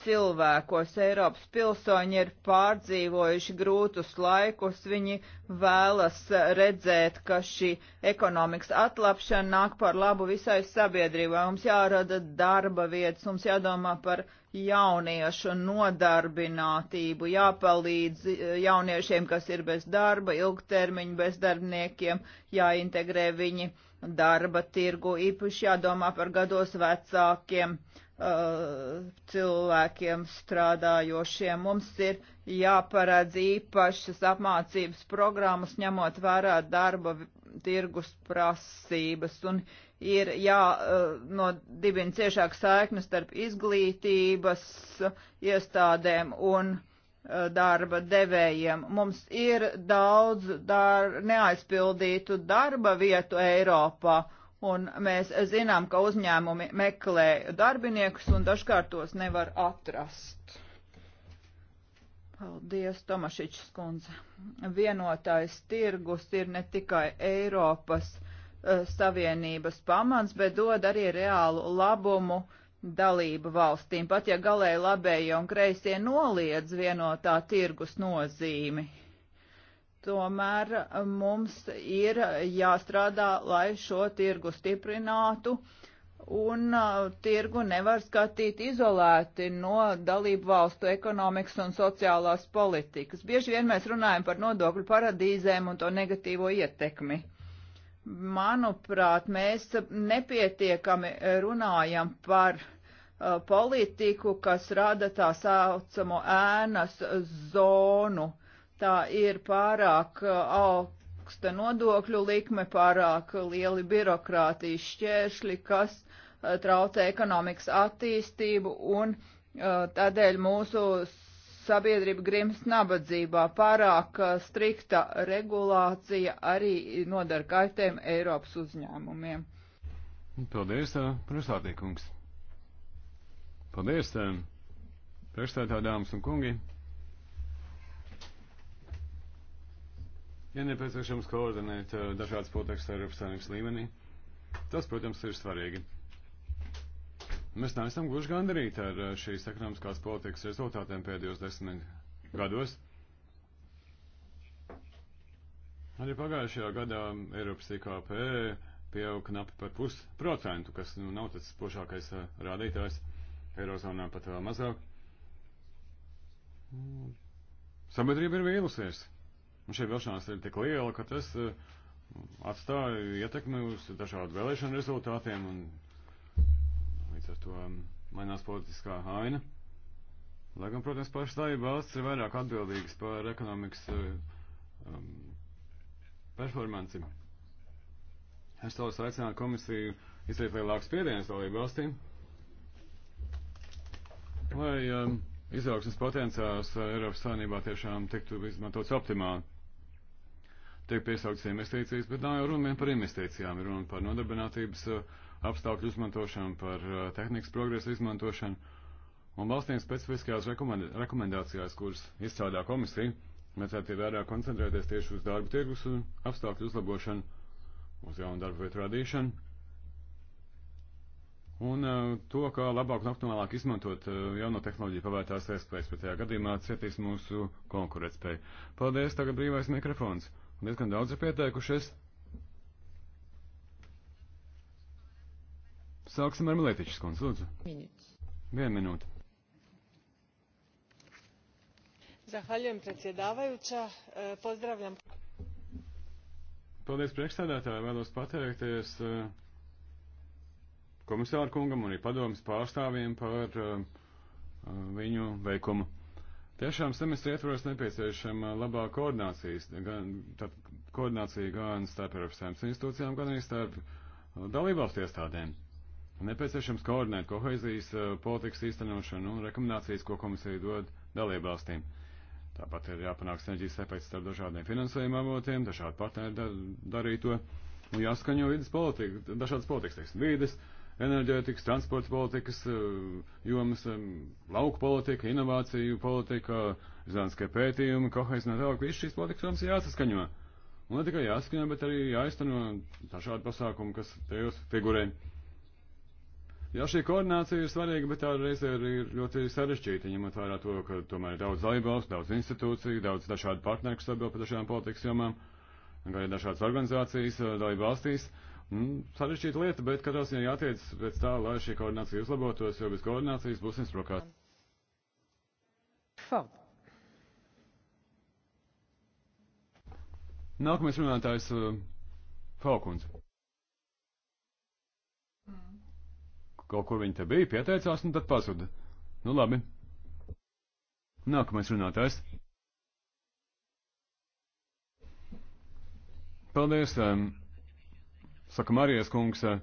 cilvēkos. Eiropas pilsoņi ir pārdzīvojuši grūtus laikus, viņi vēlas redzēt, ka šī ekonomikas atlapšana nāk par labu visai sabiedrībai. Mums jārada darba vietas, mums jādomā par jauniešu nodarbinātību, jāpalīdz jauniešiem, kas ir bez darba, ilgtermiņu bezdarbniekiem, jāintegrē viņi darba tirgu, īpaši jādomā par gados vecākiem. Uh, Uh, cilvēkiem strādājošiem. Mums ir jāparādz īpašas apmācības programmas, ņemot vērā darba tirgus prasības, un ir jānodibina uh, ciešāk saiknes starp izglītības iestādēm un uh, darba devējiem. Mums ir daudz dar neaizpildītu darba vietu Eiropā, Un mēs zinām, ka uzņēmumi meklē darbiniekus un dažkārt tos nevar atrast. Paldies, Tomašičs kundze. Vienotais tirgus ir ne tikai Eiropas uh, Savienības pamats, bet dod arī reālu labumu dalību valstīm, pat ja galēji labējie un kreisie noliedz vienotā tirgus nozīmi Tomēr eh, mums ir jāstrādā, lai šo tirgu stiprinātu, un uh, tirgu nevar skatīt izolēti no dalību valstu ekonomikas un sociālās politikas. Bieži vien mēs runājam par nodokļu paradīzēm un to negatīvo ietekmi. Manuprāt, mēs nepietiekami runājam par eh, politiku, kas rada tā saucamo ēnas zonu tā ir pārāk uh, augsta nodokļu likme, pārāk lieli birokrātijas šķēršļi, kas uh, traucē ekonomikas attīstību un uh, tādēļ mūsu sabiedrība grimst nabadzībā. Pārāk strikta regulācija arī nodara kaitēm Eiropas uzņēmumiem. Paldies, priekšstādīkums. Paldies, priekšstādā dāmas un kungi. ja nepieciešams koordinēt eh, dažādas politikas Eiropas Savienības līmenī. Tas, protams, ir svarīgi. Mēs neesam gluži gandarīti ar eh, šīs ekonomiskās politikas rezultātiem pēdējos desmit gados. Arī pagājušajā gadā Eiropas IKP pieauga knapi par pusprocentu, kas nu, nav tas spožākais eh, rādītājs. Eirozonā pat vēl mazāk. Sabiedrība ir vīlusies. Un šī vilšanās ir tik liela, ka tas eh, atstāja ietekmi uz dažādu vēlēšanu rezultātiem un līdz ar to um, mainās politiskā haina. Lai gan, protams, pašas dalība valsts ir vairāk atbildīgas par ekonomikas eh, um, performanci. Es tos aicinātu komisiju izdarīt lielāku spiedienu dalību valstīm, lai um, izaugsmes potenciāls Eiropas saimnībā tiešām tiktu izmantots optimāli tiek piesauktas investīcijas, bet nav jau runa par investīcijām, ir runa par nodarbinātības uh, apstākļu izmantošanu, par uh, tehnikas progresu izmantošanu. Un valstīm specifiskajās rekomendācijās, kuras izstrādā komisija, vajadzētu vērā koncentrēties tieši uz darba tirgus un apstākļu uzlabošanu, uz jaunu darba vietu radīšanu. Un uh, to, kā labāk un optimālāk izmantot uh, jauno tehnoloģiju pavērtās iespējas, bet tajā gadījumā cietīs mūsu konkurētspēja. Paldies, tagad brīvais mikrofons. Uh, Diezgan daudz ir pieteikušies. Sāksim ar Milētiķis kundzi, lūdzu. Minūtes. Vienu minūti. Zahvaljujem predsjedavajuća, e, pozdravljam. Paldies priekšstādātāji, vēlos pateikties e, komisāru kungam un arī padomas pārstāvjiem par e, viņu veikumu. Tiešām semestra ietvaros nepieciešama labā koordinācijas, gan, tad, koordinācija gan starp Eiropas saimnes institūcijām, gan arī starp uh, dalībvalstu iestādēm. Nepieciešams koordinēt kohēzijas uh, politikas īstenošanu un rekomendācijas, ko komisija dod dalībvalstīm. Tāpat ir jāpanāk sinerģijas efekts starp dažādiem finansējuma avotiem, dažādi partneri dar, darīto un jāskaņo vidas politika, dažādas politikas, teiksim, vidas, uh, enerģētikas, transporta politikas eh, jomas, eh, lauku politika, inovāciju politika, zinātniskie pētījumi, kohēzija un tālāk. Viss šīs politikas jomas jāsaskaņo. Un ne tikai jāsaskaņo, bet arī jāizteno šādi pasākumi, kas tajos figurē. Jā, šī koordinācija ir svarīga, bet tā reizē ir ļoti sarežģīta, ņemot vērā to, ka tomēr ir daudz laibals, daudz institūciju, daudz dažādu partneru, kas atbild par dažādām politikas jomām, gan arī dažādas organizācijas eh, dalība valstīs. Uh, Mm, sarežģīta lieta, bet katrā ziņā jātiec pēc tā, lai šī koordinācija uzlabotos, jo bez koordinācijas būs instrukāts. Ford. Nākamais runātājs uh, Falkundze. Mm. Kaut kur viņa te bija, pieteicās un tad pazuda. Nu labi. Nākamais runātājs. Paldies. Um, Saka Marijas kungs, eh,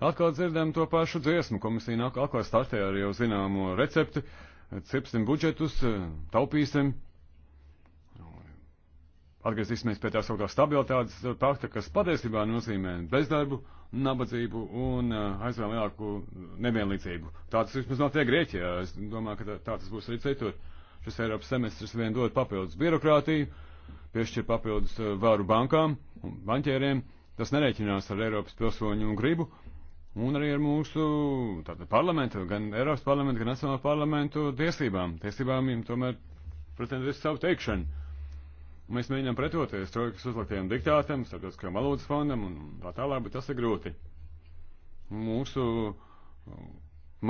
atkal dzirdam to pašu dziesmu, komisija nāk atkal startē ar jau zināmo recepti, eh, cipsim budžetus, eh, taupīsim, atgriezīsimies pie tā saukā stabilitātes pakta, kas patiesībā nozīmē bezdarbu, nabadzību un aizvien lielāku nevienlīdzību. Tā tas vismaz notiek Grieķijā, es domāju, ka tā, tā tas būs arī citur. Šis Eiropas semestris vien dod papildus birokrātiju, piešķir papildus varu bankām un banķēriem Tas nereiķinās ar Eiropas pilsoņu gribu un arī ar mūsu tātad, parlamentu, gan Eiropas parlamentu, gan Nacionālo parlamentu tiesībām. Tiesībām viņiem tomēr pretendēs savu teikšanu. Mēs mēģinām pretoties trojkas uzliktiem diktātam, starptautiskajam valodas fondam un tā tālāk, bet tas ir grūti. Mūsu uh,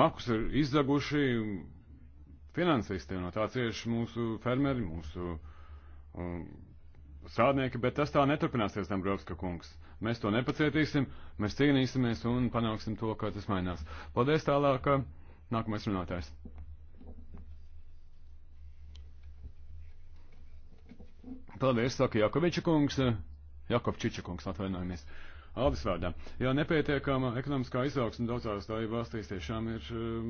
makus ir izdaguši finansisti, no tā cieši mūsu fermeri, mūsu um, uh, sādnieki, bet tas tā neturpināsies, Dambrovska kungs. Mēs to nepacietīsim, mēs cīnīsimies un panāksim to, kā tas mainās. Paldies tālāk, nākamais runātājs. Paldies, saka Jakoviča kungs, Jakovčiča kungs, atvainojamies. Aldis vārdā. Jā, nepietiekama ekonomiskā izaugsme daudzās dalību valstīs tiešām ir um,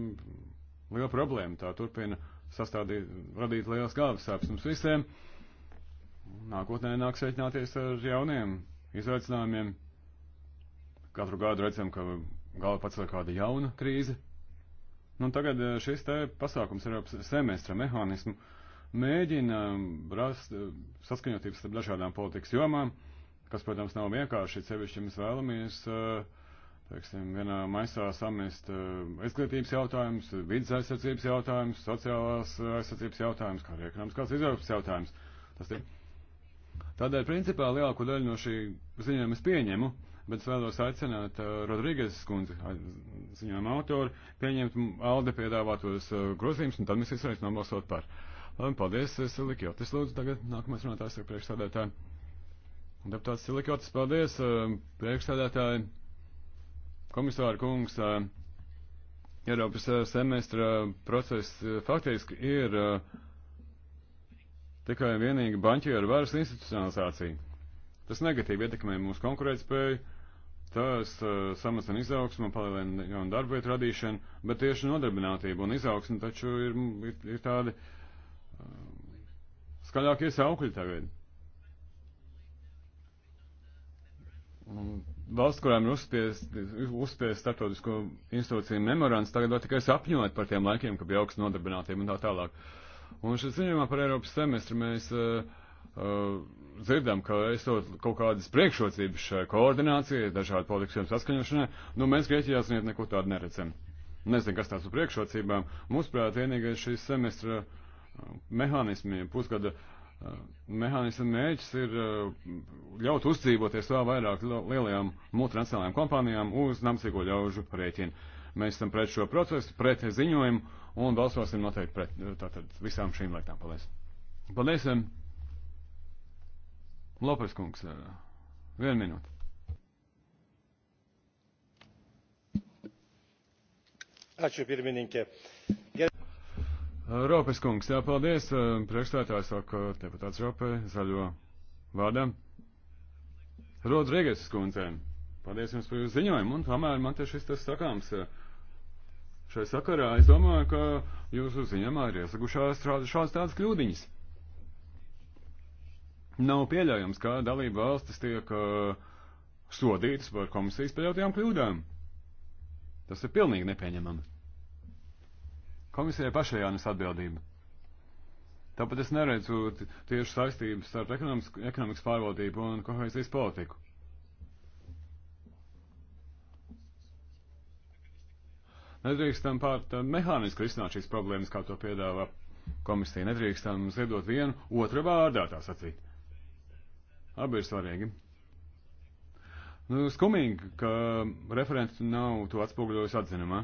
liela problēma. Tā turpina sastādīt, radīt liels galvas sāpes mums visiem. Nākotnē nāk sveicināties ar jauniem izaicinājumiem. Katru gadu redzam, ka galva pacēla kāda jauna krīze. Nu, tagad eh, šis te pasākums ar semestra mehānismu mēģina um, rast eh, saskaņotības starp dažādām politikas jomām, kas, protams, nav vienkārši. Sevišķi mēs vēlamies, eh, teiksim, vienā maisā samest izglītības jautājumus, vidas aizsardzības jautājumus, sociālās aizsardzības jautājumus, kā arī ekonomiskās izaugsmas jautājumus. Tas ir Tādēļ, principā, lielāko daļu no šī ziņojuma es pieņemu, bet es vēlos aicināt uh, Rodrīgas skundzi, ziņojuma autoru, pieņemt Alde piedāvātos uh, grozījumus, un tad mēs izsveicam nobalsot par. Labi, paldies, eh, Silikjotis, lūdzu, tagad nākamais runātājs ir priekšstādētāji. Deputāts Silikjotis, paldies, uh, eh, priekšstādētāji, komisāra kungs, uh, Eiropas semestra process faktiski ir uh, tikai un vienīgi banķieru varas institucionalizācija. Tas negatīvi ietekmē mūsu konkurētspēju, tas uh, samazina izaugsmu, palielina jaunu darbu vietu radīšanu, bet tieši nodarbinātība un izaugsme taču ir, ir, ir tādi uh, skaļākie saukļi tagad. Un valsts, kurām ir uzspiest, uzspiest starptautisko institūciju memorands, tagad var tikai sapņot par tiem laikiem, ka bija augsts nodarbinātība un tā tālāk. Uh, Un šis ziņojumā par Eiropas semestru mēs uh, uh, dzirdam, ka esot kaut kādas priekšrocības šai koordinācijai, dažādu politikas saskaņošanai, nu mēs Grieķijā ziniet neko tādu neredzam. Nezinu, kas tās ir priekšrocībām. Mūsuprāt, vienīgais šīs semestra uh, mehānismi, pusgada uh, mehānismu mērķis ir uh, ļaut uzdzīvoties vēl vairāk lielajām multinacionālajām kompānijām uz namsīgo ļaužu rēķinu. Mēs esam pret šo procesu, pret ziņojumu un balsosim noteikti pret tātad visām šīm lietām. Paldies! Paldies! Lopes kungs, eh, vienu minūti. Ačiū pirmininkė. Ger... Eh, Ropes kungs, jā, paldies. Eh, priekšstādātājs saka deputāts Rope, zaļo vārdā. Rodrīgas kundzēm, paldies jums par jūsu ziņojumu, un tomēr man te šis tas sakāms. Uh, Šai sakarā es domāju, ka jūsu ziņamā ir iesagušās šādas tādas kļūdiņas. Nav pieļaujams, ka dalība valstis tiek uh, sodītas par komisijas pieļautajām kļūdām. Tas ir pilnīgi nepieņemami. Komisijai pašai jānes atbildība. Tāpēc es neredzu tieši saistības starp ekonomikas, ekonomikas pārvaldību un kohēzijas politiku. Nedrīkstam pārt mehāniski risināt šīs problēmas, kā to piedāvā komisija. Nedrīkstam ziedot vienu otru vārdā, tā sacīt. Abi ir svarīgi. Nu, skumīgi, ka referents nav to atspoguļojis atzinumā.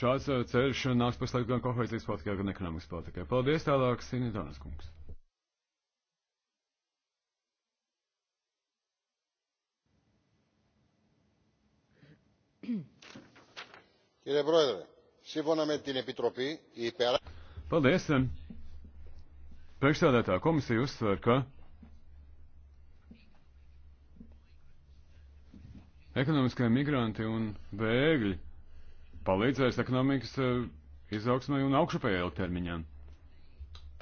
Šāds uh, ceļš nāks paslēgt gan kohēzijas politikai, gan ekonomikas politikai. Paldies tālāk, Sinitānas kungs. Paldies! Priekšstādētā komisija uzsver, ka ekonomiskie migranti un bēgļi palīdzēs ekonomikas eh, izaugsmai un augšupējai ilgtermiņam.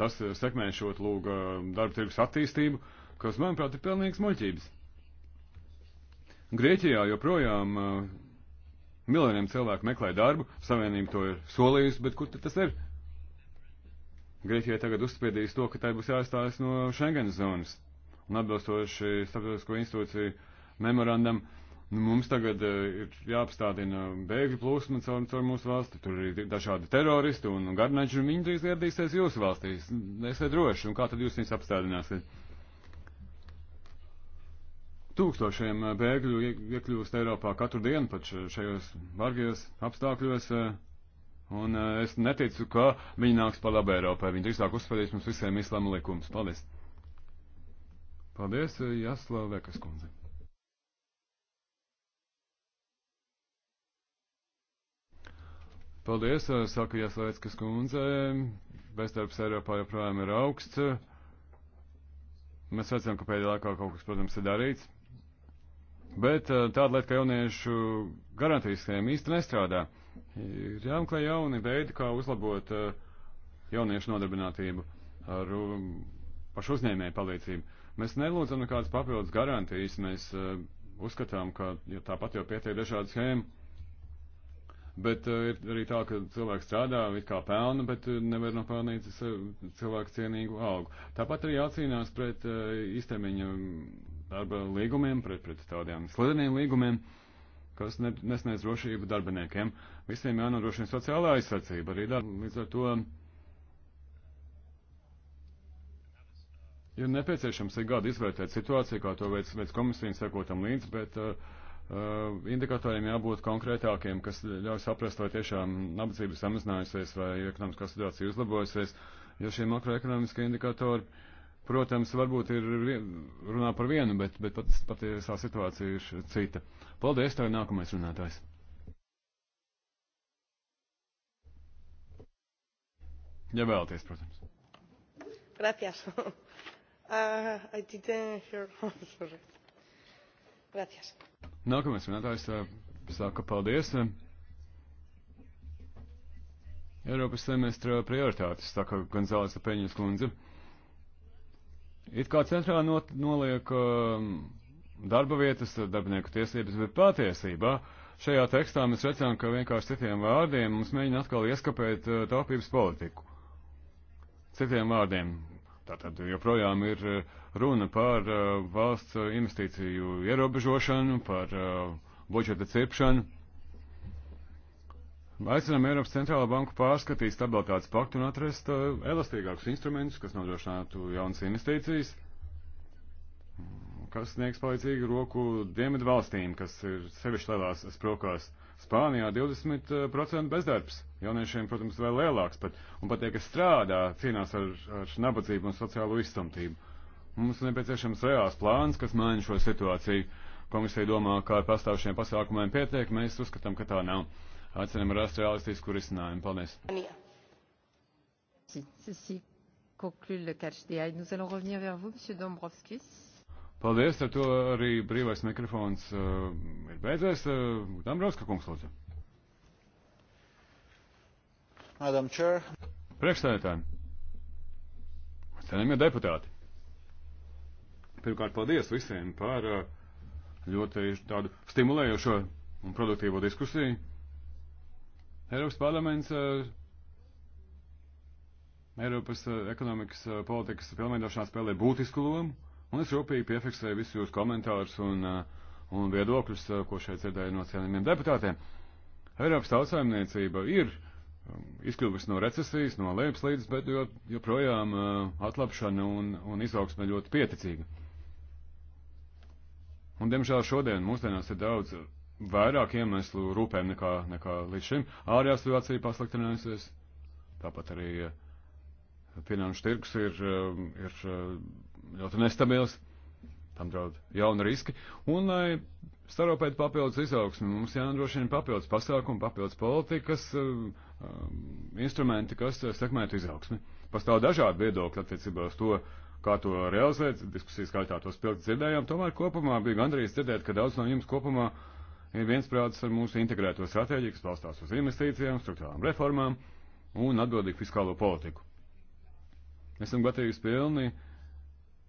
Tas eh, sekmēšot lūga eh, darba tirgus attīstību, kas, manuprāt, ir pilnīgs muļķības. Grieķijā joprojām uh, Miljoniem cilvēku meklē darbu, savienība to ir solījusi, bet kur tad tas ir? Grieķijai tagad uzspiedīs to, ka tai būs jāizstājas no Schengen zonas. Un atbilstoši starptautisko institūciju memorandam, nu, mums tagad uh, ir jāapstādina bēgļu plūsma caur, caur mūsu valsti. Tur ir dažādi teroristi un garnaģi, un viņi drīz ieradīsies jūsu valstīs. Esiet droši, un kā tad jūs viņus apstādināsiet? Tūkstošiem bēgļu iekļūst Eiropā katru dienu, pat šajos bargajos apstākļos, eh, un eh, es neticu, ka viņi nāks par labu Eiropai. Viņi drīzāk uzspēlēs mums visiem islama likumus. Paldies! Paldies, eh, Jāsla Vekas kundze! Paldies, saka Jāsla kundze. Bezdarbs Eiropā joprojām ir augsts. Mēs redzam, ka pēdējā laikā kaut kas, protams, ir darīts. Bet eh, tāda lieta, ka jauniešu garantijas schēma īsti nestrādā. Ir jāmeklē jauni veidi, kā uzlabot eh, jauniešu nodarbinātību ar um, pašu uzņēmēju palīdzību. Mēs nelūdzam nekādas papildus garantijas, mēs eh, uzskatām, ka ja tāpat jau pietiek dažādu schēmu. Bet ir arī tā, ka cilvēks strādā, it kā pelna, bet nevar nopelnīt cilvēku cienīgu algu. Tāpat arī jācīnās pret īstermiņa darba līgumiem, pret, pret tādiem sledeniem līgumiem, kas ne, nesniedz drošību darbiniekiem. Visiem jānodrošina sociālā aizsardzība arī darba. Līdz ar to ir nepieciešams ik gadu izvērtēt situāciju, kā to veids, veids komisija, sekotam līdz, bet uh, uh indikatoriem jābūt konkrētākiem, kas ļauj saprast, vai tiešām nabadzība samazinājusies vai ekonomiskā situācija uzlabojusies, jo šie makroekonomiskie indikatori protams, varbūt ir runā par vienu, bet, bet pat, patiesā situācija ir cita. Paldies, tev ir nākamais runātājs. Ja vēlaties, protams. Gracias. uh, I didn't hear. Oh, sorry. Gracias. Nākamais runātājs uh, saka paldies. Uh, Eiropas semestra prioritātes, saka Gonzāles Peņas kundze. Uh, It kā centrā not, noliek um, darba vietas, darbinieku tiesības, bet patiesībā šajā tekstā mēs redzam, ka vienkārši citiem vārdiem mums mēģina atkal ieskapēt uh, taupības politiku. Citiem vārdiem, tātad joprojām ir uh, runa par uh, valsts uh, investīciju ierobežošanu, par uh, budžeta cipšanu. Aicinām Eiropas centrālo banku pārskatīt stabilitātes paktu un atrast uh, elastīgākus instrumentus, kas nodrošinātu jaunas investīcijas, kas sniegs palīdzīgu roku dienvidu valstīm, kas ir sevišķi lielās sprokās. Spānijā 20% uh, bezdarbs, jauniešiem, protams, vēl lielāks, pat, un pat tie, kas strādā, cīnās ar, ar nabadzību un sociālo izstumtību. Mums ir nepieciešams reāls plāns, kas maina šo situāciju. Komisija domā, ka ar pastāvšiem pasākumiem pietiek, mēs uzskatām, ka tā nav aicinām rast realistisku risinājumu. Paldies! Paldies, ar to arī brīvais mikrofons uh, ir beidzies. Uh, Dambrovska kungs, lūdzu. Madam Chair. Priekšstādētāji. Cienījamie deputāti. Pirmkārt, paldies visiem par uh, ļoti tādu stimulējošo un produktīvo diskusiju. Eiropas parlaments eh, Eiropas eh, ekonomikas eh, politikas pilnveidošanā spēlē būtisku lomu, un es rūpīgi piefiksēju visus jūsu komentārus un, un viedokļus, ko šeit dzirdēju no cienījumiem deputātiem. Eiropas tautsājumniecība ir um, izkļuvusi no recesijas, no lejupslīdes, bet joprojām atlapšana un, un izaugsme ļoti pieticīga. Un, diemžēl, šodien mūsdienās ir daudz vairāk iemeslu rūpēm nekā, nekā līdz šim. Ārējā situācija pasliktinājusies, tāpat arī eh, finanšu tirgus ir, eh, ir eh, ļoti nestabils, tam draud jauni riski. Un, lai staropēt papildus izaugsmi, mums jānodrošina papildus pasākumi, papildus politikas, instrumenti, kas sekmētu izaugsmi. Pastāv dažādi viedokļi attiecībā uz to, kā to realizēt, diskusijas skaitā tos pilgt dzirdējām, tomēr kopumā bija gandrīz dzirdēt, ka daudz no jums kopumā uh, ir viensprāts ar mūsu integrēto stratēģiju, kas balstās uz investīcijām, struktūrām reformām un atbildīgu fiskālo politiku. Esam gatavības pilni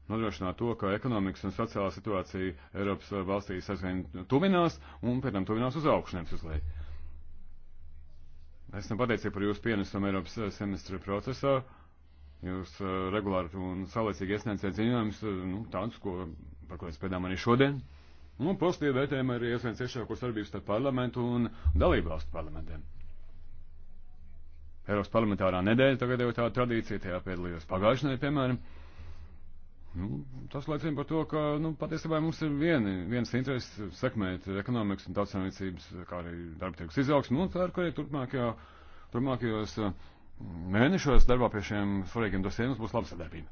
nodrošināt to, ka ekonomikas un sociālā situācija Eiropas valstīs aizvien tuvinās un pēc tam tuvinās uz augšu, nevis uz leju. Esmu pateicīgi par jūsu pienesumu Eiropas semestra procesā. Jūs eh, regulāri un saulēcīgi iesniedzat ziņojumus, eh, nu, tādus, ko, par ko es pēdām arī šodien. Un nu, pozitīvi vērtējumi arī iesniedz ciešāko sadarbību starp parlamentu un dalībvalstu parlamentiem. Eiropas parlamentārā nedēļa tagad jau tāda tradīcija, tajā piedalījos pagājušajā, piemēram. Nu, tas liecina par to, ka nu, patiesībā mums ir vieni, viens interesi sekmēt ekonomikas un tautsāmniecības, kā arī darba tirgus izaugsmu, un ceru, ka arī turpmākajā, turpmākajos uh, mēnešos darbā pie šiem svarīgiem dosiem mums būs laba sadarbība.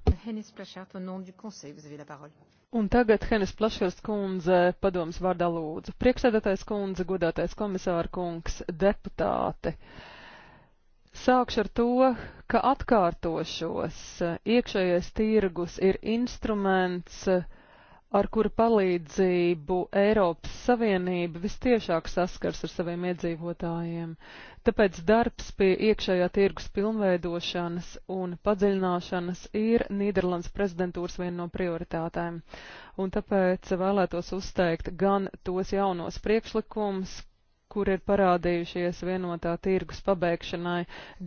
Un tagad Henes Plašers kundze padoms vārdā lūdzu. Priekšsēdētais kundze, godātais komisāra kungs, deputāti. Sākšu ar to, ka atkārtošos iekšējais tirgus ir instruments, uh, ar kuru palīdzību Eiropas Savienība vistiešāk saskars ar saviem iedzīvotājiem. Tāpēc darbs pie iekšējā tirgus pilnveidošanas un padziļināšanas ir Nīderlandes prezidentūras viena no prioritātēm. Un tāpēc vēlētos uzteikt gan tos jaunos priekšlikumus, kur ir parādījušies vienotā tirgus pabeigšanai,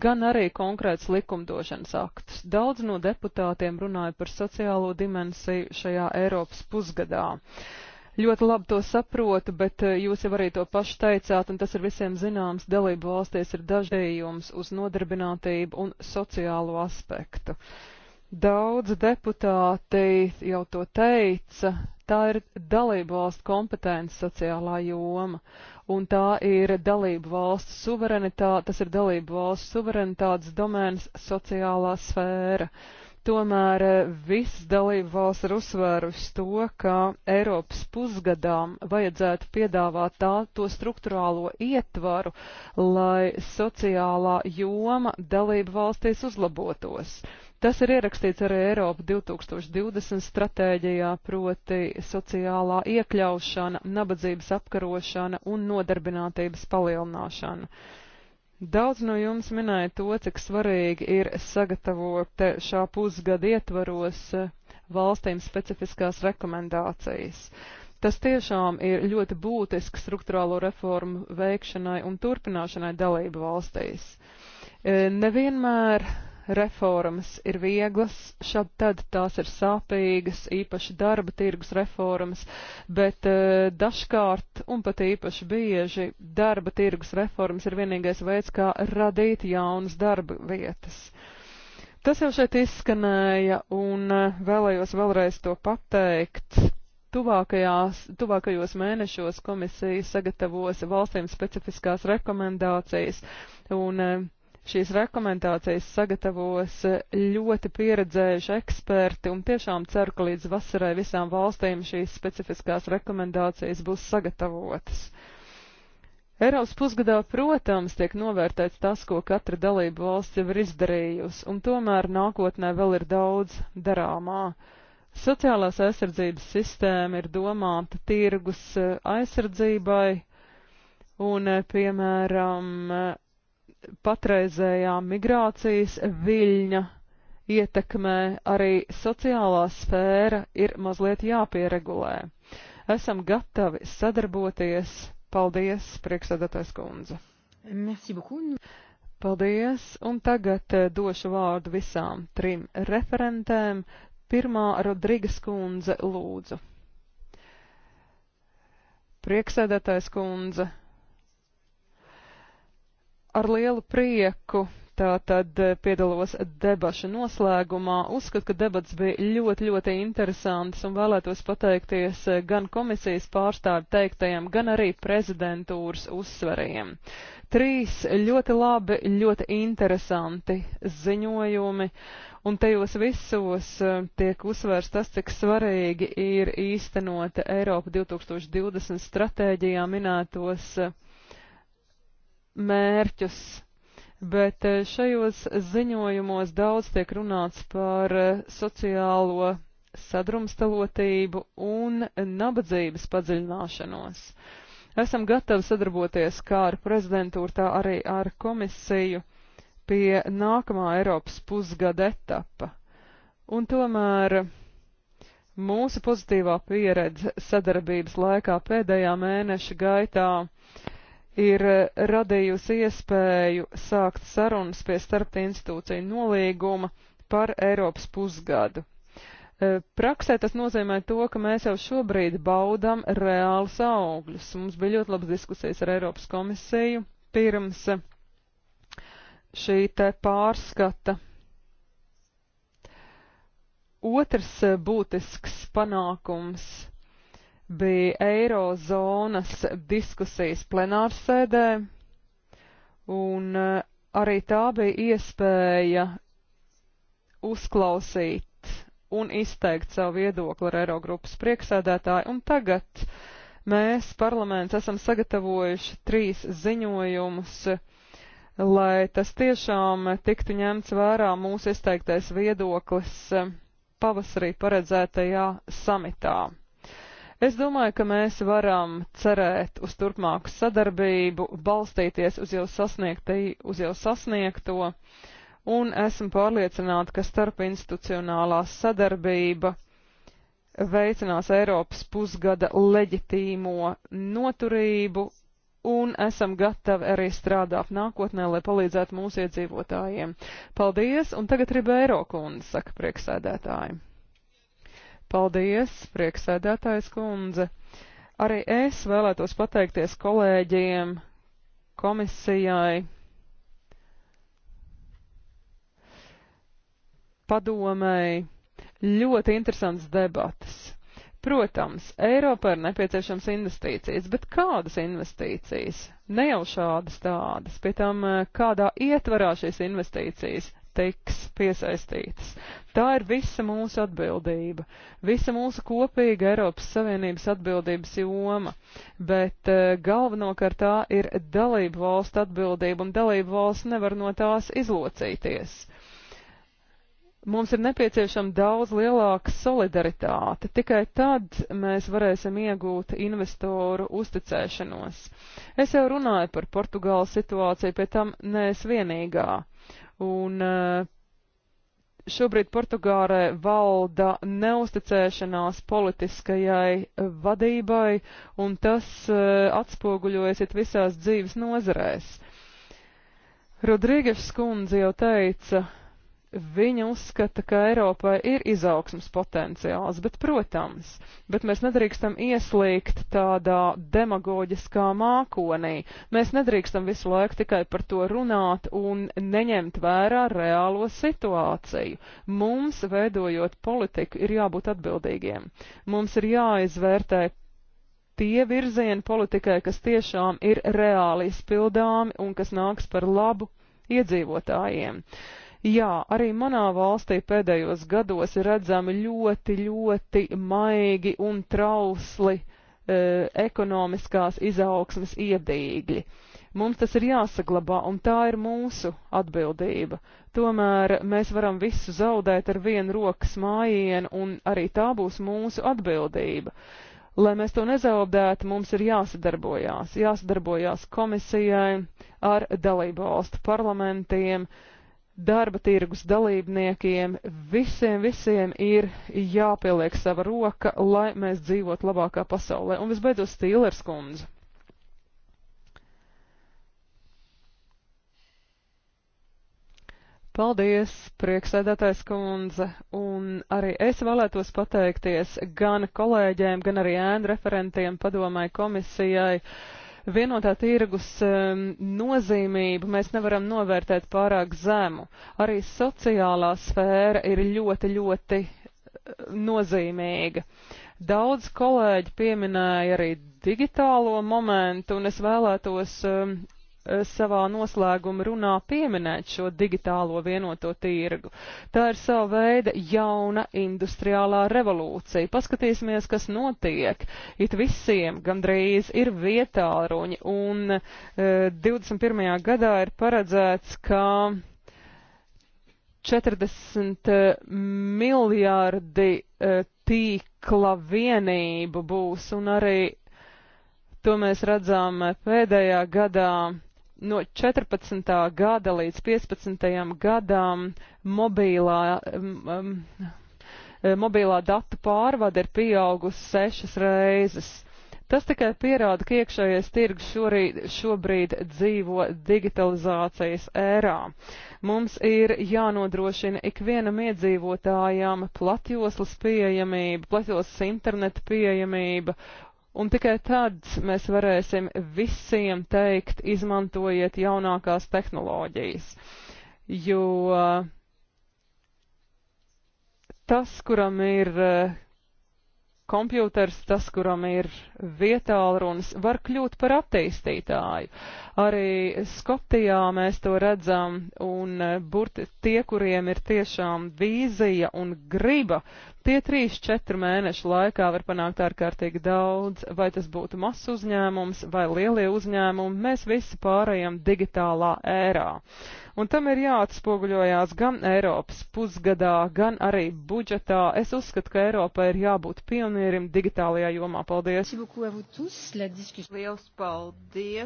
gan arī konkrēts likumdošanas aktus. Daudz no deputātiem runāja par sociālo dimensiju šajā Eiropas pusgadā. Ļoti labi to saprotu, bet eh, jūs jau arī to pašu teicāt, un tas ir visiem zināms, dalību valstīs ir dažējums uz nodarbinātību un sociālo aspektu. Daudz deputāti jau to teica, tā ir dalību valstu kompetence sociālā joma, un tā ir dalību valstu suverenitāte, tas ir dalību valstu suverenitātes domēnas sociālā sfēra. Tomēr eh, visas dalību valsts ir uzsvērusi to, ka Eiropas pusgadām vajadzētu piedāvāt tā, to struktūrālo ietvaru, lai sociālā joma dalību valstīs uzlabotos. Tas ir ierakstīts arī Eiropa 2020 stratēģijā, proti sociālā iekļaušana, nabadzības apkarošana un nodarbinātības palielināšana. Daudz no jums minēja to, cik svarīgi ir sagatavot šā pusgada ietvaros valstīm specifiskās rekomendācijas. Tas tiešām ir ļoti būtiski struktūrālo reformu veikšanai un turpināšanai dalību valstīs. E, nevienmēr reformas ir vieglas, šad tad tās ir sāpīgas, īpaši darba tirgus reformas, bet e, dažkārt un pat īpaši bieži darba tirgus reformas ir vienīgais veids, kā radīt jaunas darba vietas. Tas jau šeit izskanēja un eh, vēlējos vēlreiz to pateikt. Tuvākajās, tuvākajos mēnešos komisija sagatavos valstīm specifiskās rekomendācijas un eh, Šīs rekomendācijas sagatavos ļoti pieredzējuši eksperti un tiešām ceru, ka līdz vasarai visām valstīm šīs specifiskās rekomendācijas būs sagatavotas. Eiropas pusgadā, protams, tiek novērtēts tas, ko katra dalība valsts jau ir izdarījusi, un tomēr nākotnē vēl ir daudz darāmā. Sociālās aizsardzības sistēma ir domāta tirgus eh, aizsardzībai, un, eh, piemēram, patreizējā migrācijas viļņa ietekmē arī sociālā sfēra ir mazliet jāpieregulē. Esam gatavi sadarboties. Paldies, priekšsēdētājs kundze. Merci beaucoup. Paldies, un tagad eh, došu vārdu visām trim referentēm. Pirmā Rodrigas kundze lūdzu. Prieksēdētājs kundze, ar lielu prieku tātad eh, piedalos debašu noslēgumā. Uzskatu, ka debats bija ļoti, ļoti interesants un vēlētos pateikties eh, gan komisijas pārstāvi teiktajiem, gan arī prezidentūras uzsvariem. Trīs ļoti labi, ļoti interesanti ziņojumi, un tajos visos eh, tiek uzsvērts tas, cik svarīgi ir īstenot Eiropa 2020 stratēģijā minētos mērķus. Bet eh, šajos ziņojumos daudz tiek runāts par eh, sociālo sadrumstalotību un nabadzības padziļināšanos. Esam gatavi sadarboties kā ar prezidentūru, tā arī ar komisiju pie nākamā Eiropas pusgada etapa. Un tomēr mūsu pozitīvā pieredze sadarbības laikā pēdējā mēneša gaitā uh, ir eh, radījusi iespēju sākt sarunas pie starpinstitūciju nolīguma par Eiropas pusgadu. Eh, praksē tas nozīmē to, ka mēs jau šobrīd baudam reālus augļus. Mums bija ļoti labas diskusijas ar Eiropas komisiju pirms šī te pārskata. Otrs eh, būtisks panākums bija Eirozonas diskusijas plenārsēdē, un eh, arī tā bija iespēja uzklausīt un izteikt savu viedokli ar Eirogrupas prieksēdētāju, un tagad mēs parlaments esam sagatavojuši trīs ziņojumus, lai tas tiešām tiktu ņemts vērā mūsu izteiktais viedoklis pavasarī paredzētajā samitā. Es domāju, ka mēs varam cerēt uz turpmāku sadarbību, balstīties uz jau, uz jau sasniegto, un esmu pārliecināta, ka starpinstitucionālā sadarbība veicinās Eiropas pusgada leģitīmo noturību, un esam gatavi arī strādāt nākotnē, lai palīdzētu mūsu iedzīvotājiem. Paldies, un tagad Ribeiro kundze, saka prieksēdētāji. Paldies, prieksēdētājs kundze. Arī es vēlētos pateikties kolēģiem, komisijai, padomēji. Ļoti interesants debatas. Protams, Eiropā ir nepieciešams investīcijas, bet kādas investīcijas? Ne jau šādas tādas, pie tam eh, kādā ietvarā šīs investīcijas, tiks piesaistītas. Tā ir visa mūsu atbildība, visa mūsu kopīga Eiropas Savienības atbildības joma, bet eh, galvenokārt tā ir dalību valstu atbildība, un dalību valsts nevar no tās izlocīties mums ir nepieciešama daudz lielāka solidaritāte. Tikai tad mēs varēsim iegūt investoru uzticēšanos. Es jau runāju par Portugāles situāciju, pie tam nees vienīgā. Un eh, šobrīd Portugārē valda neusticēšanās politiskajai vadībai, un tas eh, atspoguļojas it visās dzīves nozarēs. Rodrīgas skundze jau teica, Viņa uzskata, ka Eiropai ir izaugsmas potenciāls, bet, protams, bet mēs nedrīkstam ieslīgt tādā demagoģiskā mākonī. Mēs nedrīkstam visu laiku tikai par to runāt un neņemt vērā reālo situāciju. Mums, veidojot politiku, ir jābūt atbildīgiem. Mums ir jāizvērtē tie virzieni politikai, kas tiešām ir reāli izpildāmi un kas nāks par labu iedzīvotājiem. Uh, Jā, arī manā valstī pēdējos gados ir redzami ļoti, ļoti maigi un trausli e, ekonomiskās izaugsmes iedīgļi. Mums tas ir jāsaglabā, un tā ir mūsu atbildība. Tomēr mēs varam visu zaudēt ar vienu rokas mājienu, un arī tā būs mūsu atbildība. Lai mēs to nezaudētu, mums ir jāsadarbojās, jāsadarbojās komisijai ar dalību valstu parlamentiem, uh, darba tirgus dalībniekiem, visiem, visiem ir jāpieliek sava roka, lai mēs dzīvot labākā pasaulē. Un visbeidzot, Stīlers kundze. Paldies, prieksēdētājs kundze, un arī es vēlētos pateikties gan kolēģiem, gan arī ēnu referentiem padomai komisijai. Uh, vienotā tirgus ehm, nozīmību mēs nevaram novērtēt pārāk zemu. Arī sociālā sfēra ir ļoti, ļoti eh, nozīmīga. Daudz kolēģi pieminēja arī digitālo momentu, un es vēlētos ehm, Eh, savā noslēguma runā pieminēt šo digitālo vienoto tirgu. Tā ir sava veida jauna industriālā revolūcija. Paskatīsimies, kas notiek. It visiem gandrīz ir vietāruņi un e, eh, 21. gadā ir paredzēts, ka 40 miljārdi e, tīkla vienību būs un arī to mēs redzam eh, pēdējā gadā no 14. gada līdz 15. gadam mobilā, um, mm, mm, mobilā datu pārvada ir pieaugusi sešas reizes. Tas tikai pierāda, ka iekšējais tirgus šorīd, šobrīd dzīvo digitalizācijas ērā. Mums ir jānodrošina ikvienam iedzīvotājam platjoslas pieejamība, platjoslas interneta pieejamība Un tikai tad mēs varēsim visiem teikt, izmantojiet jaunākās tehnoloģijas. Jo tas, kuram ir eh, kompjuters, tas, kuram ir vietālrunas, var kļūt par attīstītāju. Arī Skotijā mēs to redzam, un eh, burti tie, kuriem ir tiešām vīzija un griba, Tie 3-4 mēnešu laikā var panākt ārkārtīgi daudz, vai tas būtu mazs uzņēmums vai lielie uzņēmumi, mēs visi pārējām digitālā ērā. Un tam ir jāatspoguļojās gan Eiropas pusgadā, gan arī budžetā. Es uzskatu, ka Eiropai ir jābūt pionierim digitālajā jomā. Paldies! Liels paldies!